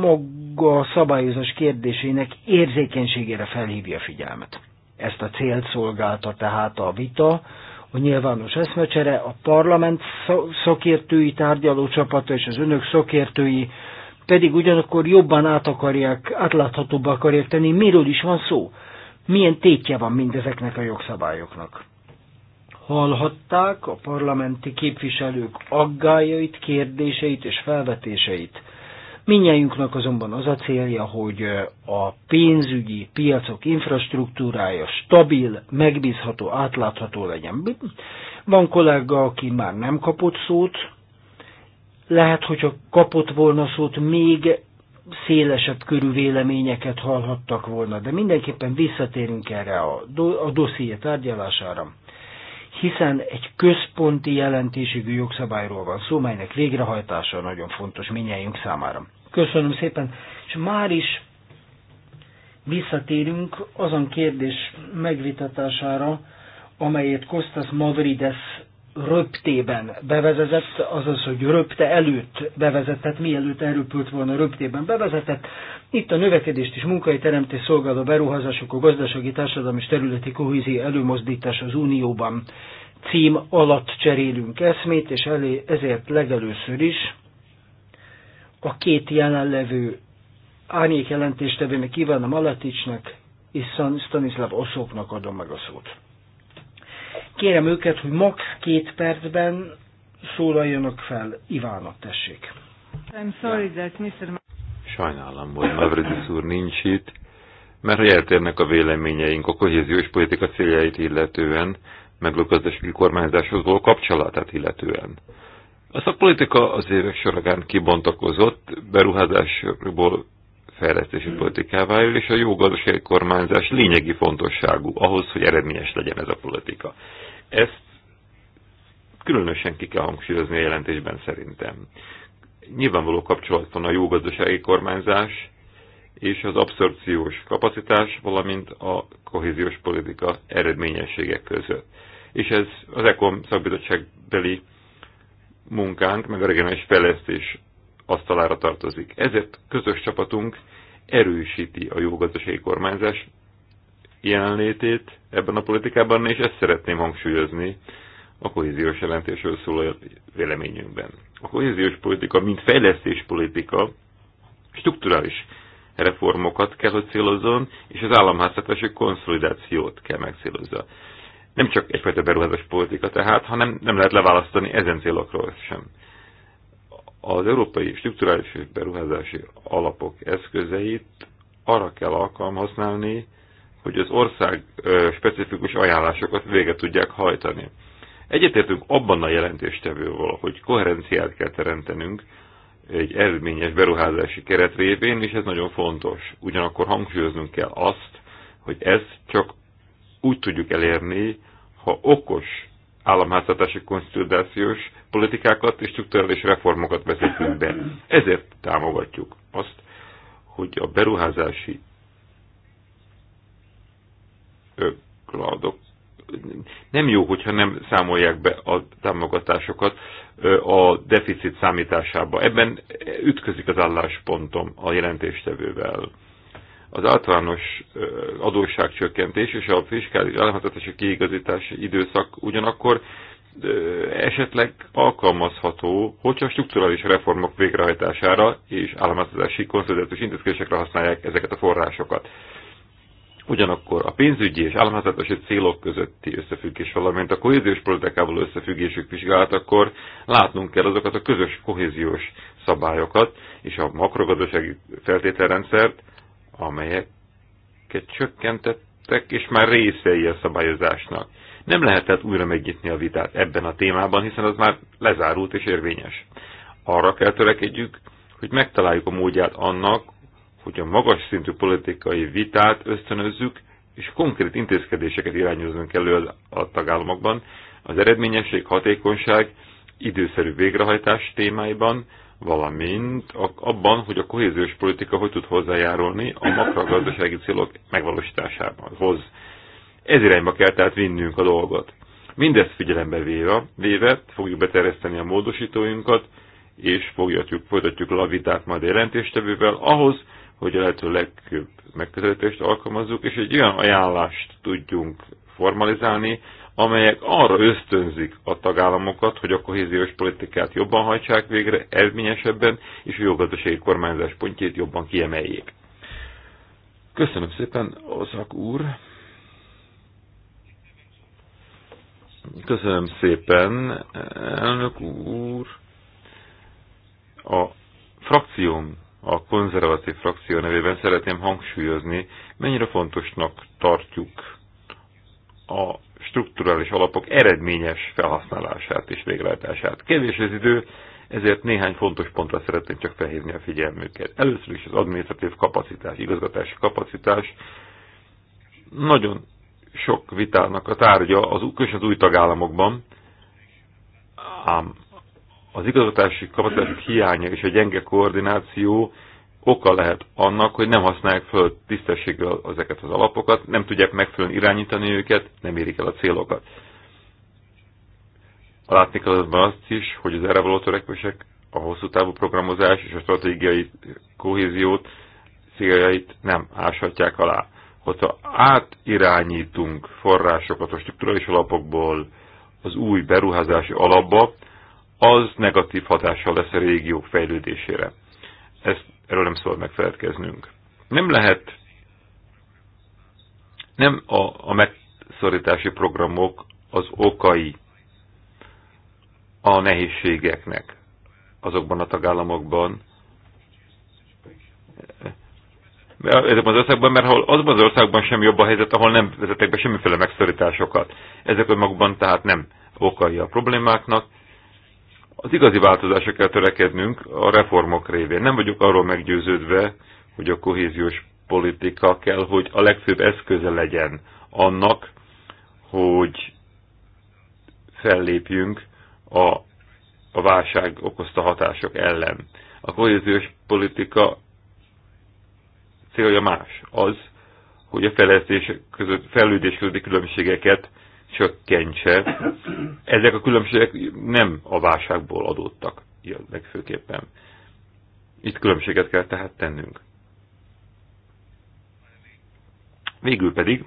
maga a szabályozás kérdésének érzékenységére felhívja figyelmet. Ezt a célt szolgálta tehát a vita, a nyilvános eszmecsere, a parlament szakértői tárgyalócsapata és az önök szakértői pedig ugyanakkor jobban át akarják, átláthatóbb akarják tenni, miről is van szó, milyen tétje van mindezeknek a jogszabályoknak. Hallhatták a parlamenti képviselők aggájait, kérdéseit és felvetéseit Minnyájunknak azonban az a célja, hogy a pénzügyi piacok infrastruktúrája stabil, megbízható, átlátható legyen. Van kollega, aki már nem kapott szót, lehet, hogyha kapott volna szót, még szélesebb körű véleményeket hallhattak volna, de mindenképpen visszatérünk erre a, do- a dosszié tárgyalására hiszen egy központi jelentésű jogszabályról van szó, melynek végrehajtása nagyon fontos minnyájunk számára. Köszönöm szépen, és már is visszatérünk azon kérdés megvitatására, amelyet Kostas Mavrides röptében bevezetett, azaz, hogy röpte előtt bevezetett, mielőtt elröpült volna röptében bevezetett. Itt a növekedést és munkai teremtés szolgáló beruházások, a gazdasági, társadalmi és területi kohézió előmozdítás az Unióban cím alatt cserélünk eszmét, és elé, ezért legelőször is a két jelenlevő árnyék jelentéstevőnek kívánom Alaticsnek és Stanislav Oszóknak adom meg a szót. Kérem őket, hogy max. két percben szólaljanak fel. Ivánat, tessék. I'm sorry that Mr. Sajnálom, hogy Mavridis úr nincs itt, mert ha eltérnek a véleményeink a kohéziós politika céljait illetően, meg a gazdasági kormányzáshoz való kapcsolatát illetően. A szakpolitika az évek során kibontakozott, beruházásból fejlesztési politikává, és a jó gazdasági kormányzás lényegi fontosságú ahhoz, hogy eredményes legyen ez a politika. Ezt különösen ki kell hangsúlyozni a jelentésben szerintem. Nyilvánvaló kapcsolat van a jó gazdasági kormányzás és az abszorpciós kapacitás, valamint a kohéziós politika eredményességek között. És ez az ECOM szakbizottságbeli munkánk, meg a regionális fejlesztés asztalára tartozik. Ezért közös csapatunk erősíti a jó gazdasági kormányzás jelenlétét ebben a politikában, és ezt szeretném hangsúlyozni a kohéziós jelentésről szóló véleményünkben. A kohéziós politika, mint politika, strukturális reformokat kell, hogy célozzon, és az államháztartási konszolidációt kell megcélozza. Nem csak egyfajta beruházás politika tehát, hanem nem lehet leválasztani ezen célokról sem. Az európai strukturális beruházási alapok eszközeit arra kell alkalmaználni, hogy az ország specifikus ajánlásokat véget tudják hajtani. Egyetértünk abban a jelentéstevővel, hogy koherenciát kell teremtenünk egy eredményes beruházási keret révén, és ez nagyon fontos. Ugyanakkor hangsúlyoznunk kell azt, hogy ezt csak úgy tudjuk elérni, ha okos államháztartási konstitúciós politikákat és strukturális reformokat vezetünk be. Ezért támogatjuk azt, hogy a beruházási cloudok. Nem jó, hogyha nem számolják be a támogatásokat a deficit számításába. Ebben ütközik az álláspontom a jelentéstevővel. Az általános adósságcsökkentés és a fiskális államhatatási kiigazítási időszak ugyanakkor esetleg alkalmazható, hogyha strukturális reformok végrehajtására és államhatatási konszolidációs intézkedésekre használják ezeket a forrásokat. Ugyanakkor a pénzügyi és államháztartási célok közötti összefüggés, valamint a kohéziós politikával összefüggésük akkor látnunk kell azokat a közös kohéziós szabályokat és a makrogazdasági feltételrendszert, amelyeket csökkentettek, és már részei a szabályozásnak. Nem lehetett újra megnyitni a vitát ebben a témában, hiszen az már lezárult és érvényes. Arra kell törekedjük, hogy megtaláljuk a módját annak, hogy a magas szintű politikai vitát ösztönözzük, és konkrét intézkedéseket irányozunk elő a tagállamokban az eredményesség, hatékonyság, időszerű végrehajtás témáiban, valamint abban, hogy a kohéziós politika hogy tud hozzájárulni a makrogazdasági célok Hoz! Ez irányba kell tehát vinnünk a dolgot. Mindezt figyelembe véve, véve fogjuk beterjeszteni a módosítóinkat, és fogjatjuk, folytatjuk a vitát majd a jelentéstevővel ahhoz, hogy a lehető legjobb megközelítést alkalmazzuk, és egy olyan ajánlást tudjunk formalizálni, amelyek arra ösztönzik a tagállamokat, hogy a kohéziós politikát jobban hajtsák végre, eredményesebben, és a jogazdasági kormányzás pontjét jobban kiemeljék. Köszönöm szépen, Ozak úr! Köszönöm szépen, elnök úr! A frakcióm a konzervatív frakció nevében szeretném hangsúlyozni, mennyire fontosnak tartjuk a strukturális alapok eredményes felhasználását és végrehajtását. Kevés az idő, ezért néhány fontos pontra szeretném csak felhívni a figyelmüket. Először is az adminisztratív kapacitás, igazgatási kapacitás. Nagyon sok vitának a tárgya az, új az új tagállamokban, ám az igazgatási kapacitások hiánya és a gyenge koordináció oka lehet annak, hogy nem használják föl tisztességgel ezeket az alapokat, nem tudják megfelelően irányítani őket, nem érik el a célokat. Látni kell azban azt is, hogy az erre való törekvések, a hosszú távú programozás és a stratégiai kohéziót céljait nem áshatják alá. Hogyha átirányítunk forrásokat a strukturális alapokból az új beruházási alapba, az negatív hatással lesz a régiók fejlődésére. Ezt erről nem szabad megfeledkeznünk. Nem lehet, nem a, a megszorítási programok az okai a nehézségeknek azokban a tagállamokban, ezekben az országban, mert ahol azban az országban sem jobb a helyzet, ahol nem vezetek be semmiféle megszorításokat. Ezek önmagukban tehát nem okai a problémáknak, az igazi változásra kell törekednünk a reformok révén. Nem vagyok arról meggyőződve, hogy a kohéziós politika kell, hogy a legfőbb eszköze legyen annak, hogy fellépjünk a, a válság okozta hatások ellen. A kohéziós politika célja más. Az, hogy a fejlesztés között, fejlődés közötti különbségeket csökkentse. Ezek a különbségek nem a válságból adódtak jelenleg főképpen. Itt különbséget kell tehát tennünk. Végül pedig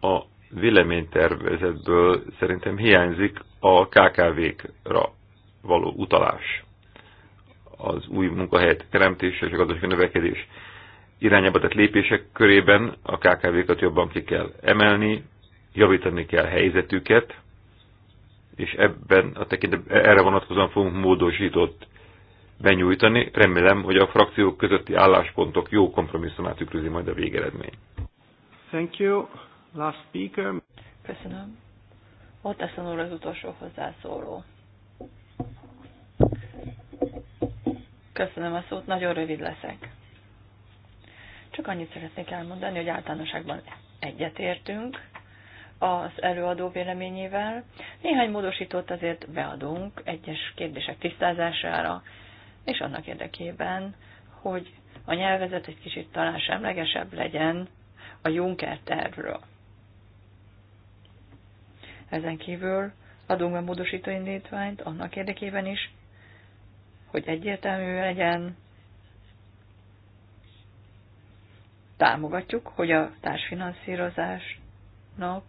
a véleménytervezetből szerintem hiányzik a KKV-kra való utalás. Az új munkahelyet teremtése és a gazdasági növekedés irányába tett lépések körében a KKV-kat jobban ki kell emelni, javítani kell helyzetüket, és ebben a tekintetben erre vonatkozóan fogunk módosított benyújtani. Remélem, hogy a frakciók közötti álláspontok jó kompromisszumát tükrözi majd a végeredmény. Thank you. Last speaker. Köszönöm. Ott eszem az utolsó hozzászóló. Köszönöm a szót, nagyon rövid leszek. Csak annyit szeretnék elmondani, hogy általánosságban egyetértünk, az előadó véleményével. Néhány módosítót azért beadunk egyes kérdések tisztázására, és annak érdekében, hogy a nyelvezet egy kicsit talán semlegesebb legyen a Juncker tervről. Ezen kívül adunk a módosító indítványt annak érdekében is, hogy egyértelmű legyen, támogatjuk, hogy a társfinanszírozásnak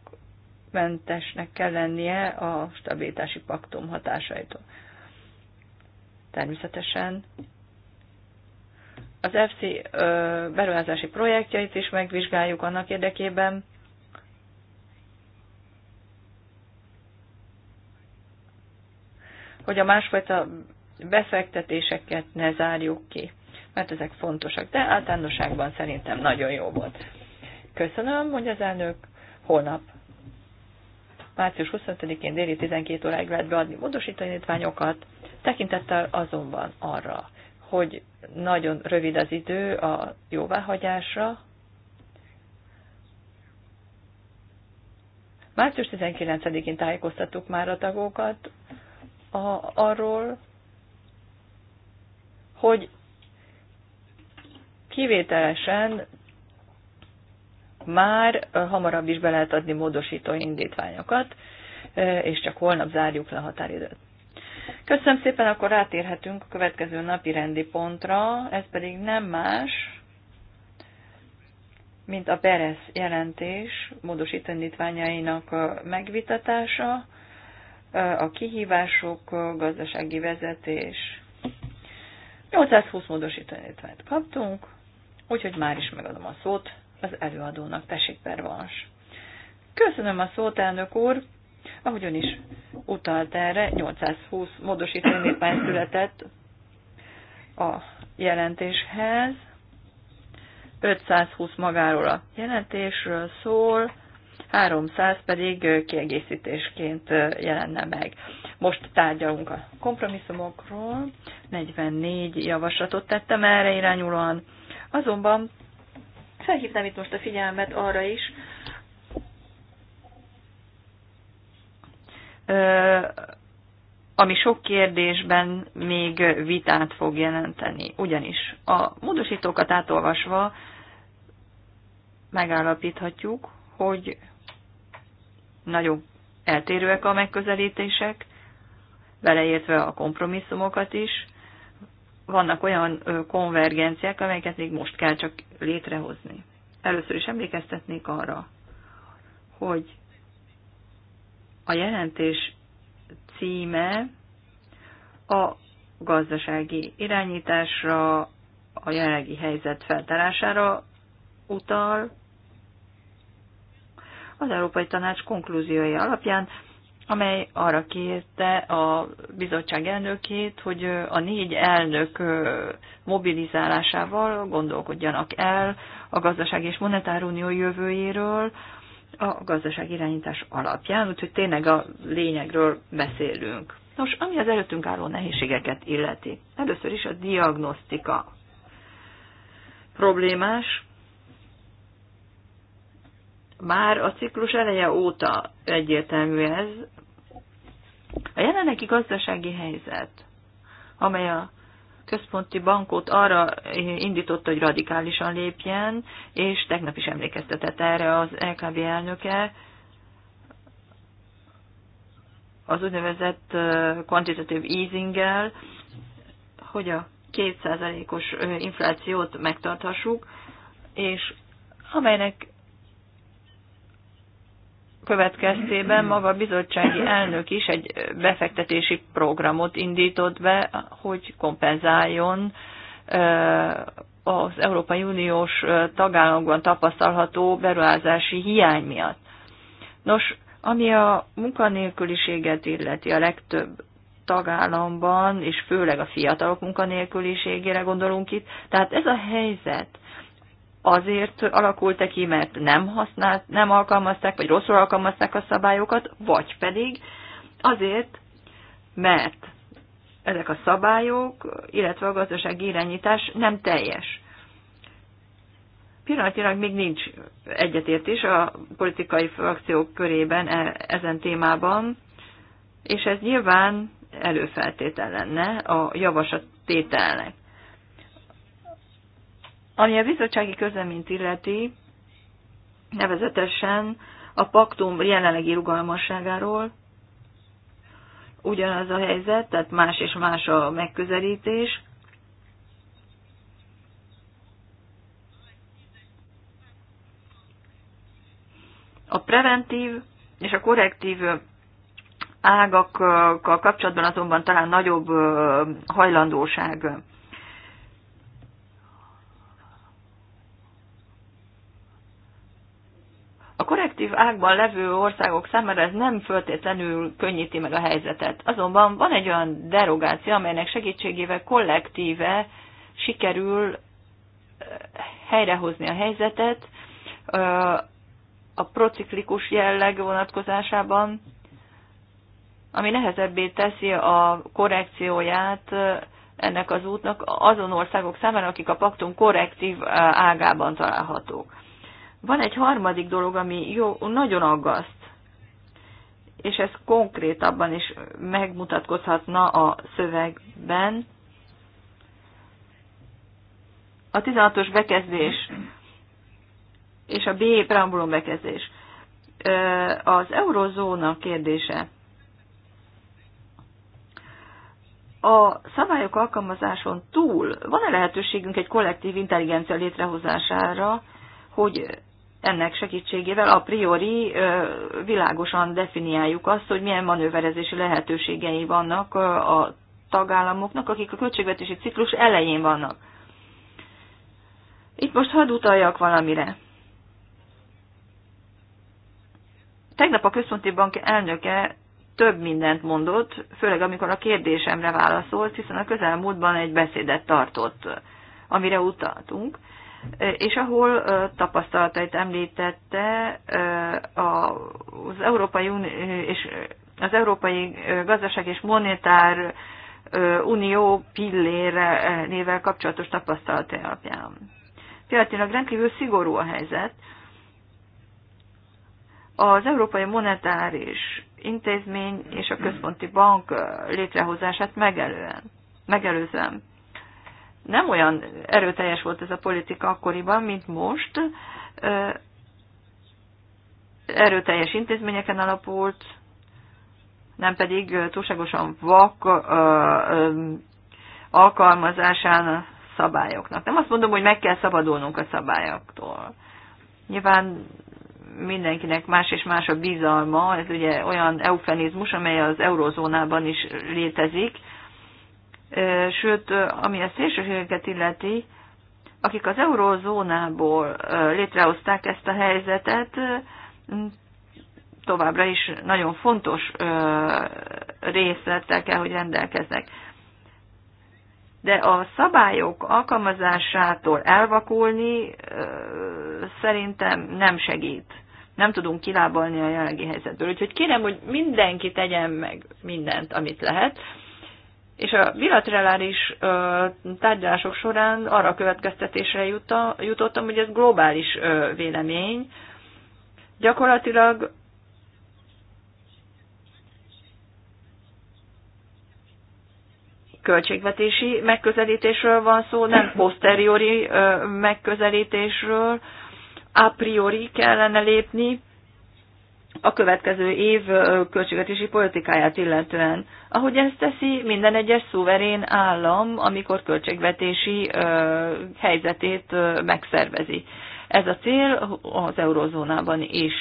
mentesnek kell lennie a stabilitási paktum hatásaitól. Természetesen az FC beruházási projektjait is megvizsgáljuk annak érdekében, hogy a másfajta befektetéseket ne zárjuk ki, mert ezek fontosak, de általánosságban szerintem nagyon jó volt. Köszönöm, hogy az elnök holnap március 25-én déli 12 óráig lehet beadni módosítanítványokat, tekintettel azonban arra, hogy nagyon rövid az idő a jóváhagyásra. Március 19-én tájékoztattuk már a tagokat a, arról, hogy kivételesen már, hamarabb is be lehet adni módosító indítványokat, és csak holnap zárjuk le a határidőt. Köszönöm szépen, akkor rátérhetünk a következő napi rendi pontra, ez pedig nem más, mint a Beres jelentés módosító indítványainak megvitatása, a kihívások, gazdasági vezetés. 820 módosító indítványt kaptunk, úgyhogy már is megadom a szót az előadónak. Tessék, pervans. Köszönöm a szót, elnök úr. Ahogy ön is utalt erre, 820 módosító indítvány született a jelentéshez. 520 magáról a jelentésről szól, 300 pedig kiegészítésként jelenne meg. Most tárgyalunk a kompromisszumokról, 44 javaslatot tettem erre irányulóan, azonban felhívnám itt most a figyelmet arra is, ami sok kérdésben még vitát fog jelenteni. Ugyanis a módosítókat átolvasva megállapíthatjuk, hogy nagyon eltérőek a megközelítések, beleértve a kompromisszumokat is, vannak olyan konvergenciák, amelyeket még most kell csak létrehozni. Először is emlékeztetnék arra, hogy a jelentés címe a gazdasági irányításra, a jelenlegi helyzet feltárására utal. Az Európai Tanács konklúziói alapján amely arra kérte a bizottság elnökét, hogy a négy elnök mobilizálásával gondolkodjanak el a gazdaság és monetárunió jövőjéről a gazdaság irányítás alapján, úgyhogy tényleg a lényegről beszélünk. Nos, ami az előttünk álló nehézségeket illeti. Először is a diagnosztika problémás, már a ciklus eleje óta egyértelmű ez, a jelenlegi gazdasági helyzet, amely a központi bankot arra indította, hogy radikálisan lépjen, és tegnap is emlékeztetett erre az LKB elnöke, az úgynevezett quantitative easing-gel, hogy a kétszázalékos inflációt megtarthassuk, és amelynek következtében maga a bizottsági elnök is egy befektetési programot indított be, hogy kompenzáljon az Európai Uniós tagállamokban tapasztalható beruházási hiány miatt. Nos, ami a munkanélküliséget illeti a legtöbb tagállamban, és főleg a fiatalok munkanélküliségére gondolunk itt, tehát ez a helyzet azért alakult -e ki, mert nem, használt, nem alkalmazták, vagy rosszul alkalmazták a szabályokat, vagy pedig azért, mert ezek a szabályok, illetve a gazdasági irányítás nem teljes. Pillanatilag még nincs egyetértés a politikai frakciók körében e, ezen témában, és ez nyilván előfeltétel lenne a javaslat tételnek. Ami a bizottsági közleményt illeti, nevezetesen a paktum jelenlegi rugalmasságáról, ugyanaz a helyzet, tehát más és más a megközelítés. A preventív és a korrektív ágakkal kapcsolatban azonban talán nagyobb hajlandóság korrektív ágban levő országok számára ez nem föltétlenül könnyíti meg a helyzetet. Azonban van egy olyan derogáció, amelynek segítségével kollektíve sikerül helyrehozni a helyzetet a prociklikus jelleg vonatkozásában, ami nehezebbé teszi a korrekcióját ennek az útnak azon országok számára, akik a paktum korrektív ágában találhatók. Van egy harmadik dolog, ami jó, nagyon aggaszt, és ez konkrétabban is megmutatkozhatna a szövegben. A 16-os bekezdés és a B preambulum bekezdés. Az eurozóna kérdése. A szabályok alkalmazáson túl van-e lehetőségünk egy kollektív intelligencia létrehozására, hogy ennek segítségével a priori világosan definiáljuk azt, hogy milyen manőverezési lehetőségei vannak a tagállamoknak, akik a költségvetési ciklus elején vannak. Itt most hadd utaljak valamire. Tegnap a Központi Bank elnöke több mindent mondott, főleg amikor a kérdésemre válaszolt, hiszen a közelmúltban egy beszédet tartott, amire utaltunk. Eh, és ahol eh, tapasztalatait említette eh, az Európai Unió és az Európai Gazdaság és Monetár Unió pillére nével kapcsolatos tapasztalatai alapján. Pillanatilag rendkívül szigorú a helyzet. Az Európai Monetáris Intézmény és a Központi Bank létrehozását megelően, megelőzően nem olyan erőteljes volt ez a politika akkoriban, mint most. Erőteljes intézményeken alapult, nem pedig túlságosan vak alkalmazásán a szabályoknak. Nem azt mondom, hogy meg kell szabadulnunk a szabályoktól. Nyilván mindenkinek más és más a bizalma, ez ugye olyan eufemizmus, amely az eurozónában is létezik, sőt, ami a szélsőségeket illeti, akik az eurózónából létrehozták ezt a helyzetet, továbbra is nagyon fontos részlettel kell, hogy rendelkeznek. De a szabályok alkalmazásától elvakulni szerintem nem segít. Nem tudunk kilábalni a jelenlegi helyzetből. Úgyhogy kérem, hogy mindenki tegyen meg mindent, amit lehet és a bilaterális ö, tárgyalások során arra a következtetésre jutta, jutottam, hogy ez globális ö, vélemény. Gyakorlatilag költségvetési megközelítésről van szó, nem posteriori ö, megközelítésről, a priori kellene lépni, a következő év költségvetési politikáját illetően, ahogy ezt teszi minden egyes szuverén állam, amikor költségvetési helyzetét megszervezi. Ez a cél az eurozónában is.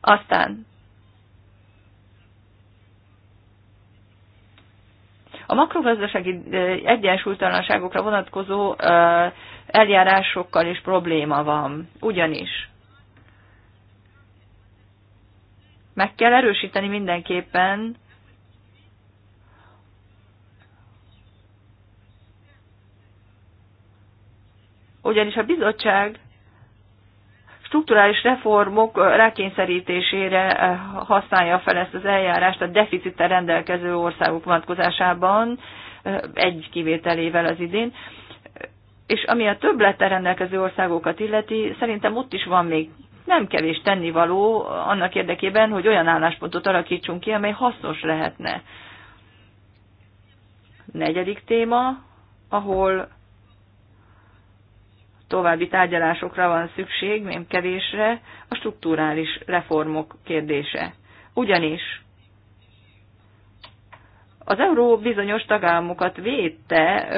Aztán A makrogazdasági egyensúlytalanságokra vonatkozó eljárásokkal is probléma van, ugyanis meg kell erősíteni mindenképpen, ugyanis a bizottság strukturális reformok rákényszerítésére használja fel ezt az eljárást a deficittel rendelkező országok vonatkozásában, egy kivételével az idén. És ami a többlettel rendelkező országokat illeti, szerintem ott is van még nem kevés tennivaló annak érdekében, hogy olyan álláspontot alakítsunk ki, amely hasznos lehetne. Negyedik téma, ahol további tárgyalásokra van szükség, nem kevésre, a struktúrális reformok kérdése. Ugyanis az euró bizonyos tagállamokat védte,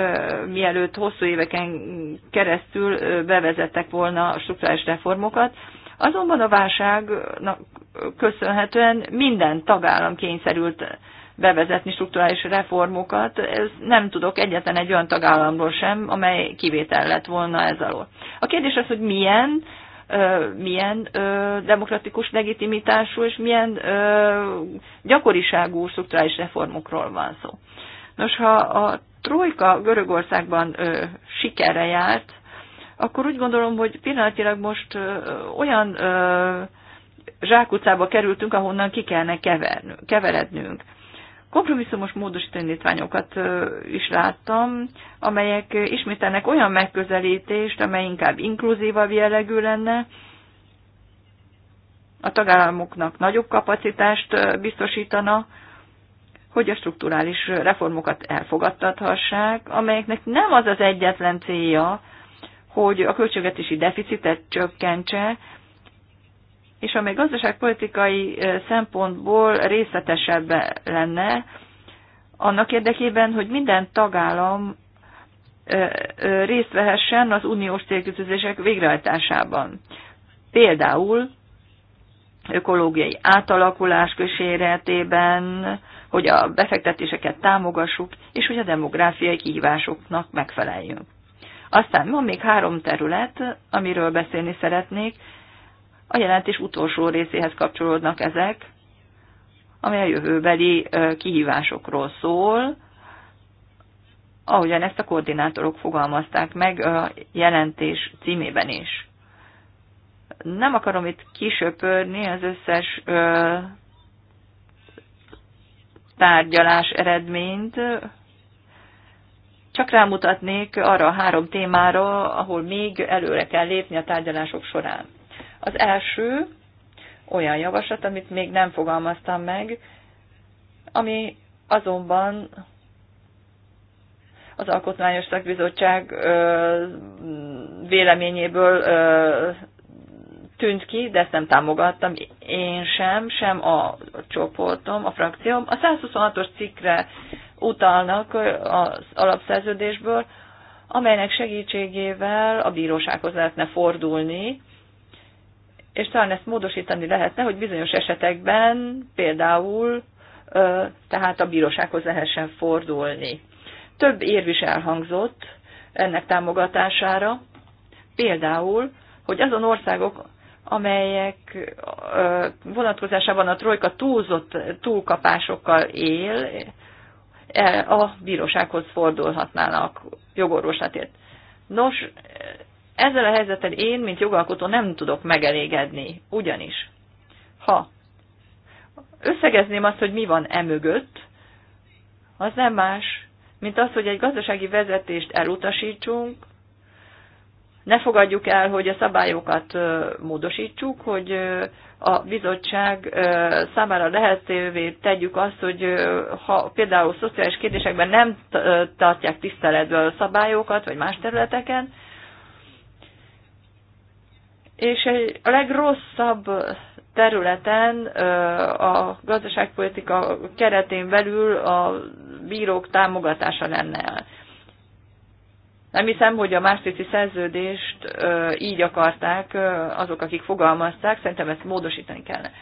mielőtt hosszú éveken keresztül bevezettek volna a struktúrális reformokat, Azonban a válságnak köszönhetően minden tagállam kényszerült bevezetni strukturális reformokat. Ez nem tudok egyetlen egy olyan tagállamról sem, amely kivétel lett volna ez alól. A kérdés az, hogy milyen, milyen demokratikus legitimitású és milyen gyakoriságú strukturális reformokról van szó. Nos, ha a trojka Görögországban ö, sikere járt, akkor úgy gondolom, hogy pillanatilag most olyan zsákutcába kerültünk, ahonnan ki kellene keverednünk. Kompromisszumos módosítanítványokat is láttam, amelyek ismételnek olyan megközelítést, amely inkább inkluzívabb jellegű lenne, a tagállamoknak nagyobb kapacitást biztosítana, hogy a strukturális reformokat elfogadtathassák, amelyeknek nem az az egyetlen célja, hogy a költségvetési deficitet csökkentse, és amely gazdaságpolitikai szempontból részletesebb lenne, annak érdekében, hogy minden tagállam részt vehessen az uniós célkütőzések végrehajtásában. Például ökológiai átalakulás kíséretében, hogy a befektetéseket támogassuk, és hogy a demográfiai kihívásoknak megfeleljünk. Aztán van még három terület, amiről beszélni szeretnék. A jelentés utolsó részéhez kapcsolódnak ezek, amely a jövőbeli kihívásokról szól, ahogyan ezt a koordinátorok fogalmazták meg a jelentés címében is. Nem akarom itt kisöpörni az összes tárgyalás eredményt, csak rámutatnék arra a három témára, ahol még előre kell lépni a tárgyalások során. Az első olyan javaslat, amit még nem fogalmaztam meg, ami azonban az Alkotmányos Szakbizottság véleményéből tűnt ki, de ezt nem támogattam én sem, sem a csoportom, a frakcióm. A 126-os cikkre utalnak az alapszerződésből, amelynek segítségével a bírósághoz lehetne fordulni, és talán ezt módosítani lehetne, hogy bizonyos esetekben például tehát a bírósághoz lehessen fordulni. Több érv is elhangzott ennek támogatására, például, hogy azon országok, amelyek vonatkozásában a trojka túlzott túlkapásokkal él, e, a bírósághoz fordulhatnának jogorvoslatért. Nos, ezzel a helyzettel én, mint jogalkotó nem tudok megelégedni, ugyanis ha összegezném azt, hogy mi van emögött, az nem más, mint az, hogy egy gazdasági vezetést elutasítsunk, ne fogadjuk el, hogy a szabályokat módosítsuk, hogy a bizottság számára lehetővé tegyük azt, hogy ha például szociális kérdésekben nem tartják tiszteletbe a szabályokat, vagy más területeken, és a legrosszabb területen a gazdaságpolitika keretén belül a bírók támogatása lenne. Nem hiszem, hogy a Maastrichti szerződést így akarták azok, akik fogalmazták, szerintem ezt módosítani kellene.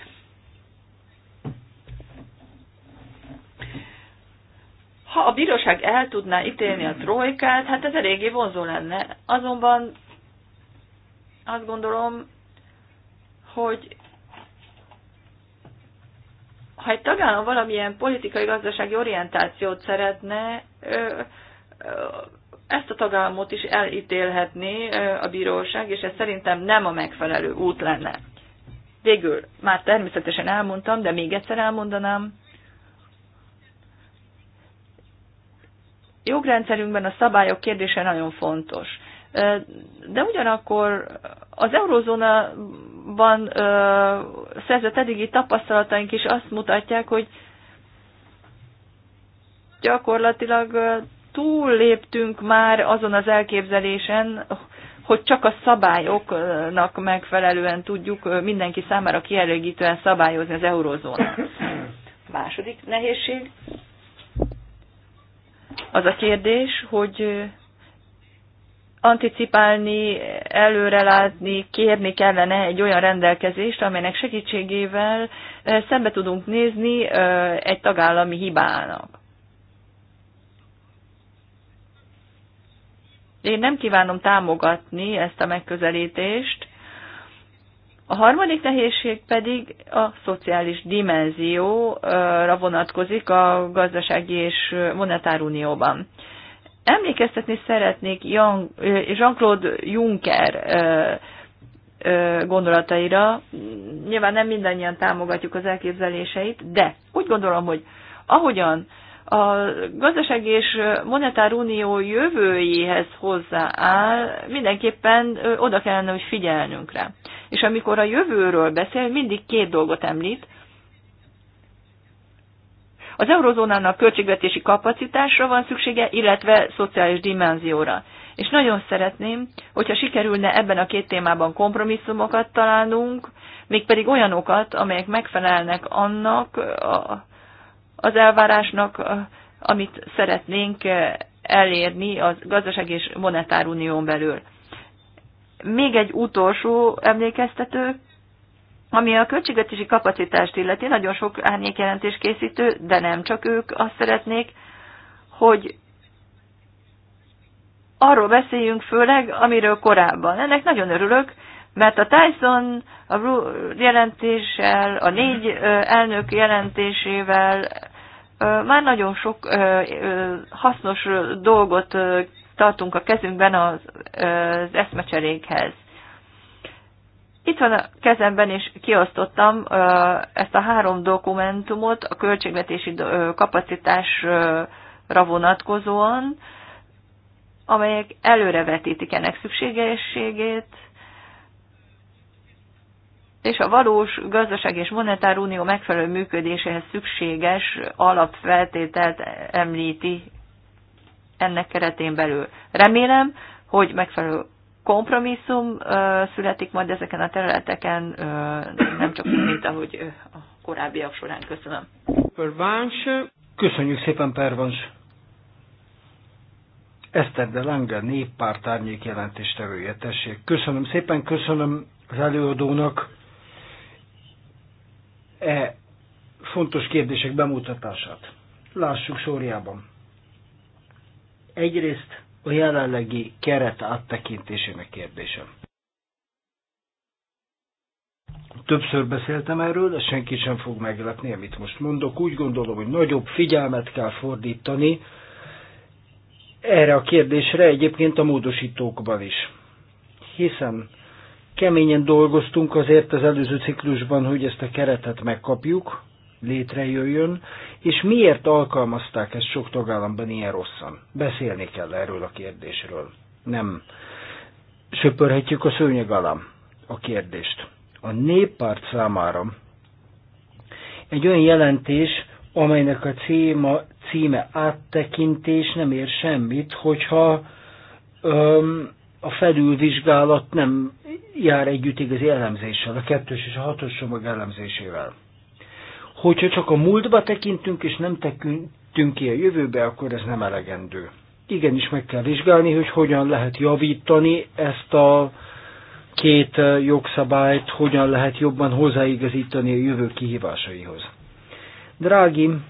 Ha a bíróság el tudná ítélni a trojkát, hát ez eléggé vonzó lenne. Azonban azt gondolom, hogy ha egy tagállam valamilyen politikai-gazdasági orientációt szeretne, ö, ö, ezt a tagállamot is elítélhetné a bíróság, és ez szerintem nem a megfelelő út lenne. Végül már természetesen elmondtam, de még egyszer elmondanám. Jogrendszerünkben a szabályok kérdése nagyon fontos. De ugyanakkor az eurozónaban szerzett eddigi tapasztalataink is azt mutatják, hogy gyakorlatilag túlléptünk már azon az elképzelésen, hogy csak a szabályoknak megfelelően tudjuk mindenki számára kielégítően szabályozni az eurozónát. Második nehézség az a kérdés, hogy anticipálni, előrelátni, kérni kellene egy olyan rendelkezést, amelynek segítségével szembe tudunk nézni egy tagállami hibának. Én nem kívánom támogatni ezt a megközelítést. A harmadik nehézség pedig a szociális dimenzióra vonatkozik a gazdasági és monetárunióban. Emlékeztetni szeretnék Jean-Claude Juncker gondolataira. Nyilván nem mindannyian támogatjuk az elképzeléseit, de úgy gondolom, hogy ahogyan a gazdaság és monetár unió jövőjéhez hozzááll, mindenképpen oda kellene, hogy figyelnünk rá. És amikor a jövőről beszél, mindig két dolgot említ. Az eurozónának költségvetési kapacitásra van szüksége, illetve szociális dimenzióra. És nagyon szeretném, hogyha sikerülne ebben a két témában kompromisszumokat találnunk, mégpedig olyanokat, amelyek megfelelnek annak, a, az elvárásnak, amit szeretnénk elérni a gazdaság és unión belül. Még egy utolsó emlékeztető, ami a költségvetési kapacitást illeti, nagyon sok árnyékjelentés készítő, de nem csak ők azt szeretnék, hogy arról beszéljünk főleg, amiről korábban. Ennek nagyon örülök, mert a Tyson a jelentéssel, a négy elnök jelentésével már nagyon sok hasznos dolgot tartunk a kezünkben az, eszmecserékhez. Itt van a kezemben, és kiosztottam ezt a három dokumentumot a költségvetési kapacitásra vonatkozóan, amelyek előrevetítik ennek szükségességét, és a valós gazdaság és monetár unió megfelelő működéséhez szükséges alapfeltételt említi ennek keretén belül. Remélem, hogy megfelelő kompromisszum születik majd ezeken a területeken, nem csak mint ahogy a korábbiak során. Köszönöm. Pervans. Köszönjük szépen, Pervans. Eszter de Lange, néppárt árnyék jelentéstevője, tessék. Köszönöm szépen, köszönöm az előadónak e fontos kérdések bemutatását. Lássuk sorjában. Egyrészt a jelenlegi keret áttekintésének kérdése. Többször beszéltem erről, de senki sem fog meglepni, amit most mondok. Úgy gondolom, hogy nagyobb figyelmet kell fordítani erre a kérdésre egyébként a módosítókban is. Hiszen Keményen dolgoztunk azért az előző ciklusban, hogy ezt a keretet megkapjuk, létrejöjjön, és miért alkalmazták ezt sok tagállamban ilyen rosszan? Beszélni kell erről a kérdésről. Nem söpörhetjük a szőnyeg alá a kérdést. A néppárt számára egy olyan jelentés, amelynek a címa, címe áttekintés nem ér semmit, hogyha öm, a felülvizsgálat nem jár együtt igazi elemzéssel, a kettős és a hatos csomag elemzésével. Hogyha csak a múltba tekintünk, és nem tekintünk ki a jövőbe, akkor ez nem elegendő. Igenis meg kell vizsgálni, hogy hogyan lehet javítani ezt a két eh, jogszabályt, hogyan lehet jobban hozzáigazítani a jövő kihívásaihoz. Drágim,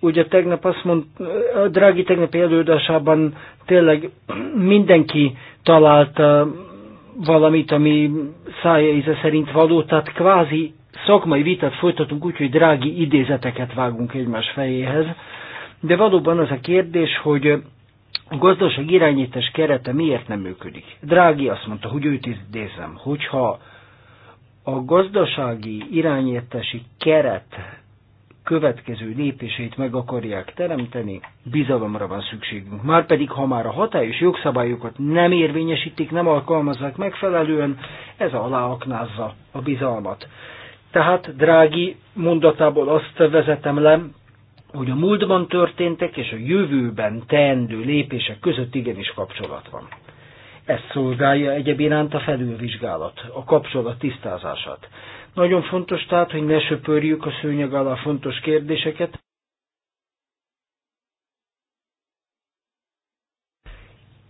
Ugye tegnap azt mondta, a Drági tegnap előadásában tényleg mindenki talált eh, valamit, ami szája íze szerint való, tehát kvázi szakmai vitát folytatunk úgy, hogy drági idézeteket vágunk egymás fejéhez. De valóban az a kérdés, hogy a gazdaság irányítás kerete miért nem működik? Drági azt mondta, hogy őt idézem, hogyha a gazdasági irányítási keret következő lépéseit meg akarják teremteni, bizalomra van szükségünk. Márpedig, ha már a hatályos jogszabályokat nem érvényesítik, nem alkalmazzák megfelelően, ez aláaknázza a bizalmat. Tehát drági mondatából azt vezetem le, hogy a múltban történtek és a jövőben teendő lépések között igenis kapcsolat van. Ez szolgálja egyéb a felülvizsgálat, a kapcsolat tisztázását. Nagyon fontos tehát, hogy ne söpörjük a szőnyeg alá fontos kérdéseket.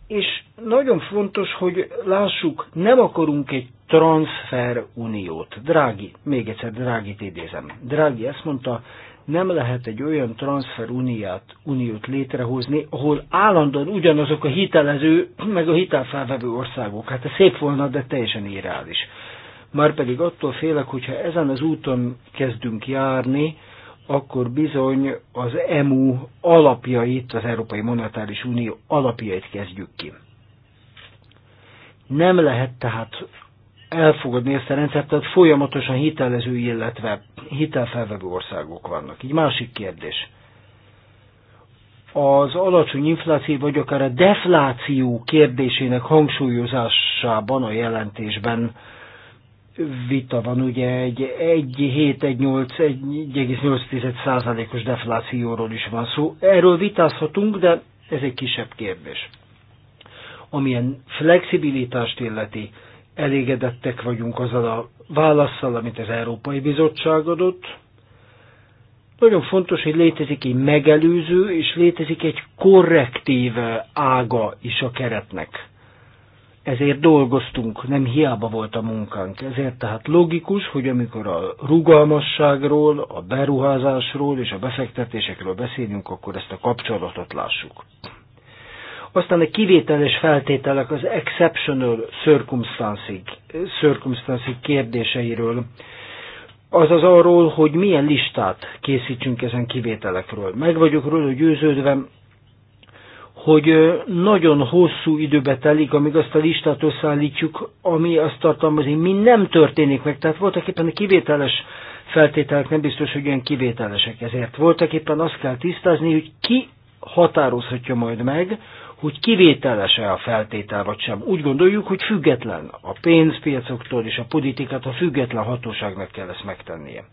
És nagyon fontos, hogy lássuk, nem akarunk egy transfer uniót. Drági, még egyszer Drágit idézem. Drági ezt mondta, nem lehet egy olyan transfer uniót, uniót létrehozni, ahol állandóan ugyanazok a hitelező, meg a hitelfelvevő országok. Hát ez szép volna, de teljesen irreális pedig attól félek, hogyha ezen az úton kezdünk járni, akkor bizony az EMU alapjait, az Európai Monetáris Unió alapjait kezdjük ki. Nem lehet tehát elfogadni ezt a rendszert, tehát folyamatosan hitelező, illetve hitelfelvevő országok vannak. Így másik kérdés. Az alacsony infláció, vagy akár a defláció kérdésének hangsúlyozásában a jelentésben vita van, ugye egy 1,7-1,8 százalékos deflációról is van szó. Erről vitázhatunk, de ez egy kisebb kérdés. Amilyen flexibilitást illeti, elégedettek vagyunk azzal a válaszsal, amit az Európai Bizottság adott. Nagyon fontos, hogy létezik egy megelőző, és létezik egy korrektív ága is a keretnek ezért dolgoztunk, nem hiába volt a munkánk. Ezért tehát logikus, hogy amikor a rugalmasságról, a beruházásról és a befektetésekről beszélünk, akkor ezt a kapcsolatot lássuk. Aztán a kivételes feltételek az exceptional circumstances, circumstances kérdéseiről, azaz arról, hogy milyen listát készítsünk ezen kivételekről. Meg vagyok róla győződve, hogy nagyon hosszú időbe telik, amíg azt a listát összeállítjuk, ami azt tartalmazni, mi nem történik meg. Tehát voltak éppen a kivételes feltételek nem biztos, hogy olyan kivételesek. Ezért voltak éppen azt kell tisztázni, hogy ki határozhatja majd meg, hogy kivételes-e a feltétel vagy sem. Úgy gondoljuk, hogy független a pénzpiacoktól és a a független hatóságnak kell ezt megtennie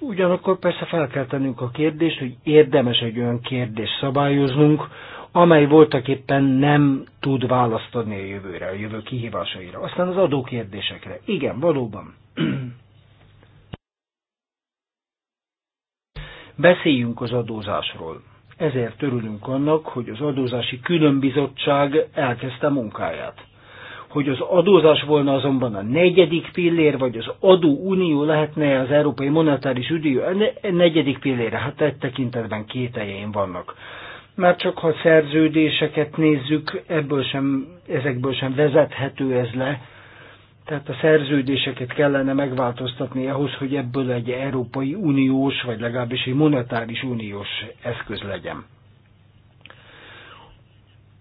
ugyanakkor persze fel kell tennünk a kérdést, hogy érdemes egy olyan kérdést szabályoznunk, amely voltak éppen nem tud választ adni a jövőre, a jövő kihívásaira. Aztán az kérdésekre. Igen, valóban. Beszéljünk az adózásról. Ezért örülünk annak, hogy az adózási különbizottság elkezdte munkáját hogy az adózás volna azonban a negyedik pillér, vagy az adóunió lehetne az Európai Monetáris Ügyő negyedik pillére. Hát egy tekintetben kételjeim vannak. Már csak ha szerződéseket nézzük, ebből sem, ezekből sem vezethető ez le. Tehát a szerződéseket kellene megváltoztatni ahhoz, hogy ebből egy Európai Uniós, vagy legalábbis egy monetáris uniós eszköz legyen.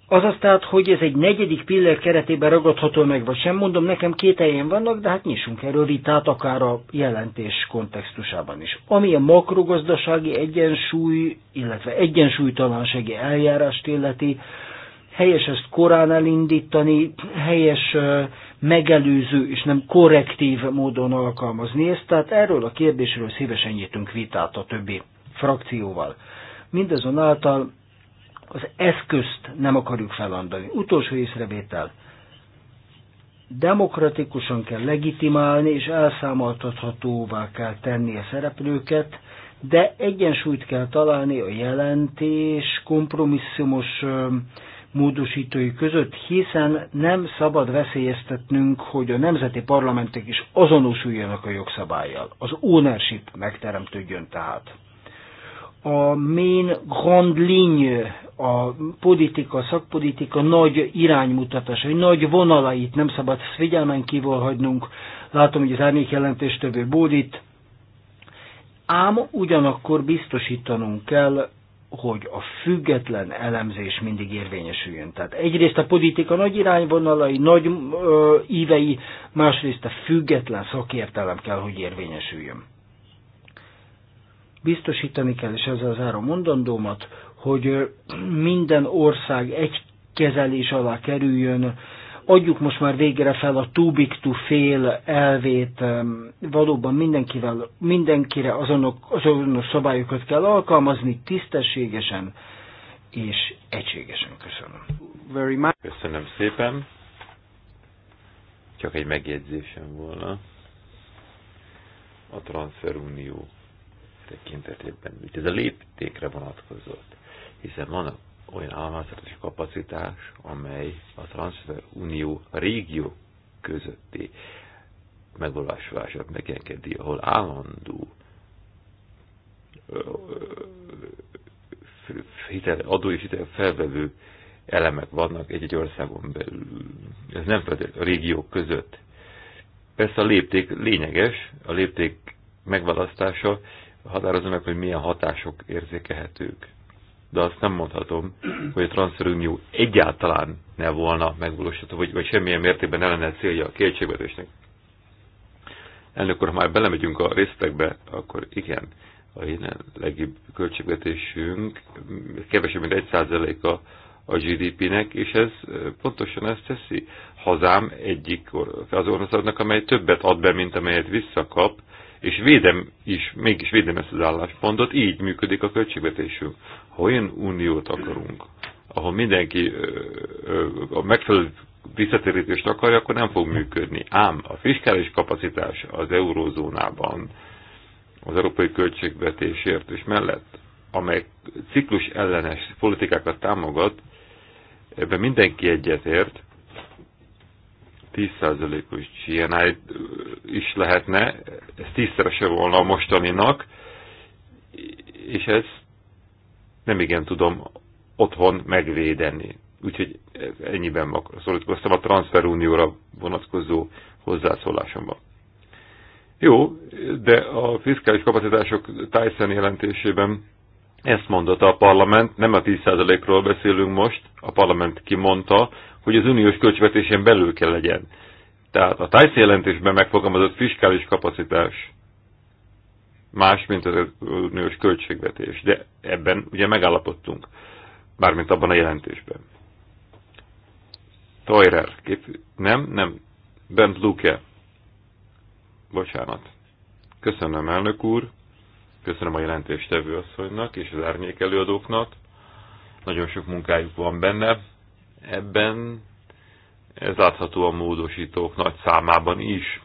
Azaz tehát, hogy ez egy negyedik pillér keretében ragadható meg, vagy sem, mondom, nekem két helyen vannak, de hát nyissunk erről vitát akár a jelentés kontextusában is. Ami a makrogazdasági egyensúly, illetve egyensúlytalansági eljárást illeti, helyes ezt korán elindítani, helyes megelőző és nem korrektív módon alkalmazni ezt, tehát erről a kérdésről szívesen nyitunk vitát a többi frakcióval. Mindazonáltal az eszközt nem akarjuk felandani. Utolsó észrevétel. Demokratikusan kell legitimálni és elszámoltathatóvá kell tenni a szereplőket, de egyensúlyt kell találni a jelentés kompromisszumos módosítói között, hiszen nem szabad veszélyeztetnünk, hogy a nemzeti parlamentek is azonosuljanak a jogszabályjal. Az ownership megteremtődjön tehát a main grand ligne, a politika, szakpolitika nagy iránymutatása, nagy vonalait nem szabad figyelmen kívül hagynunk. Látom, hogy az árnyék többé bódít. Ám ugyanakkor biztosítanunk kell, hogy a független elemzés mindig érvényesüljön. Tehát egyrészt a politika nagy irányvonalai, nagy ö, ívei, másrészt a független szakértelem kell, hogy érvényesüljön. Biztosítani kell, és ezzel zárom mondandómat, hogy minden ország egy kezelés alá kerüljön, adjuk most már végre fel a too big to fail elvét, valóban mindenkivel, mindenkire azonok, azonos szabályokat kell alkalmazni, tisztességesen és egységesen. Köszönöm. Very much. Köszönöm szépen. Csak egy megjegyzésem volna. A transferunió tekintetében, itt ez a léptékre vonatkozott, hiszen van olyan államháztartási kapacitás, amely a Transfer Unió régió közötti megvalósulását megengedi, ahol állandó hitel, adó és hitel felvevő elemek vannak egy-egy országon belül. Ez nem feltétlenül a régiók között. Persze a lépték lényeges, a lépték megválasztása határozza meg, hogy milyen hatások érzékelhetők. De azt nem mondhatom, hogy a transferunió egyáltalán ne volna megvalósítható, vagy, vagy semmilyen mértékben ne lenne célja a kétségvetésnek. Elnök úr, ha már belemegyünk a részletekbe, akkor igen, a jelenlegi költségvetésünk kevesebb, mint 1%-a a GDP-nek, és ez pontosan ezt teszi. Hazám egyik az országnak, amely többet ad be, mint amelyet visszakap, és védem is, mégis védem ezt az álláspontot, így működik a költségvetésünk. Ha olyan uniót akarunk, ahol mindenki a megfelelő visszatérítést akarja, akkor nem fog működni. Ám a fiskális kapacitás az eurózónában, az európai költségvetésért és mellett, amely ciklus ellenes politikákat támogat, ebben mindenki egyetért, 10%-os GNI is lehetne, ez tízszerese volna a mostaninak, és ez nem igen tudom otthon megvédeni. Úgyhogy ennyiben szorítkoztam a transferunióra vonatkozó hozzászólásomban. Jó, de a fiskális kapacitások Tyson jelentésében ezt mondta a parlament, nem a 10%-ról beszélünk most, a parlament kimondta, hogy az uniós költségvetésen belül kell legyen. Tehát a tájsz jelentésben megfogalmazott fiskális kapacitás más, mint az uniós költségvetés. De ebben ugye megállapodtunk, bármint abban a jelentésben. Toirer, kép... nem, nem, Bent Luke. Bocsánat. Köszönöm, elnök úr. Köszönöm a jelentéstevő asszonynak és az árnyék előadóknak. Nagyon sok munkájuk van benne ebben, ez látható a módosítók nagy számában is.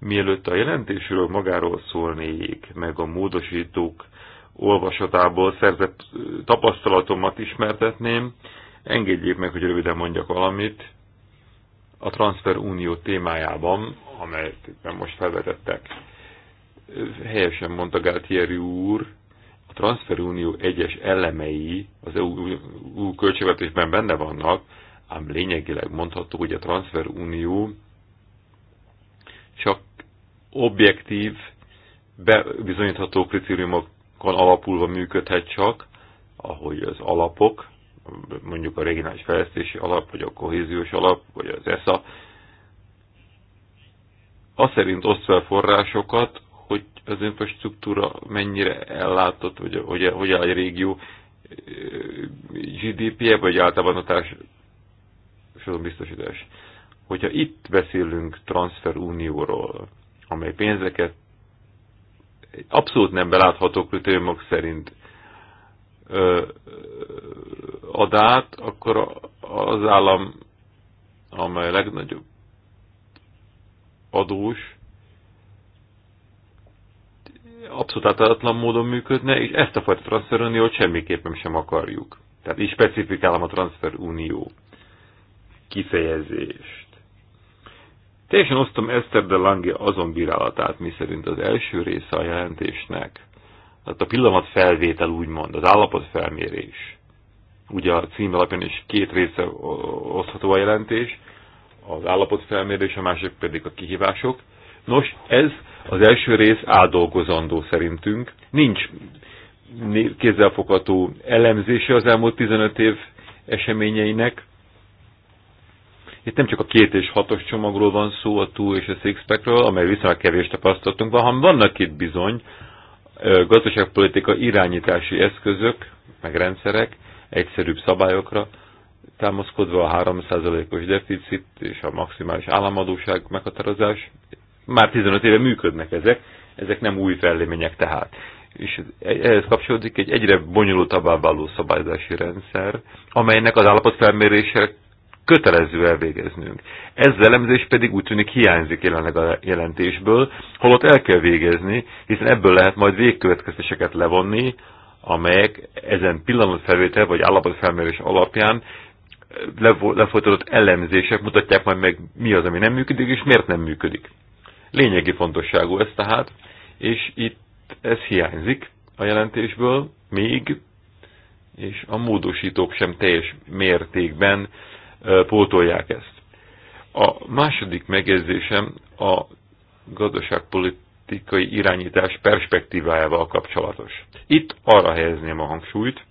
Mielőtt a jelentésről magáról szólnék, meg a módosítók olvasatából szerzett tapasztalatomat ismertetném, engedjék meg, hogy röviden mondjak valamit a Transfer Unió témájában, amelyet most felvetettek. Helyesen mondta Gáltieri úr, a transferunió egyes elemei az EU, EU költségvetésben benne vannak, ám lényegileg mondható, hogy a transferunió csak objektív, bebizonyítható kritériumokon alapulva működhet csak, ahogy az alapok, mondjuk a regionális fejlesztési alap, vagy a kohéziós alap, vagy az ESA, az szerint osztva fel forrásokat, az infrastruktúra mennyire ellátott, vagy hogy, hogy áll egy régió GDP-je, vagy általában a társadalom biztosítás. Hogyha itt beszélünk transferunióról, amely pénzeket abszolút nem belátható kritériumok szerint ad át, akkor az állam, amely legnagyobb adós, abszolút átadatlan módon működne, és ezt a fajta transferuniót semmiképpen sem akarjuk. Tehát így specifikálom a transferunió kifejezést. Teljesen osztom Eszter de Lange azon bírálatát, miszerint az első része a jelentésnek, tehát a pillanat felvétel úgymond, az állapot felmérés. ugye a cím alapján is két része osztható a jelentés, az állapot felmérés, a másik pedig a kihívások, Nos, ez az első rész áldolgozandó szerintünk. Nincs kézzelfogható elemzése az elmúlt 15 év eseményeinek. Itt nem csak a két és hatos csomagról van szó, a túl és a szexpekről, amely viszonylag kevés tapasztalatunk van, hanem vannak itt bizony gazdaságpolitika irányítási eszközök, meg rendszerek, egyszerűbb szabályokra, támaszkodva a 3%-os deficit és a maximális államadóság meghatározás már 15 éve működnek ezek, ezek nem új fellémények tehát. És ehhez kapcsolódik egy egyre bonyolultabbá váló szabályozási rendszer, amelynek az állapotfelmérése kötelező elvégeznünk. Ez elemzés pedig úgy tűnik hiányzik jelenleg a jelentésből, holott el kell végezni, hiszen ebből lehet majd végkövetkeztéseket levonni, amelyek ezen pillanatfelvétel vagy állapotfelmérés alapján eh, lefolytatott elemzések mutatják majd meg, mi az, ami nem működik, és miért nem működik. Lényegi fontosságú ez tehát, és itt ez hiányzik a jelentésből még, és a módosítók sem teljes mértékben pótolják ezt. A második megjegyzésem a gazdaságpolitikai irányítás perspektívájával kapcsolatos. Itt arra helyezném a hangsúlyt,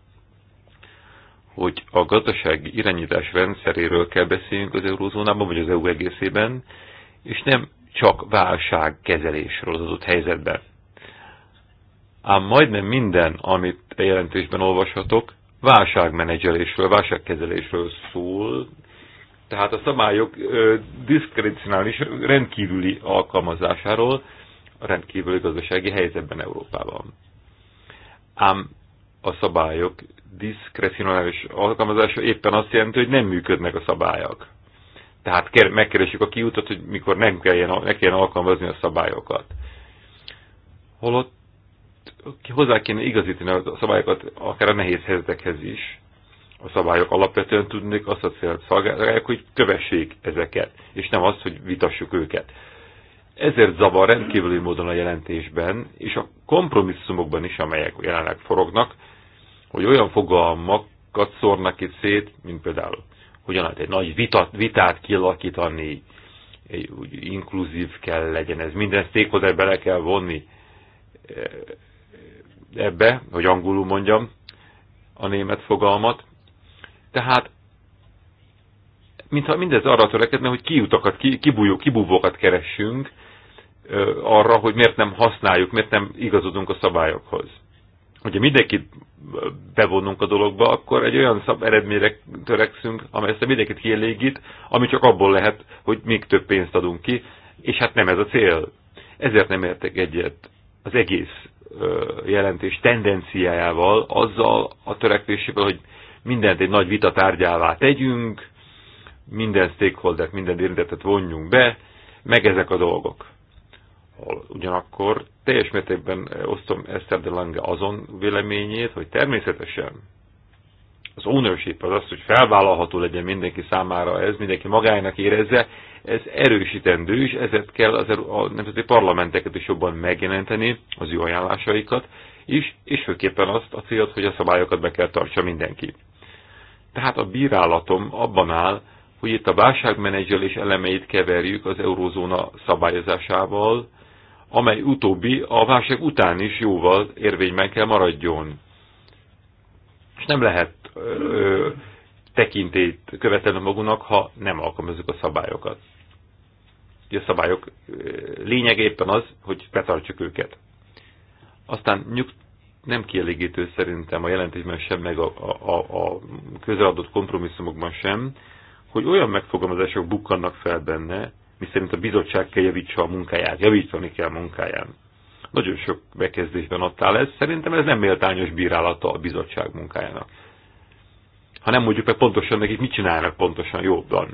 hogy a gazdasági irányítás rendszeréről kell beszélnünk az eurózónában, vagy az EU egészében, és nem csak válságkezelésről az adott helyzetben. Ám majdnem minden, amit a jelentésben olvashatok, válságmenedzselésről, válságkezelésről szól, tehát a szabályok diszkrecionális rendkívüli alkalmazásáról a rendkívüli gazdasági helyzetben Európában. Ám a szabályok diszkrecionális alkalmazása éppen azt jelenti, hogy nem működnek a szabályok. Tehát megkeresjük a kiútot, hogy mikor nem kelljen, ne kelljen alkalmazni a szabályokat. Holott hozzá kéne igazítani a szabályokat akár a nehéz helyzetekhez is. A szabályok alapvetően tudnék azt a célt szolgálják, hogy kövessék ezeket, és nem azt, hogy vitassuk őket. Ezért zavar rendkívüli módon a jelentésben, és a kompromisszumokban is, amelyek jelenleg forognak, hogy olyan fogalmakat szórnak itt szét, mint például Ugyanakkor egy nagy vitat, vitát kilakítani, egy, úgy inkluzív kell legyen ez. Minden stakeholder bele kell vonni eh, ebbe, hogy angolul mondjam a német fogalmat. Tehát mintha mindez arra törekedne, hogy kiutakat, kibújó, kibúvókat keressünk eh, arra, hogy miért nem használjuk, miért nem igazodunk a szabályokhoz hogyha mindenkit bevonunk a dologba, akkor egy olyan szab eredményre törekszünk, amely ezt mindenkit kielégít, ami csak abból lehet, hogy még több pénzt adunk ki, és hát nem ez a cél. Ezért nem értek egyet az egész jelentés tendenciájával, azzal a törekvésével, hogy mindent egy nagy vita tárgyává tegyünk, minden stakeholdert, minden érintetet vonjunk be, meg ezek a dolgok. Ugyanakkor teljes mértékben osztom Eszter de Lange azon véleményét, hogy természetesen az ownership az az, hogy felvállalható legyen mindenki számára ez, mindenki magának érezze, ez erősítendő, is, ezért kell az, a nemzeti parlamenteket is jobban megjelenteni, az ő ajánlásaikat is, és főképpen azt a célt, hogy a szabályokat be kell tartsa mindenki. Tehát a bírálatom abban áll, hogy itt a válságmenedzselés elemeit keverjük az eurózóna szabályozásával, amely utóbbi a válság után is jóval érvényben kell maradjon. És nem lehet ö, tekintét követelni magunknak, ha nem alkalmazzuk a szabályokat. a szabályok lényeg éppen az, hogy betartjuk őket. Aztán nyugt nem kielégítő szerintem a jelentésben sem, meg a, a, a közeladott kompromisszumokban sem, hogy olyan megfogalmazások bukkannak fel benne, miszerint a bizottság kell javítsa a munkáját, javítani kell a munkáján. Nagyon sok bekezdésben ott áll ez. Szerintem ez nem méltányos bírálata a bizottság munkájának. Ha nem mondjuk meg pontosan nekik, mit csinálnak pontosan jobban.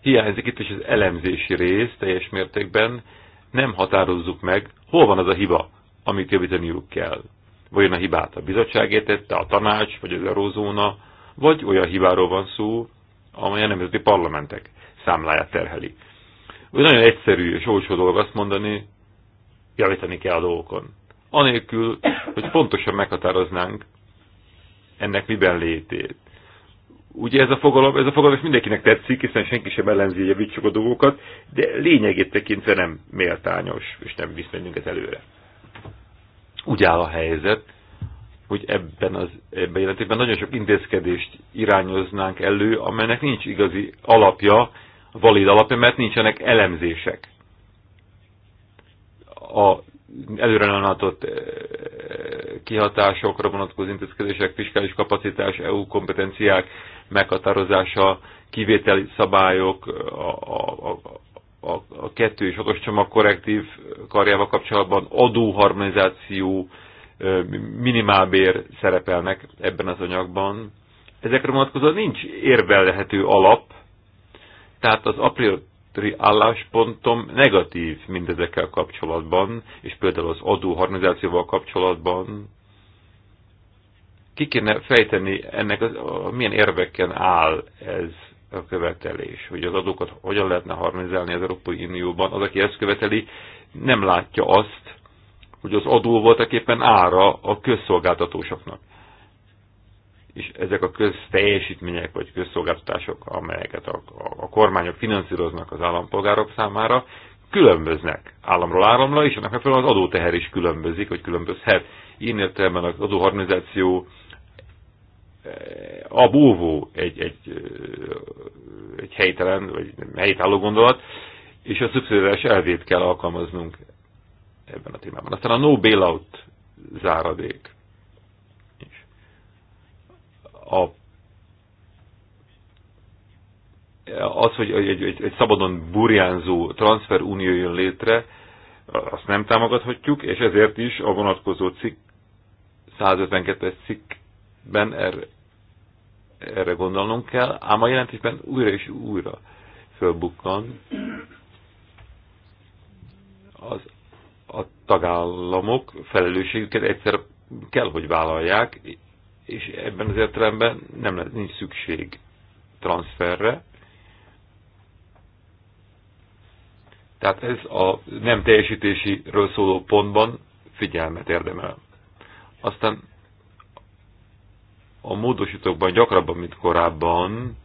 Hiányzik itt is az elemzési rész teljes mértékben. Nem határozzuk meg, hol van az a hiba, amit javítaniuk kell. Vajon a hibát a bizottság értette, a tanács, vagy az eurózóna, vagy olyan hibáról van szó, amely a nemzeti parlamentek számláját terheli. Úgy nagyon egyszerű és olcsó dolog azt mondani, javítani kell a dolgokon. Anélkül, hogy pontosan meghatároznánk ennek miben létét. Ugye ez a fogalom, ez a fogalom is mindenkinek tetszik, hiszen senki sem ellenzi, hogy javítsuk a dolgokat, de lényegét tekintve nem méltányos, és nem visz ez előre. Úgy áll a helyzet, hogy ebben az ebben jelentében nagyon sok intézkedést irányoznánk elő, amelynek nincs igazi alapja, valid alapja, mert nincsenek elemzések. A előre nem eh, kihatásokra vonatkozó intézkedések, fiskális kapacitás, EU kompetenciák meghatározása, kivételi szabályok, a, a, a, a kettő és hatos csomag korrektív karjával kapcsolatban adóharmonizáció, eh, minimálbér szerepelnek ebben az anyagban. Ezekre vonatkozóan nincs érvelhető alap, tehát az a priori álláspontom negatív mindezekkel kapcsolatban, és például az adóharmonizációval kapcsolatban. Ki kéne fejteni ennek, az, milyen érveken áll ez a követelés, hogy az adókat hogyan lehetne harmonizálni az Európai Unióban. Az, aki ezt követeli, nem látja azt, hogy az adó voltak éppen ára a közszolgáltatósoknak és ezek a közteljesítmények vagy közszolgáltatások, amelyeket a, a, a kormányok finanszíroznak az állampolgárok számára, különböznek államról államra, és ennek megfelelően az adóteher is különbözik, vagy különbözhet. Én értelemben az adóharmonizáció eh, a búvó egy, egy, eh, egy helytelen, vagy helytálló gondolat, és a szubszidiás elvét kell alkalmaznunk ebben a témában. Aztán a no bailout záradék a az, hogy egy, egy, egy szabadon burjánzó transferunió jön létre, azt nem támogathatjuk, és ezért is a vonatkozó cikk 152-es cikkben erre, erre gondolnunk kell, ám a jelentésben újra és újra fölbukkan az, a tagállamok felelősségüket egyszer kell, hogy vállalják, és ebben az értelemben nem lesz, nincs szükség transferre. Tehát ez a nem teljesítésiről szóló pontban figyelmet érdemel. Aztán a módosítókban gyakrabban, mint korábban,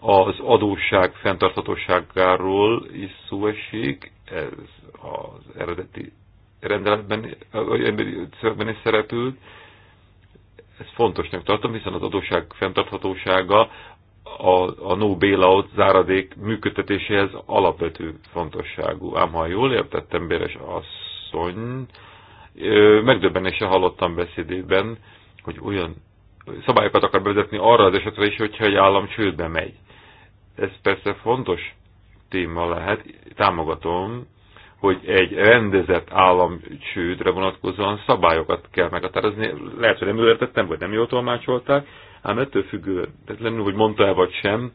az adósság fenntarthatóságáról is szó esik, ez az eredeti rendeletben, szövegben is szerepült, ezt fontosnak tartom, hiszen az adósság fenntarthatósága a, a no bailout záradék működtetéséhez alapvető fontosságú. Ám ha jól értettem, Béres asszony, megdöbbenéssel hallottam beszédében, hogy olyan szabályokat akar bevezetni arra az esetre is, hogyha egy állam csődbe megy. Ez persze fontos téma lehet, támogatom, hogy egy rendezett államcsődre vonatkozóan szabályokat kell meghatározni. Lehet, hogy nem jól értettem, vagy nem jól tolmácsolták, ám ettől függetlenül, hogy mondta-e vagy sem,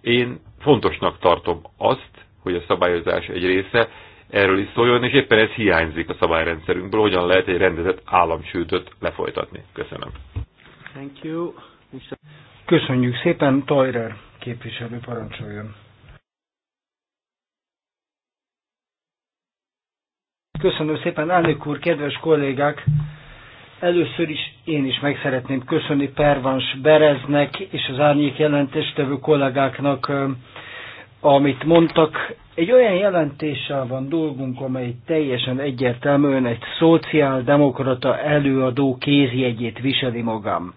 én fontosnak tartom azt, hogy a szabályozás egy része erről is szóljon, és éppen ez hiányzik a szabályrendszerünkből, hogyan lehet egy rendezett államsűtöt lefolytatni. Köszönöm. Thank you. Köszönjük szépen, Tajrer képviselő parancsoljon. Köszönöm szépen, elnök úr, kedves kollégák! Először is én is meg szeretném köszönni Pervans Bereznek és az árnyék jelentéstevő kollégáknak, amit mondtak. Egy olyan jelentéssel van dolgunk, amely teljesen egyértelműen egy szociáldemokrata előadó kézjegyét viseli magam.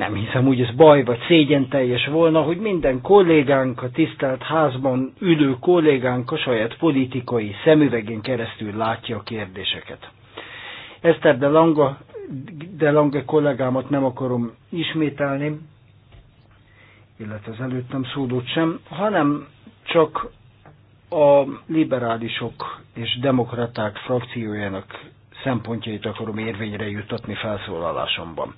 Nem hiszem, hogy ez baj vagy szégyen teljes volna, hogy minden kollégánk, a tisztelt házban ülő kollégánk a saját politikai szemüvegén keresztül látja a kérdéseket. Eszter de Lange, de Lange kollégámat nem akarom ismételni, illetve az előttem szólót sem, hanem csak a liberálisok és demokraták frakciójának szempontjait akarom érvényre juttatni felszólalásomban.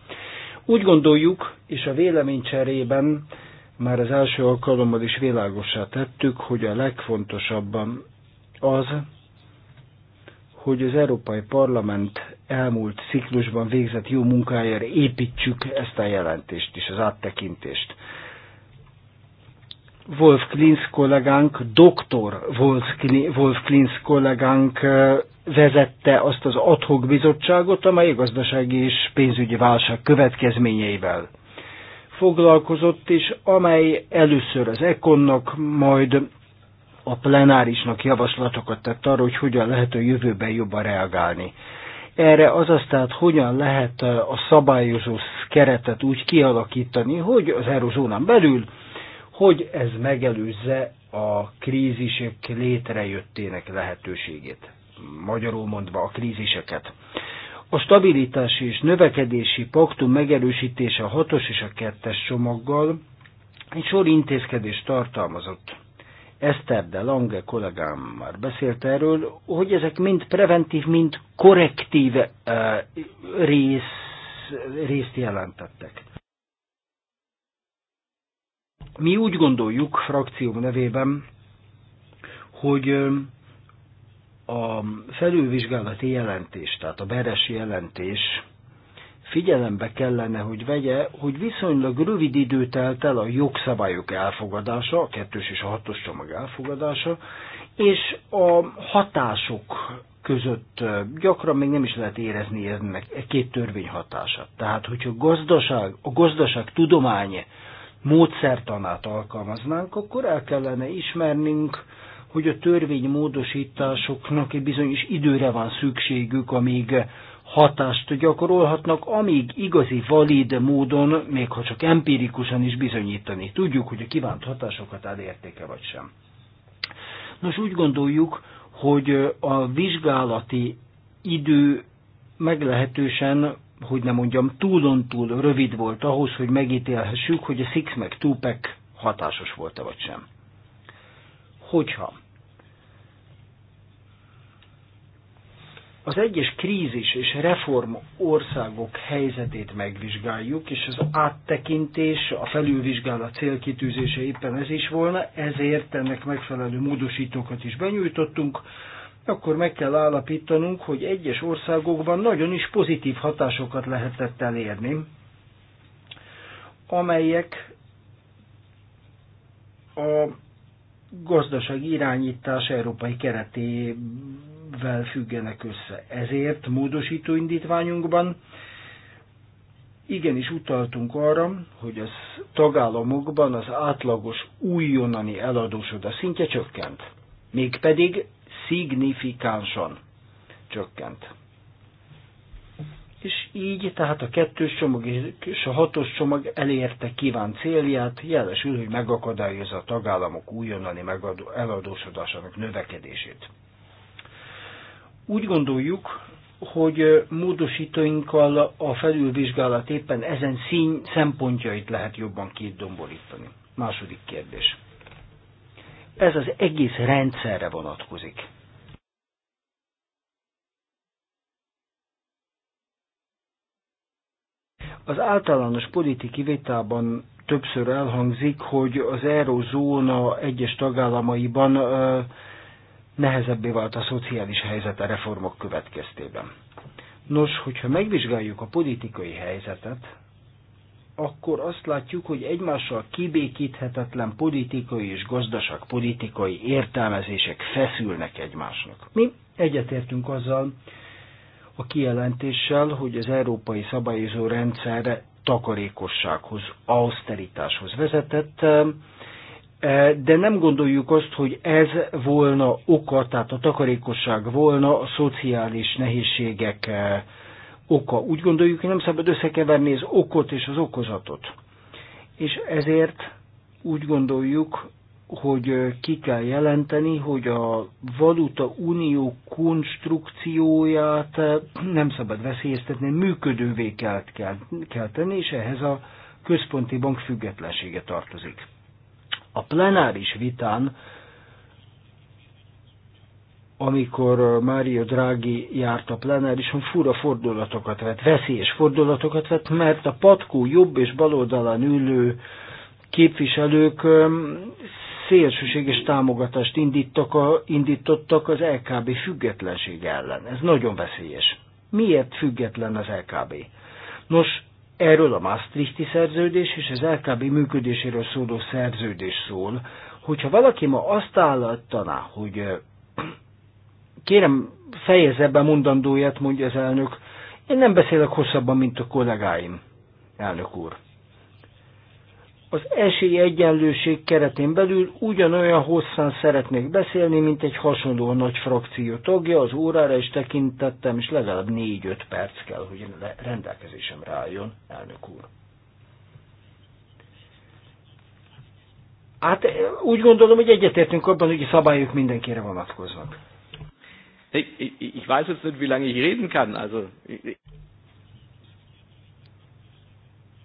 Úgy gondoljuk, és a véleménycserében már az első alkalommal is világosá tettük, hogy a legfontosabban az, hogy az Európai Parlament elmúlt ciklusban végzett jó munkájára építsük ezt a jelentést és az áttekintést. Wolf Klinz kollégánk, doktor Wolf Klinz kollégánk vezette azt az adhok bizottságot, amely gazdasági és pénzügyi válság következményeivel foglalkozott, és amely először az ekonnak, majd a plenárisnak javaslatokat tett arra, hogy hogyan lehet a jövőben jobban reagálni. Erre azaz tehát hogyan lehet a szabályozó keretet úgy kialakítani, hogy az eurozónán belül, hogy ez megelőzze a krízisek létrejöttének lehetőségét magyarul mondva a kríziseket. A stabilitási és növekedési paktum megerősítése a hatos és a kettes csomaggal egy sor intézkedést tartalmazott. Eszter de Lange kollégám már beszélt erről, hogy ezek mind preventív, mind korrektív eh, rész, részt jelentettek. Mi úgy gondoljuk frakcióm nevében, hogy eh, a felülvizsgálati jelentés, tehát a beres jelentés figyelembe kellene, hogy vegye, hogy viszonylag rövid idő telt el a jogszabályok elfogadása, a kettős és a hatos csomag elfogadása, és a hatások között gyakran még nem is lehet érezni ennek e két törvény hatását. Tehát, hogyha a gazdaság, a gazdaság tudomány módszertanát alkalmaznánk, akkor el kellene ismernünk, hogy a törvénymódosításoknak egy bizonyos időre van szükségük, amíg hatást gyakorolhatnak, amíg igazi, valid módon, még ha csak empirikusan is bizonyítani. Tudjuk, hogy a kívánt hatásokat elértéke vagy sem. Nos, úgy gondoljuk, hogy a vizsgálati idő meglehetősen, hogy nem mondjam, túl rövid volt ahhoz, hogy megítélhessük, hogy a Six meg Tupac hatásos volt-e vagy sem. Hogyha az egyes krízis és reform országok helyzetét megvizsgáljuk, és az áttekintés, a felülvizsgálat célkitűzése éppen ez is volna, ezért ennek megfelelő módosítókat is benyújtottunk, akkor meg kell állapítanunk, hogy egyes országokban nagyon is pozitív hatásokat lehetett elérni, amelyek a gazdaság irányítás európai keretében vel függenek össze. Ezért módosító indítványunkban igenis utaltunk arra, hogy az tagállamokban az átlagos újonnani eladósoda szintje csökkent. Mégpedig szignifikánsan csökkent. És így tehát a kettős csomag és a hatos csomag elérte kívánt célját, jelesül, hogy megakadályozza a tagállamok újonnani eladósodásának növekedését. Úgy gondoljuk, hogy módosítóinkkal a felülvizsgálat éppen ezen szín szempontjait lehet jobban kidomborítani. Második kérdés. Ez az egész rendszerre vonatkozik. Az általános politikai vitában többször elhangzik, hogy az eurozóna egyes tagállamaiban nehezebbé vált a szociális helyzet a reformok következtében. Nos, hogyha megvizsgáljuk a politikai helyzetet, akkor azt látjuk, hogy egymással kibékíthetetlen politikai és gazdaság politikai értelmezések feszülnek egymásnak. Mi egyetértünk azzal a kijelentéssel, hogy az európai szabályozó rendszer takarékossághoz, austeritáshoz vezetett, de nem gondoljuk azt, hogy ez volna oka, tehát a takarékosság volna a szociális nehézségek oka. Úgy gondoljuk, hogy nem szabad összekeverni az okot és az okozatot. És ezért úgy gondoljuk, hogy ki kell jelenteni, hogy a valuta unió konstrukcióját nem szabad veszélyeztetni, működővé kell, kell, kell tenni, és ehhez a központi bank függetlensége tartozik. A plenáris vitán, amikor Mário Draghi járt a plenárison, fura fordulatokat vett, veszélyes fordulatokat vett, mert a patkó jobb és baloldalán ülő képviselők szélsőséges támogatást indítottak, indítottak az LKB függetlenség ellen. Ez nagyon veszélyes. Miért független az LKB? Nos, Erről a Maastrichti szerződés és az LKB működéséről szóló szerződés szól. Hogyha valaki ma azt állattaná, hogy kérem fejezze be mondandóját, mondja az elnök, én nem beszélek hosszabban, mint a kollégáim, elnök úr az esélyegyenlőség keretén belül ugyanolyan hosszan szeretnék beszélni, mint egy hasonló nagy frakció tagja, az órára is tekintettem, és legalább 4-5 perc kell, hogy rendelkezésemre álljon, elnök úr. Hát eh, úgy gondolom, hogy egyetértünk abban, hogy a szabályok mindenkire vonatkoznak. Ich weiß jetzt nicht, wie lange ich reden kann. Also,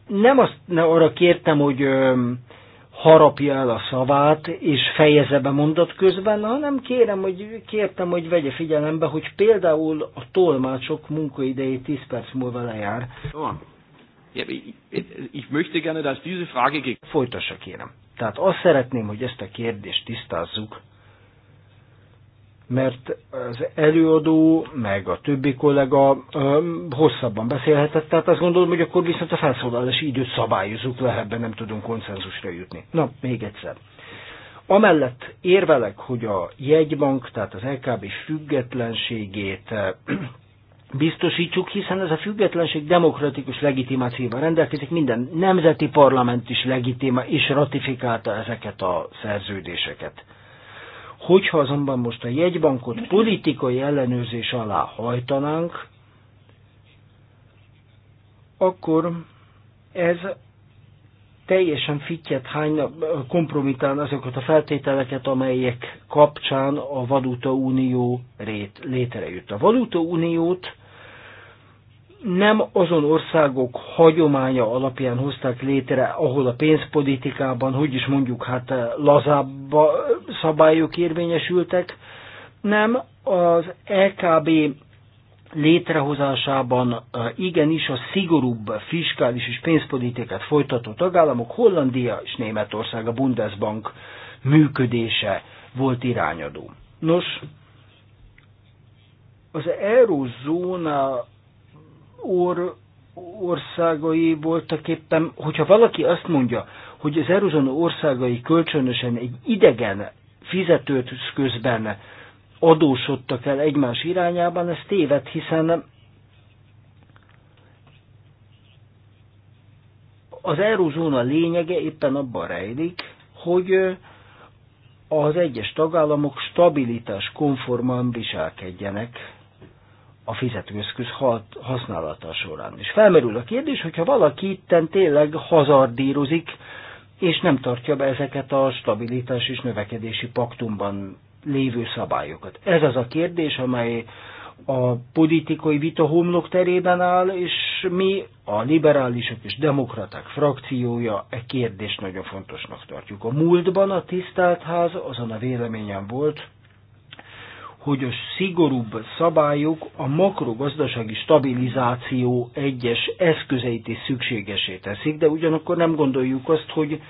nem azt ne arra kértem, hogy ö, harapja el a szavát, és fejeze be mondat közben, hanem kérem, hogy, kértem, hogy vegye figyelembe, hogy például a tolmácsok munkaidei 10 perc múlva lejár. Oh. Ja, ich möchte gerne, dass diese Frage... Folytassa kérem. Tehát azt szeretném, hogy ezt a kérdést tisztázzuk, mert az előadó, meg a többi kollega öm, hosszabban beszélhetett, tehát azt gondolom, hogy akkor viszont a felszólalási időt szabályozunk le, ebben nem tudunk konszenzusra jutni. Na, még egyszer. Amellett érvelek, hogy a jegybank, tehát az LKB függetlenségét biztosítsuk, hiszen ez a függetlenség demokratikus legitimációval rendelkezik, minden nemzeti parlament is legitima és ratifikálta ezeket a szerződéseket. Hogyha azonban most a jegybankot politikai ellenőrzés alá hajtanánk, akkor ez teljesen fittyet hányna, kompromitálna azokat a feltételeket, amelyek kapcsán a Valuta Unió rét, létrejött. A Valuta Uniót nem azon országok hagyománya alapján hozták létre, ahol a pénzpolitikában, hogy is mondjuk, hát eh, lazább szabályok érvényesültek, nem az LKB létrehozásában eh, igenis a szigorúbb fiskális és pénzpolitikát folytató tagállamok Hollandia és Németország a Bundesbank működése volt irányadó. Nos, az eurozóna or, országai voltak éppen, hogyha valaki azt mondja, hogy az Eurozóna országai kölcsönösen egy idegen fizetőt közben adósodtak el egymás irányában, ez téved, hiszen az Eurozóna lényege éppen abban rejlik, hogy az egyes tagállamok stabilitás konforman viselkedjenek, a fizetőeszköz használata során. És felmerül a kérdés, hogyha valaki itten tényleg hazardírozik, és nem tartja be ezeket a stabilitás és növekedési paktumban lévő szabályokat. Ez az a kérdés, amely a politikai vita homlok terében áll, és mi, a liberálisok és demokraták frakciója e kérdést nagyon fontosnak tartjuk. A múltban a tisztelt ház azon a véleményen volt, hogy a szigorúbb szabályok a makrogazdasági stabilizáció egyes eszközeit is szükségesé teszik, de ugyanakkor nem gondoljuk azt, hogy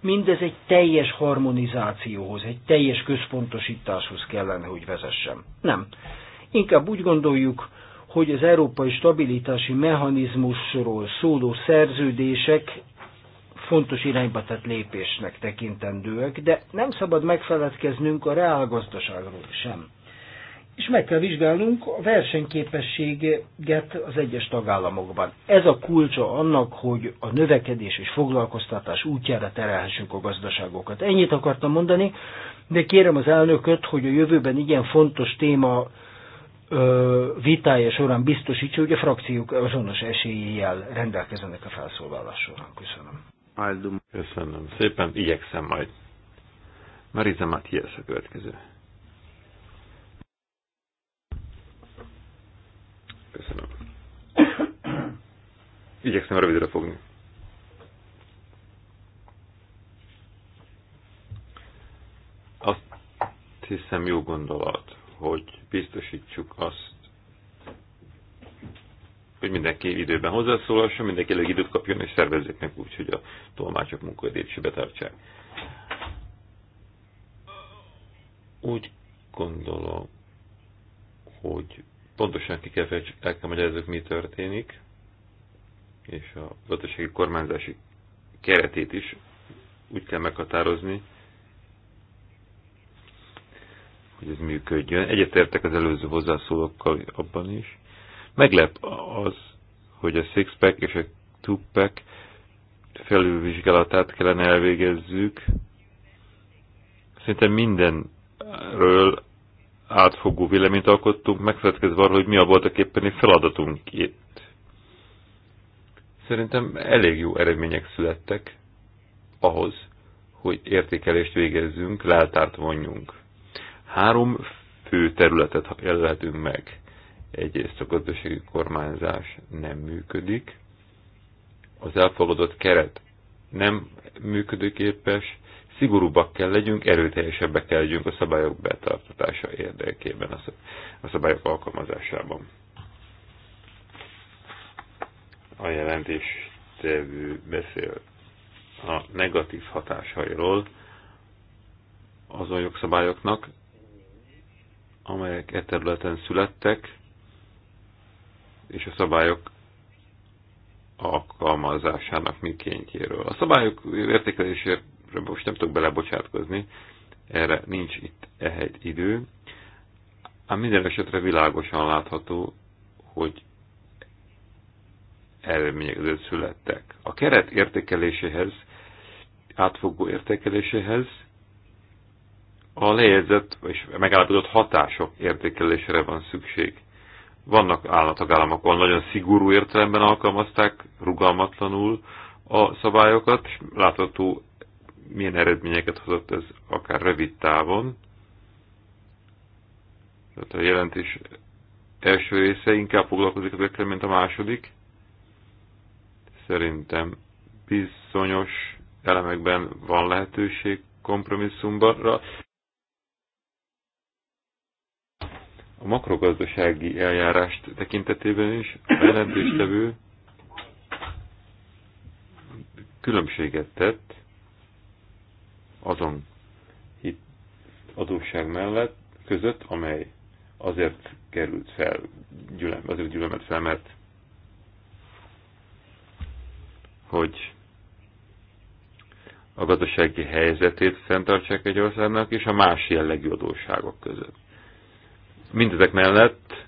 mindez egy teljes harmonizációhoz, egy teljes központosításhoz kellene, hogy vezessen. Nem. Inkább úgy gondoljuk, hogy az európai stabilitási mechanizmusról szóló szerződések fontos irányba tett lépésnek tekintendőek, de nem szabad megfeledkeznünk a reálgazdaságról sem és meg kell vizsgálnunk a versenyképességet az egyes tagállamokban. Ez a kulcsa annak, hogy a növekedés és foglalkoztatás útjára terelhessünk a gazdaságokat. Ennyit akartam mondani, de kérem az elnököt, hogy a jövőben igen fontos téma ö, vitája során biztosítsa, hogy a frakciók azonos esélyjel rendelkeznek a felszólalás során. Köszönöm. Köszönöm szépen, igyekszem majd. Marisa Matthias a következő. Köszönöm. Igyekszem rövidre fogni. Azt hiszem jó gondolat, hogy biztosítsuk azt, hogy mindenki időben hozzászólhasson, mindenki elég időt kapjon, és szervezzék meg úgy, hogy a tolmácsok munkaidét is betartsák. Úgy gondolom, hogy pontosan ki kell, el kell ezek mi történik, és a gazdasági kormányzási keretét is úgy kell meghatározni, hogy ez működjön. Egyetértek az előző hozzászólókkal abban is. Meglep az, hogy a six-pack és a two-pack felülvizsgálatát kellene elvégezzük. Szerintem mindenről átfogó véleményt alkottunk, megfelelkezve arra, hogy mi a voltak éppeni feladatunk itt. Szerintem elég jó eredmények születtek ahhoz, hogy értékelést végezzünk, leltárt vonjunk. Három fő területet jelöltünk meg. Egyrészt a gazdasági kormányzás nem működik, az elfogadott keret nem működőképes, szigorúbbak kell legyünk, erőteljesebbek kell legyünk a szabályok betartatása érdekében, a szabályok alkalmazásában. A jelentéstevő beszél a negatív hatásairól azon jogszabályoknak, amelyek e területen születtek, és a szabályok alkalmazásának mikéntjéről. A szabályok értékelésért most nem tudok belebocsátkozni, erre nincs itt ehhez idő. Ám minden esetre világosan látható, hogy eredmények születtek. A keret értékeléséhez, átfogó értékeléséhez a lejegyzett és megállapodott hatások értékelésére van szükség. Vannak állatagállamok, ahol nagyon szigorú értelemben alkalmazták rugalmatlanul a szabályokat, és látható milyen eredményeket hozott ez akár rövid távon. Tehát a jelentés első része inkább foglalkozik ezekkel, mint a második. Szerintem bizonyos elemekben van lehetőség kompromisszumra. A makrogazdasági eljárást tekintetében is a jelentéstevő különbséget tett azon hit adósság mellett, között, amely azért került fel, gyülem, azért gyülemet fel, mert hogy a gazdasági helyzetét fenntartsák egy országnak, és a más jellegű adósságok között. Mindezek mellett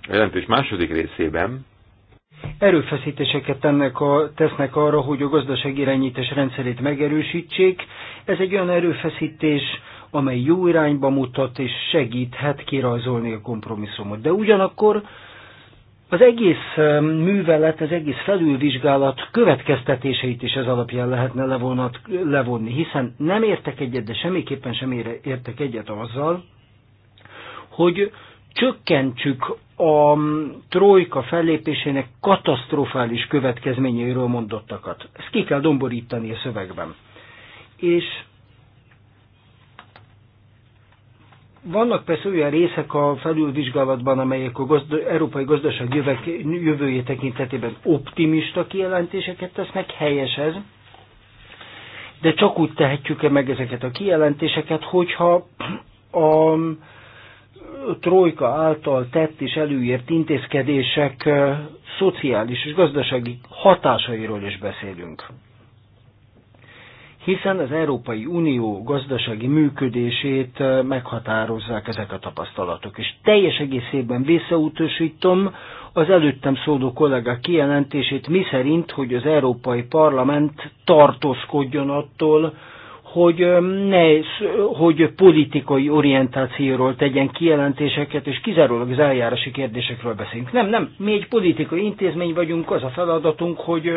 a jelentés második részében erőfeszítéseket tennek a, tesznek arra, hogy a gazdaság irányítás rendszerét megerősítsék. Ez egy olyan erőfeszítés, amely jó irányba mutat és segíthet kirajzolni a kompromisszumot. De ugyanakkor az egész um, művelet, az egész felülvizsgálat következtetéseit is ez alapján lehetne levonat, levonni, hiszen nem értek egyet, de semmiképpen sem értek egyet azzal, hogy csökkentsük a mm, trojka fellépésének katasztrofális következményeiről mondottakat. Ezt ki kell domborítani a szövegben. És vannak persze olyan részek a felülvizsgálatban, amelyek a gazda, európai gazdaság jövek, jövője tekintetében optimista kijelentéseket tesznek, helyes ez, de csak úgy tehetjük-e meg ezeket a kijelentéseket, hogyha a trojka által tett és előírt intézkedések szociális és gazdasági hatásairól is beszélünk. Hiszen az Európai Unió gazdasági működését meghatározzák ezek a tapasztalatok. És teljes egészében visszautasítom az előttem szóló kollega kijelentését, miszerint, hogy az Európai Parlament tartózkodjon attól, hogy, ne, hogy politikai orientációról tegyen kijelentéseket, és kizárólag az eljárási kérdésekről beszélünk. Nem, nem, mi egy politikai intézmény vagyunk, az a feladatunk, hogy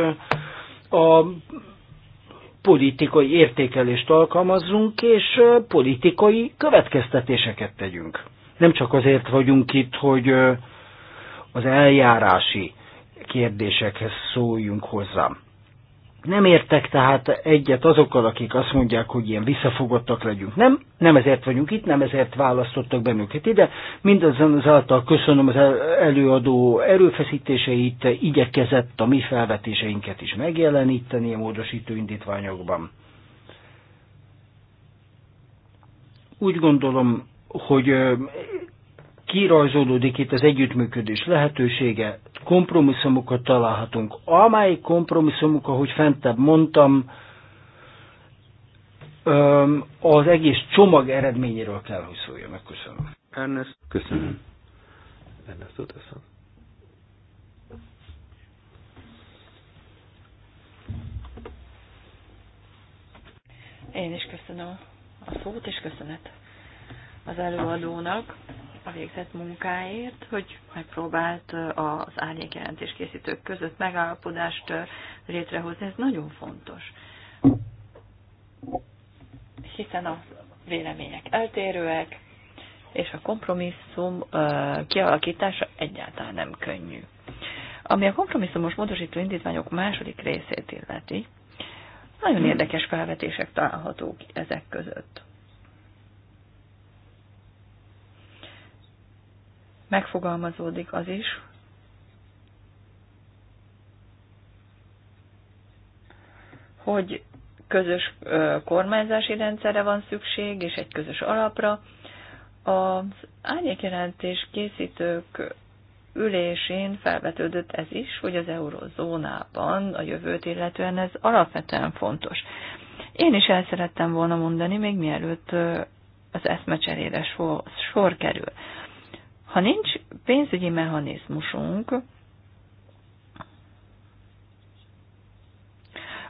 a politikai értékelést alkalmazzunk, és politikai következtetéseket tegyünk. Nem csak azért vagyunk itt, hogy az eljárási kérdésekhez szóljunk hozzá. Nem értek tehát egyet azokkal, akik azt mondják, hogy ilyen visszafogottak legyünk. Nem, nem ezért vagyunk itt, nem ezért választottak bennünket ide. Mindazon köszönöm az előadó erőfeszítéseit, igyekezett a mi felvetéseinket is megjeleníteni a módosító indítványokban. Úgy gondolom, hogy kirajzolódik itt az együttműködés lehetősége, kompromisszumokat találhatunk. Amely kompromisszumok, ahogy fentebb mondtam, az egész csomag eredményéről kell, hogy szóljon. Köszönöm. Ernest. Köszönöm. Ernest Utesson. Én is köszönöm a szót, és köszönet az előadónak a végzett munkáért, hogy megpróbált az árnyékjelentés készítők között megállapodást létrehozni. Ez nagyon fontos. Hiszen a vélemények eltérőek, és a kompromisszum kialakítása egyáltalán nem könnyű. Ami a kompromisszumos módosító indítványok második részét illeti, nagyon mhm. érdekes felvetések találhatók ezek között. megfogalmazódik az is, hogy közös kormányzási rendszerre van szükség, és egy közös alapra. Az árnyékjelentés készítők ülésén felvetődött ez is, hogy az eurozónában a jövőt illetően ez alapvetően fontos. Én is el szerettem volna mondani, még mielőtt az eszmecserére sor, sor kerül. Ha nincs pénzügyi mechanizmusunk,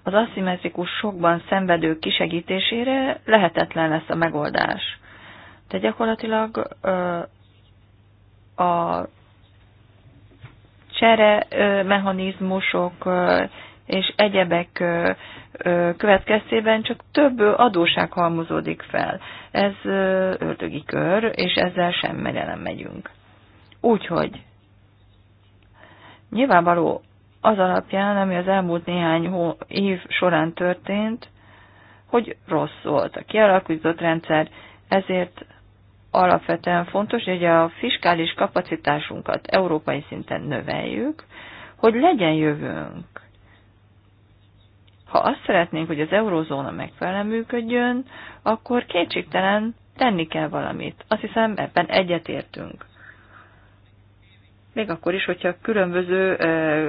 az aszimmetrikus sokban szenvedő kisegítésére lehetetlen lesz a megoldás. De gyakorlatilag a csere mechanizmusok és egyebek következtében csak több adóság halmozódik fel. Ez ördögi kör, és ezzel sem megy megyünk. Úgyhogy nyilvánvaló az alapján, ami az elmúlt néhány év során történt, hogy rossz volt a kialakított rendszer, ezért alapvetően fontos, hogy a fiskális kapacitásunkat európai szinten növeljük, hogy legyen jövőnk ha azt szeretnénk, hogy az eurózóna megfelelően működjön, akkor kétségtelen tenni kell valamit. Azt hiszem, ebben egyetértünk. Még akkor is, hogyha különböző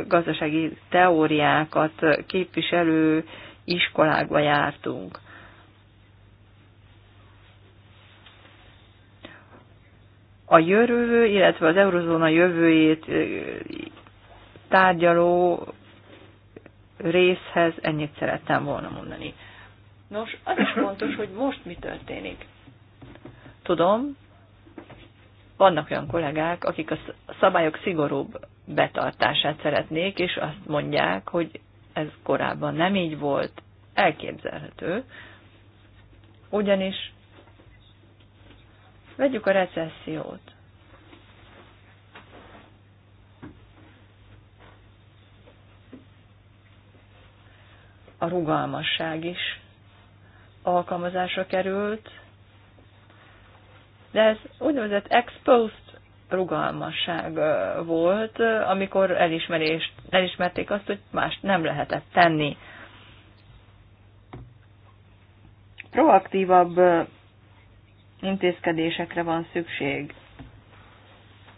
gazdasági teóriákat képviselő iskolákba jártunk. a jövő, illetve az eurozóna jövőjét tárgyaló részhez, ennyit szerettem volna mondani. Nos, az is fontos, hogy most mi történik. Tudom, vannak olyan kollégák, akik a szabályok szigorúbb betartását szeretnék, és azt mondják, hogy ez korábban nem így volt, elképzelhető, ugyanis vegyük a recessziót. a rugalmasság is alkalmazásra került, de ez úgynevezett exposed rugalmasság volt, amikor elismerést, elismerték azt, hogy más nem lehetett tenni. Proaktívabb intézkedésekre van szükség.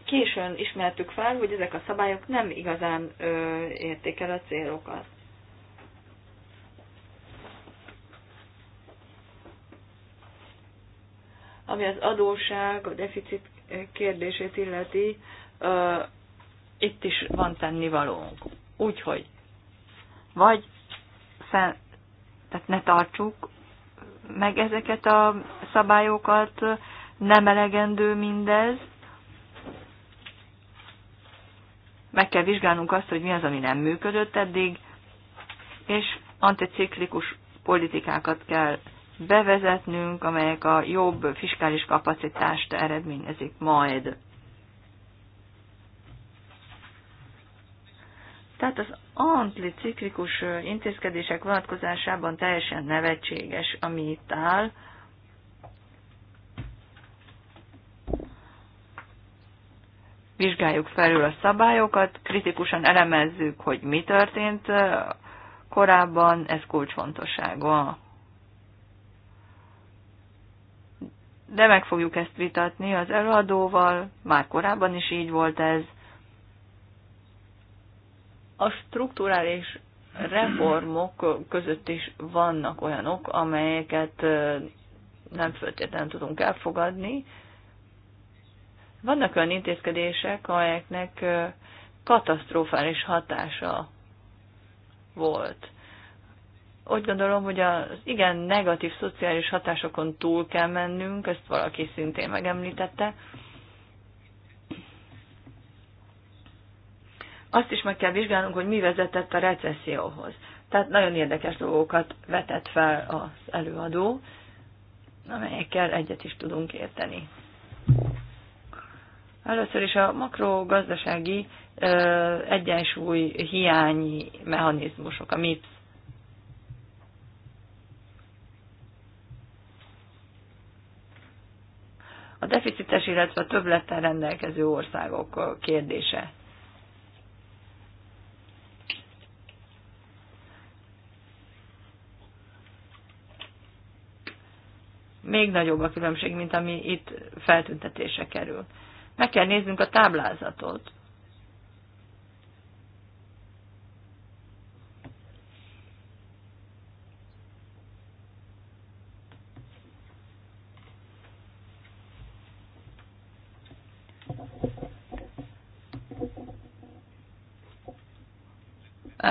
Későn ismertük fel, hogy ezek a szabályok nem igazán ö, érték el a célokat. Ami az adóság, a deficit kérdését illeti, itt is van tennivalónk. Úgyhogy vagy fel, tehát ne tartsuk meg ezeket a szabályokat, nem elegendő mindez. Meg kell vizsgálnunk azt, hogy mi az, ami nem működött eddig, és anticiklikus politikákat kell bevezetnünk, amelyek a jobb fiskális kapacitást eredményezik majd. Tehát az anticiklikus intézkedések vonatkozásában teljesen nevetséges, ami itt áll. Vizsgáljuk felül a szabályokat, kritikusan elemezzük, hogy mi történt korábban, ez kulcsfontosságú. de meg fogjuk ezt vitatni az előadóval, már korábban is így volt ez. A strukturális reformok között is vannak olyanok, amelyeket nem feltétlenül tudunk elfogadni. Vannak olyan intézkedések, amelyeknek katasztrofális hatása volt úgy gondolom, hogy az igen negatív szociális hatásokon túl kell mennünk, ezt valaki szintén megemlítette. Azt is meg kell vizsgálnunk, hogy mi vezetett a recesszióhoz. Tehát nagyon érdekes dolgokat vetett fel az előadó, amelyekkel egyet is tudunk érteni. Először is a makrogazdasági egyensúly hiányi mechanizmusok, a MIPS a deficites, illetve a többlettel rendelkező országok kérdése. Még nagyobb a különbség, mint ami itt feltüntetése kerül. Meg kell néznünk a táblázatot,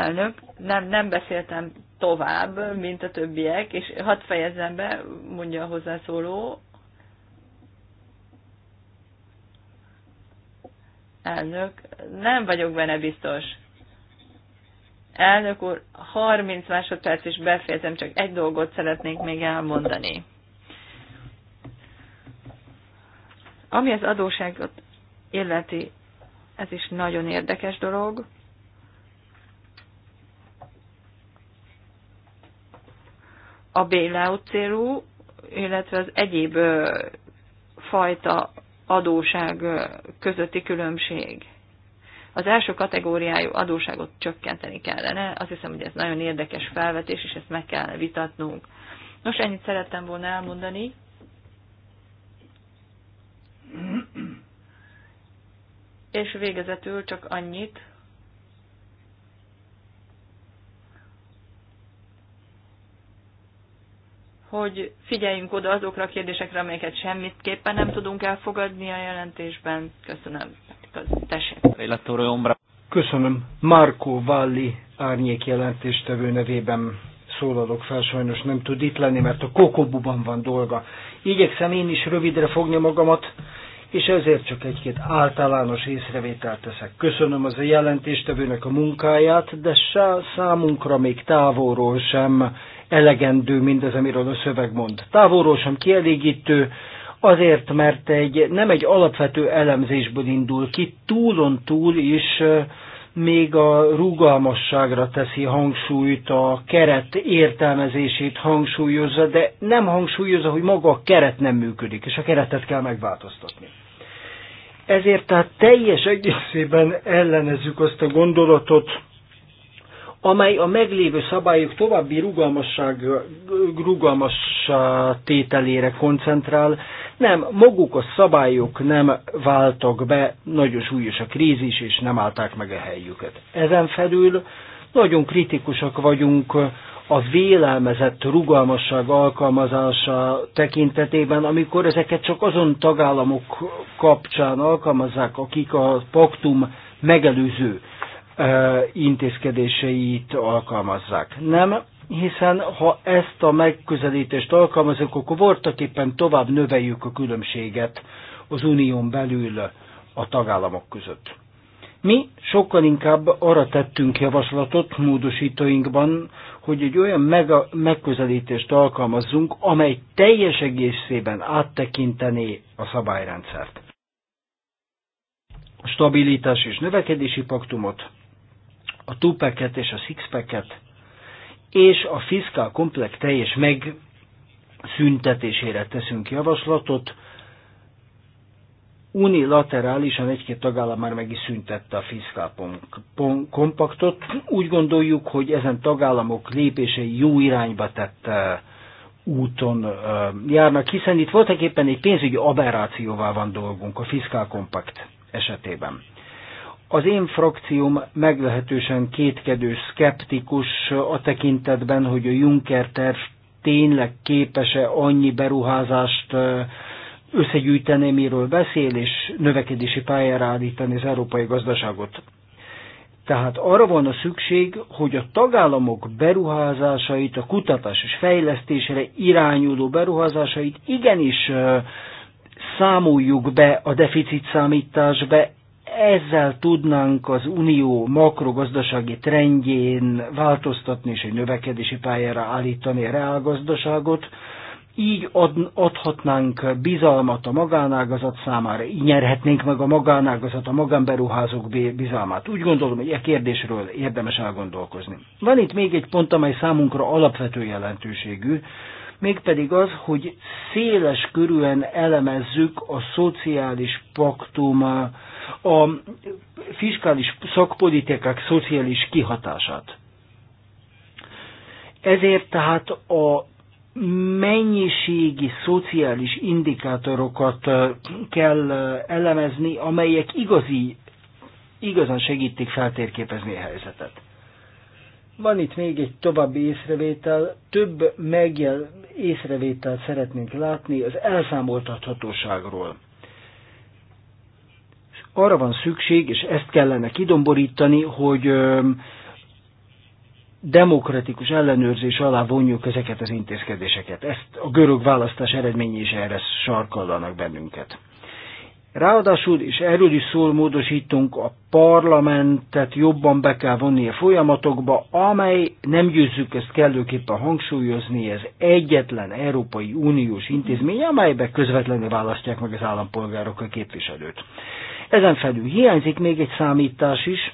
elnök, nem, nem beszéltem tovább, mint a többiek, és hadd fejezzem be, mondja a hozzászóló. Elnök, nem vagyok benne biztos. Elnök úr, 30 másodperc is befejezem, csak egy dolgot szeretnék még elmondani. Ami az adóságot illeti, ez is nagyon érdekes dolog. a bailout célú, illetve az egyéb fajta adóság közötti különbség. Az első kategóriájú adóságot csökkenteni kellene. Azt hiszem, hogy ez nagyon érdekes felvetés, és ezt meg kellene vitatnunk. Nos, ennyit szerettem volna elmondani. És végezetül csak annyit, hogy figyeljünk oda azokra a kérdésekre, amelyeket semmitképpen nem tudunk elfogadni a jelentésben. Köszönöm. Tessék. Köszönöm. Marco Valli árnyék jelentéstevő nevében szólalok fel, sajnos nem tud itt lenni, mert a kokobuban van dolga. Igyekszem én is rövidre fogni magamat, és ezért csak egy-két általános észrevételt teszek. Köszönöm az a jelentéstevőnek a munkáját, de se számunkra még távolról sem elegendő mindez, amiről a szöveg mond. Távolról sem kielégítő, azért, mert egy, nem egy alapvető elemzésből indul ki, túlon túl is még a rugalmasságra teszi hangsúlyt, a keret értelmezését hangsúlyozza, de nem hangsúlyozza, hogy maga a keret nem működik, és a keretet kell megváltoztatni. Ezért tehát teljes egészében ellenezzük azt a gondolatot, amely a meglévő szabályok további rugalmasság, rugalmassá tételére koncentrál. Nem, maguk a szabályok nem váltak be, nagyon súlyos a krízis, és nem állták meg a helyüket. Ezen felül nagyon kritikusak vagyunk a vélelmezett rugalmasság alkalmazása tekintetében, amikor ezeket csak azon tagállamok kapcsán alkalmazzák, akik a paktum megelőző intézkedéseit alkalmazzák. Nem, hiszen ha ezt a megközelítést alkalmazunk, akkor voltak éppen tovább növeljük a különbséget az unión belül a tagállamok között. Mi sokkal inkább arra tettünk javaslatot módosítóinkban, hogy egy olyan mega megközelítést alkalmazzunk, amely teljes egészében áttekintené a szabályrendszert. A stabilitás és növekedési paktumot, a tupeket és a sixpacket, és a fiskál komplex teljes megszüntetésére teszünk javaslatot. Unilaterálisan egy-két tagállam már meg is szüntette a fiskál kompaktot. Úgy gondoljuk, hogy ezen tagállamok lépései jó irányba tett úton járnak, hiszen itt voltak éppen egy pénzügyi aberrációval van dolgunk a fiskál kompakt esetében. Az én frakcióm meglehetősen kétkedő, szkeptikus a tekintetben, hogy a Juncker terv tényleg képes-e annyi beruházást összegyűjteni, miről beszél, és növekedési pályára állítani az európai gazdaságot. Tehát arra van a szükség, hogy a tagállamok beruházásait, a kutatás és fejlesztésre irányuló beruházásait igenis számoljuk be a deficit ezzel tudnánk az unió makrogazdasági trendjén változtatni és egy növekedési pályára állítani a reálgazdaságot, így ad, adhatnánk bizalmat a magánágazat számára, így nyerhetnénk meg a magánágazat, a magánberuházók bizalmát. Úgy gondolom, hogy e kérdésről érdemes elgondolkozni. Van itt még egy pont, amely számunkra alapvető jelentőségű, mégpedig az, hogy széles körűen elemezzük a szociális paktum a fiskális szakpolitikák szociális kihatását. Ezért tehát a mennyiségi szociális indikátorokat kell elemezni, amelyek igazi, igazán segítik feltérképezni a helyzetet. Van itt még egy további észrevétel, több megjel észrevételt szeretnénk látni az elszámoltathatóságról arra van szükség, és ezt kellene kidomborítani, hogy demokratikus ellenőrzés alá vonjuk ezeket az intézkedéseket. Ezt a görög választás eredményi is erre sarkallanak bennünket. Ráadásul, és erről is szól módosítunk, a parlamentet jobban be kell vonni a folyamatokba, amely, nem győzzük ezt kellőképpen hangsúlyozni, ez egyetlen Európai Uniós intézmény, amelybe közvetlenül választják meg az állampolgárok a képviselőt. Ezen felül hiányzik még egy számítás is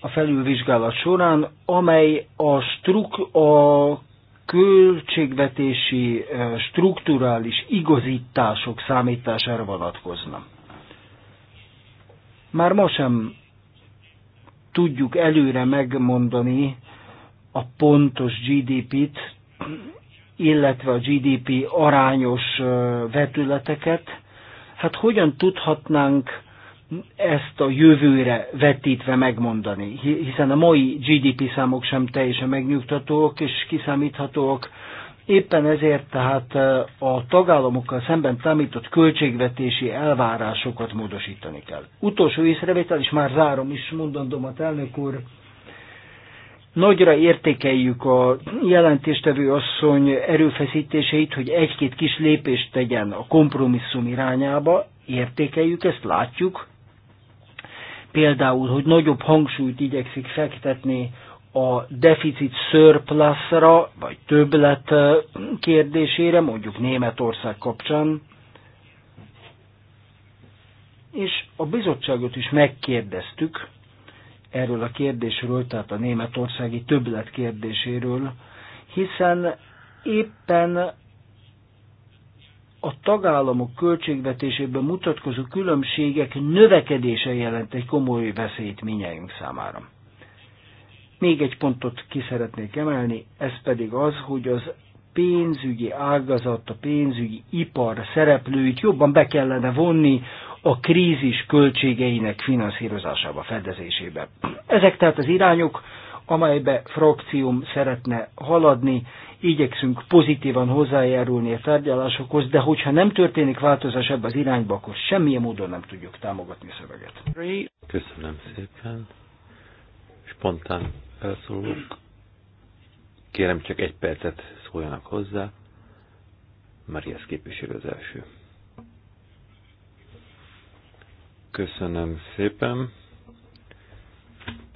a felülvizsgálat során, amely a, struk- a költségvetési eh, strukturális igazítások számítására vonatkozna. Már ma sem tudjuk előre megmondani a pontos GDP-t, illetve a GDP arányos eh, vetületeket, hát hogyan tudhatnánk ezt a jövőre vetítve megmondani, hiszen a mai GDP számok sem teljesen megnyugtatók és kiszámíthatók. Éppen ezért tehát a tagállamokkal szemben támított költségvetési elvárásokat módosítani kell. Utolsó észrevétel, és már zárom is mondandómat, elnök úr, Nagyra értékeljük a jelentéstevő asszony erőfeszítéseit, hogy egy-két kis lépést tegyen a kompromisszum irányába, értékeljük ezt, látjuk. Például, hogy nagyobb hangsúlyt igyekszik fektetni a deficit surplusra, vagy többlet kérdésére, mondjuk Németország kapcsán, és a bizottságot is megkérdeztük, erről a kérdésről, tehát a németországi többlet kérdéséről, hiszen éppen a tagállamok költségvetésében mutatkozó különbségek növekedése jelent egy komoly veszélyt minnyájunk számára. Még egy pontot ki szeretnék emelni, ez pedig az, hogy az pénzügyi ágazat, a pénzügyi ipar szereplőit jobban be kellene vonni a krízis költségeinek finanszírozásába, fedezésébe. Ezek tehát az irányok, amelybe frakcióm szeretne haladni, igyekszünk pozitívan hozzájárulni a tárgyalásokhoz, de hogyha nem történik változás ebbe az irányba, akkor semmilyen módon nem tudjuk támogatni a szöveget. Köszönöm szépen. Spontán felszólók. Kérem, csak egy percet szóljanak hozzá. Marias képviselő az első. Köszönöm szépen.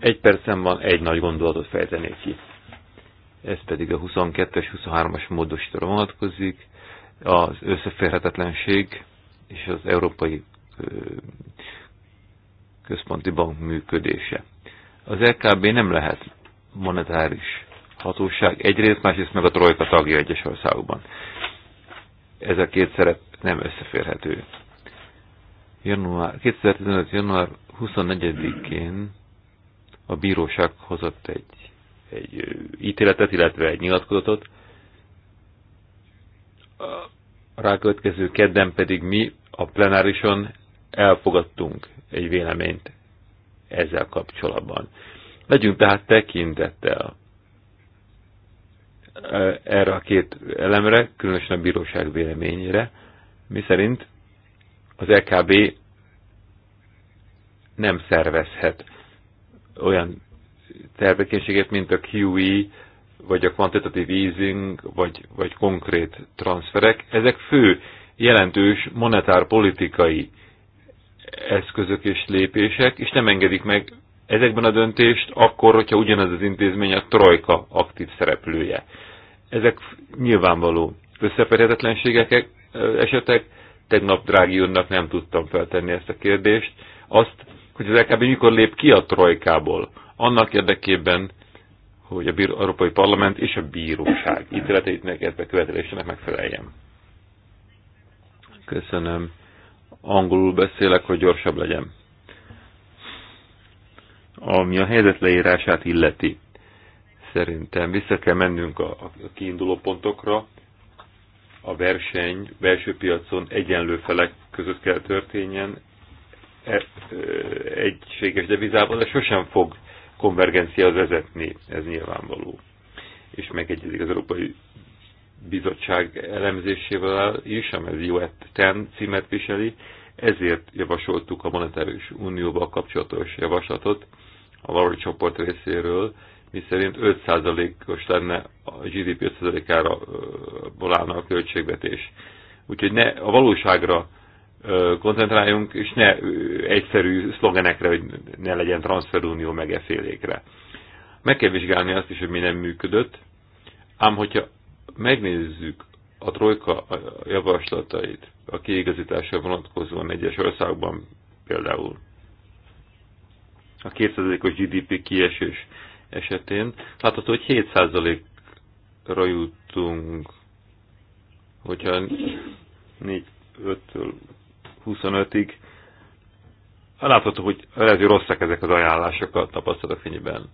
Egy percem van, egy nagy gondolatot fejtenék ki. Ez pedig a 22-es, 23-as módosítóra vonatkozik. Az összeférhetetlenség és az Európai Központi Bank működése. Az LKB nem lehet monetáris hatóság egyrészt, másrészt meg a trojka tagja egyes országokban. Ez a két szerep nem összeférhető január, 2015. január 24-én a bíróság hozott egy, egy ítéletet, illetve egy nyilatkozatot. A rákövetkező kedden pedig mi a plenárison elfogadtunk egy véleményt ezzel kapcsolatban. Legyünk tehát tekintettel erre a két elemre, különösen a bíróság véleményére, mi szerint az LKB e nem szervezhet olyan tervékenységet, mint a QE, vagy a quantitative easing, vagy, vagy konkrét transferek. Ezek fő, jelentős monetárpolitikai eszközök és lépések, és nem engedik meg ezekben a döntést akkor, hogyha ugyanaz az intézmény a trojka aktív szereplője. Ezek nyilvánvaló összeférhetetlenségek, e, esetek, tegnap Drági úrnak nem tudtam feltenni ezt a kérdést, azt, hogy az LKB mikor lép ki a trojkából, annak érdekében, hogy a Bíró, Európai Parlament és a Bíróság ítéleteit neked követelésének megfeleljen. Köszönöm. Angolul beszélek, hogy gyorsabb legyen. Ami a helyzet leírását illeti, szerintem vissza kell mennünk a, a kiinduló pontokra, a verseny belső piacon egyenlő felek között kell történjen e, e, egységes devizában, de sosem fog konvergencia vezetni, ez nyilvánvaló. És megegyezik az Európai Bizottság elemzésével is, amely jó TEN címet viseli, ezért javasoltuk a monetáris unióval kapcsolatos javaslatot a Valori csoport részéről, szerint 5%-os lenne a GDP 5%-ára állna a költségvetés. Úgyhogy ne a valóságra koncentráljunk, és ne egyszerű szlogenekre, hogy ne legyen transferunió meg e félékre. Meg kell vizsgálni azt is, hogy mi nem működött, ám hogyha megnézzük a trojka javaslatait a kiigazításra vonatkozóan egyes országban például a 2%-os GDP kiesés esetén látható, hogy 7%-ra jutunk, hogyha 4-5-től 25-ig. Látható, hogy lehet, hogy rosszak ezek az ajánlások a tapasztalatok fényében.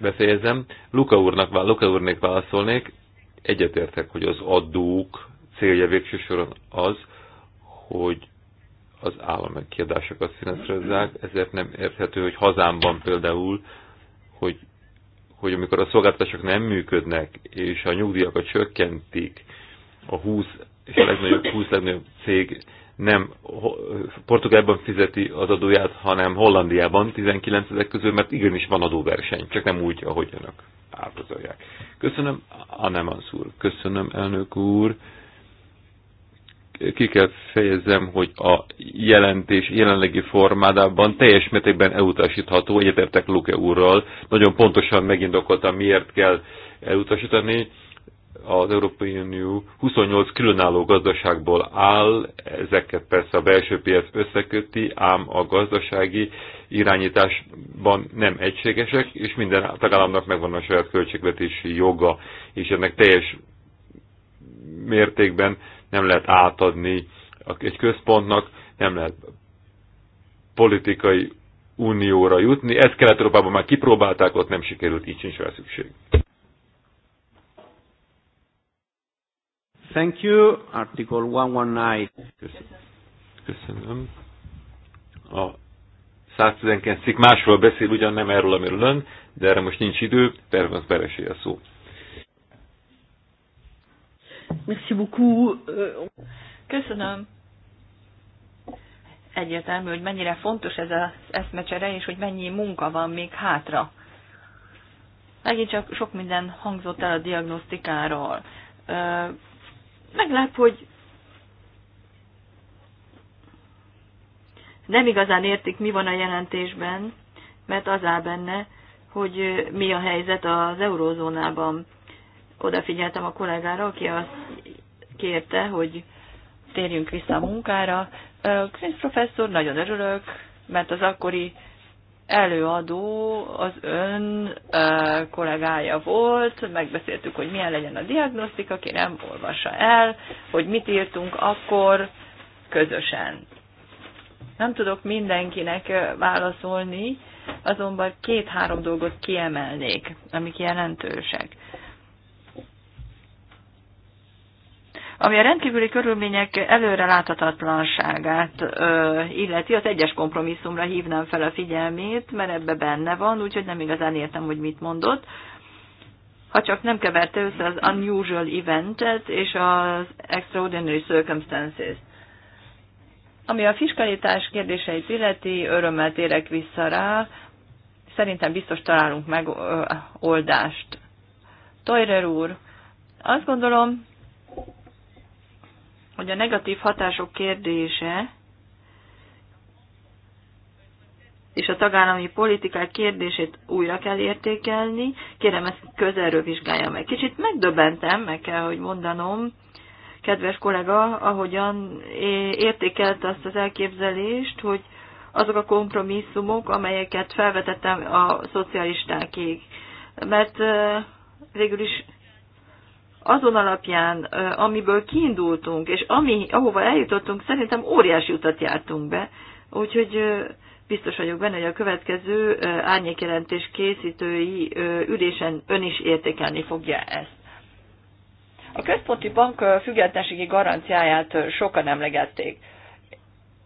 Befejezem. Luka úrnak, Luka úrnék válaszolnék. Egyetértek, hogy az adók célja végső soron az, hogy az állami kiadásokat finanszírozzák, ezért nem érthető, hogy hazámban például, hogy hogy amikor a szolgáltatások nem működnek, és a nyugdíjakat csökkentik, a 20 és a legnagyobb, 20 legnagyobb cég nem Portugálban fizeti az adóját, hanem Hollandiában 19 ezek közül, mert igenis van adóverseny, csak nem úgy, ahogy önök áldozolják. Köszönöm, Anne Mansur. Köszönöm, elnök úr ki kell fejezzem, hogy a jelentés jelenlegi formádában teljes mértékben elutasítható, egyetértek Luke úrral, nagyon pontosan megindokolta, miért kell elutasítani. Az Európai Unió 28 különálló gazdaságból áll, ezeket persze a belső piac összeköti, ám a gazdasági irányításban nem egységesek, és minden tagállamnak megvan a saját költségvetési joga, és ennek teljes mértékben nem lehet átadni egy központnak, nem lehet politikai unióra jutni. Ezt Kelet-Európában már kipróbálták, ott nem sikerült, így sincs vele szükség. Thank you. Article 119. Köszönöm. Köszönöm. A 119 cikk másról beszél, ugyan nem erről, amiről ön, de erre most nincs idő, Pervans Beresé a szó. Merci beaucoup. Euh, Köszönöm. Egyértelmű, hogy mennyire fontos ez az eszmecsere, és hogy mennyi munka van még hátra. Megint csak sok minden hangzott el a diagnosztikáról. Meglep, hogy nem igazán értik, mi van a jelentésben, mert az áll benne, hogy mi a helyzet az eurózónában. Odafigyeltem a kollégára, aki azt kérte, hogy térjünk vissza a munkára. Krisz professzor, nagyon örülök, mert az akkori előadó az ön ö, kollégája volt, megbeszéltük, hogy milyen legyen a diagnosztika, ki nem olvassa el, hogy mit írtunk akkor közösen. Nem tudok mindenkinek válaszolni, azonban két-három dolgot kiemelnék, amik jelentősek. Ami a rendkívüli körülmények előre láthatatlanságát illeti, az egyes kompromisszumra hívnám fel a figyelmét, mert ebbe benne van, úgyhogy nem igazán értem, hogy mit mondott. Ha csak nem keverte össze az unusual eventet és az extraordinary circumstances. Ami a fiskalitás kérdéseit illeti, örömmel térek vissza rá, szerintem biztos találunk megoldást. Toyrer úr, azt gondolom, hogy a negatív hatások kérdése és a tagállami politikák kérdését újra kell értékelni. Kérem, ezt közelről vizsgálja meg. Kicsit megdöbentem, meg kell, hogy mondanom, kedves kollega, ahogyan értékelte azt az elképzelést, hogy azok a kompromisszumok, amelyeket felvetettem a szocialistákig. Mert végül is azon alapján, amiből kiindultunk, és ami, ahova eljutottunk, szerintem óriási utat jártunk be. Úgyhogy biztos vagyok benne, hogy a következő árnyékjelentés készítői ülésen ön is értékelni fogja ezt. A központi bank függetlenségi garanciáját sokan emlegették.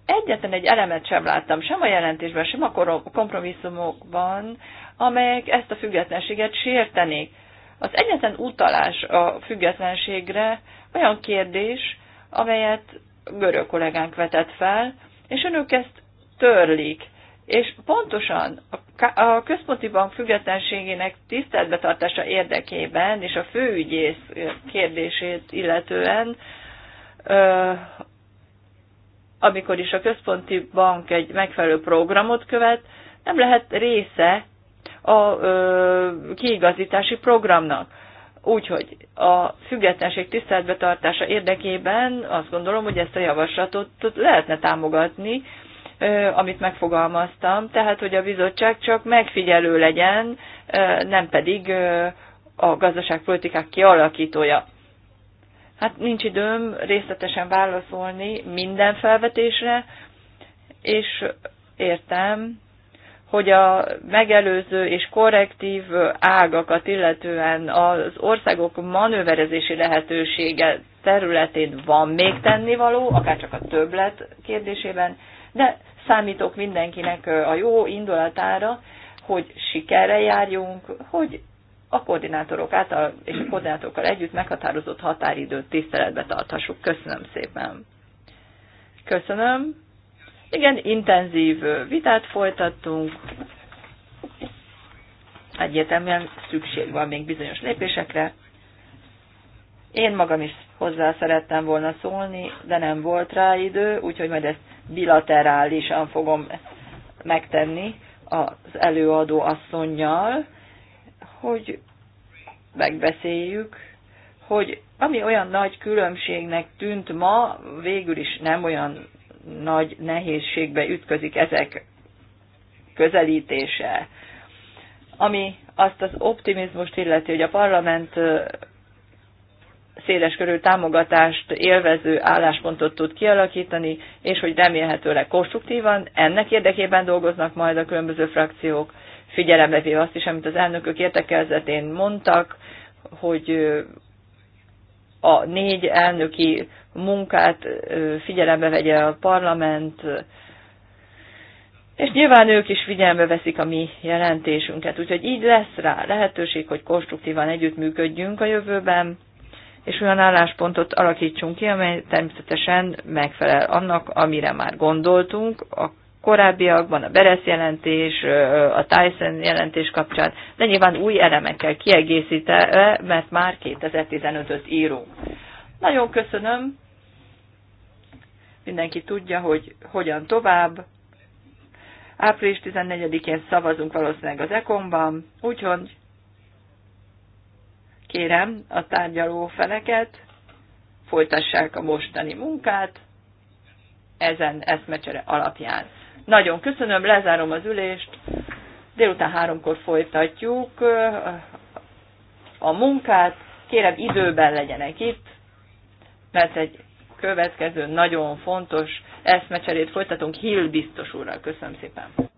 Egyetlen egy elemet sem láttam, sem a jelentésben, sem a kompromisszumokban, amelyek ezt a függetlenséget sértenék az egyetlen utalás a függetlenségre olyan kérdés, amelyet görög kollégánk vetett fel, és önök ezt törlik. És pontosan a központi bank függetlenségének tiszteletbetartása érdekében és a főügyész kérdését illetően, amikor is a központi bank egy megfelelő programot követ, nem lehet része a kiigazítási programnak. Úgyhogy a függetlenség tartása érdekében azt gondolom, hogy ezt a javaslatot lehetne támogatni, amit megfogalmaztam, tehát hogy a bizottság csak megfigyelő legyen, nem pedig a gazdaságpolitikák kialakítója. Hát nincs időm részletesen válaszolni minden felvetésre, és értem, hogy a megelőző és korrektív ágakat, illetően az országok manőverezési lehetősége területén van még tennivaló, akár csak a többlet kérdésében, de számítok mindenkinek a jó indulatára, hogy sikerre járjunk, hogy a koordinátorok által és a koordinátorokkal együtt meghatározott határidőt tiszteletbe tarthassuk. Köszönöm szépen! Köszönöm! Igen, intenzív vitát folytattunk, egyértelműen szükség van még bizonyos lépésekre. Én magam is hozzá szerettem volna szólni, de nem volt rá idő, úgyhogy majd ezt bilaterálisan fogom megtenni az előadó asszonynal, hogy megbeszéljük, hogy ami olyan nagy különbségnek tűnt ma, végül is nem olyan nagy nehézségbe ütközik ezek közelítése. Ami azt az optimizmust illeti, hogy a parlament széles körül támogatást élvező álláspontot tud kialakítani, és hogy remélhetőleg konstruktívan ennek érdekében dolgoznak majd a különböző frakciók, figyelembe véve azt is, amit az elnökök értekezetén mondtak, hogy a négy elnöki munkát figyelembe vegye a parlament, és nyilván ők is figyelembe veszik a mi jelentésünket, úgyhogy így lesz rá lehetőség, hogy konstruktívan együttműködjünk a jövőben, és olyan álláspontot alakítsunk ki, amely természetesen megfelel annak, amire már gondoltunk a korábbiakban, a Beres jelentés, a Tyson jelentés kapcsán, de nyilván új elemekkel kiegészítve, mert már 2015-öt írunk. Nagyon köszönöm, mindenki tudja, hogy hogyan tovább. Április 14-én szavazunk valószínűleg az Ekonban, úgyhogy kérem a tárgyaló feleket, folytassák a mostani munkát ezen eszmecsere alapján. Nagyon köszönöm, lezárom az ülést, délután háromkor folytatjuk uh, a munkát, kérem időben legyenek itt, mert egy következő nagyon fontos eszmecserét folytatunk Hill biztos úrral. Köszönöm szépen.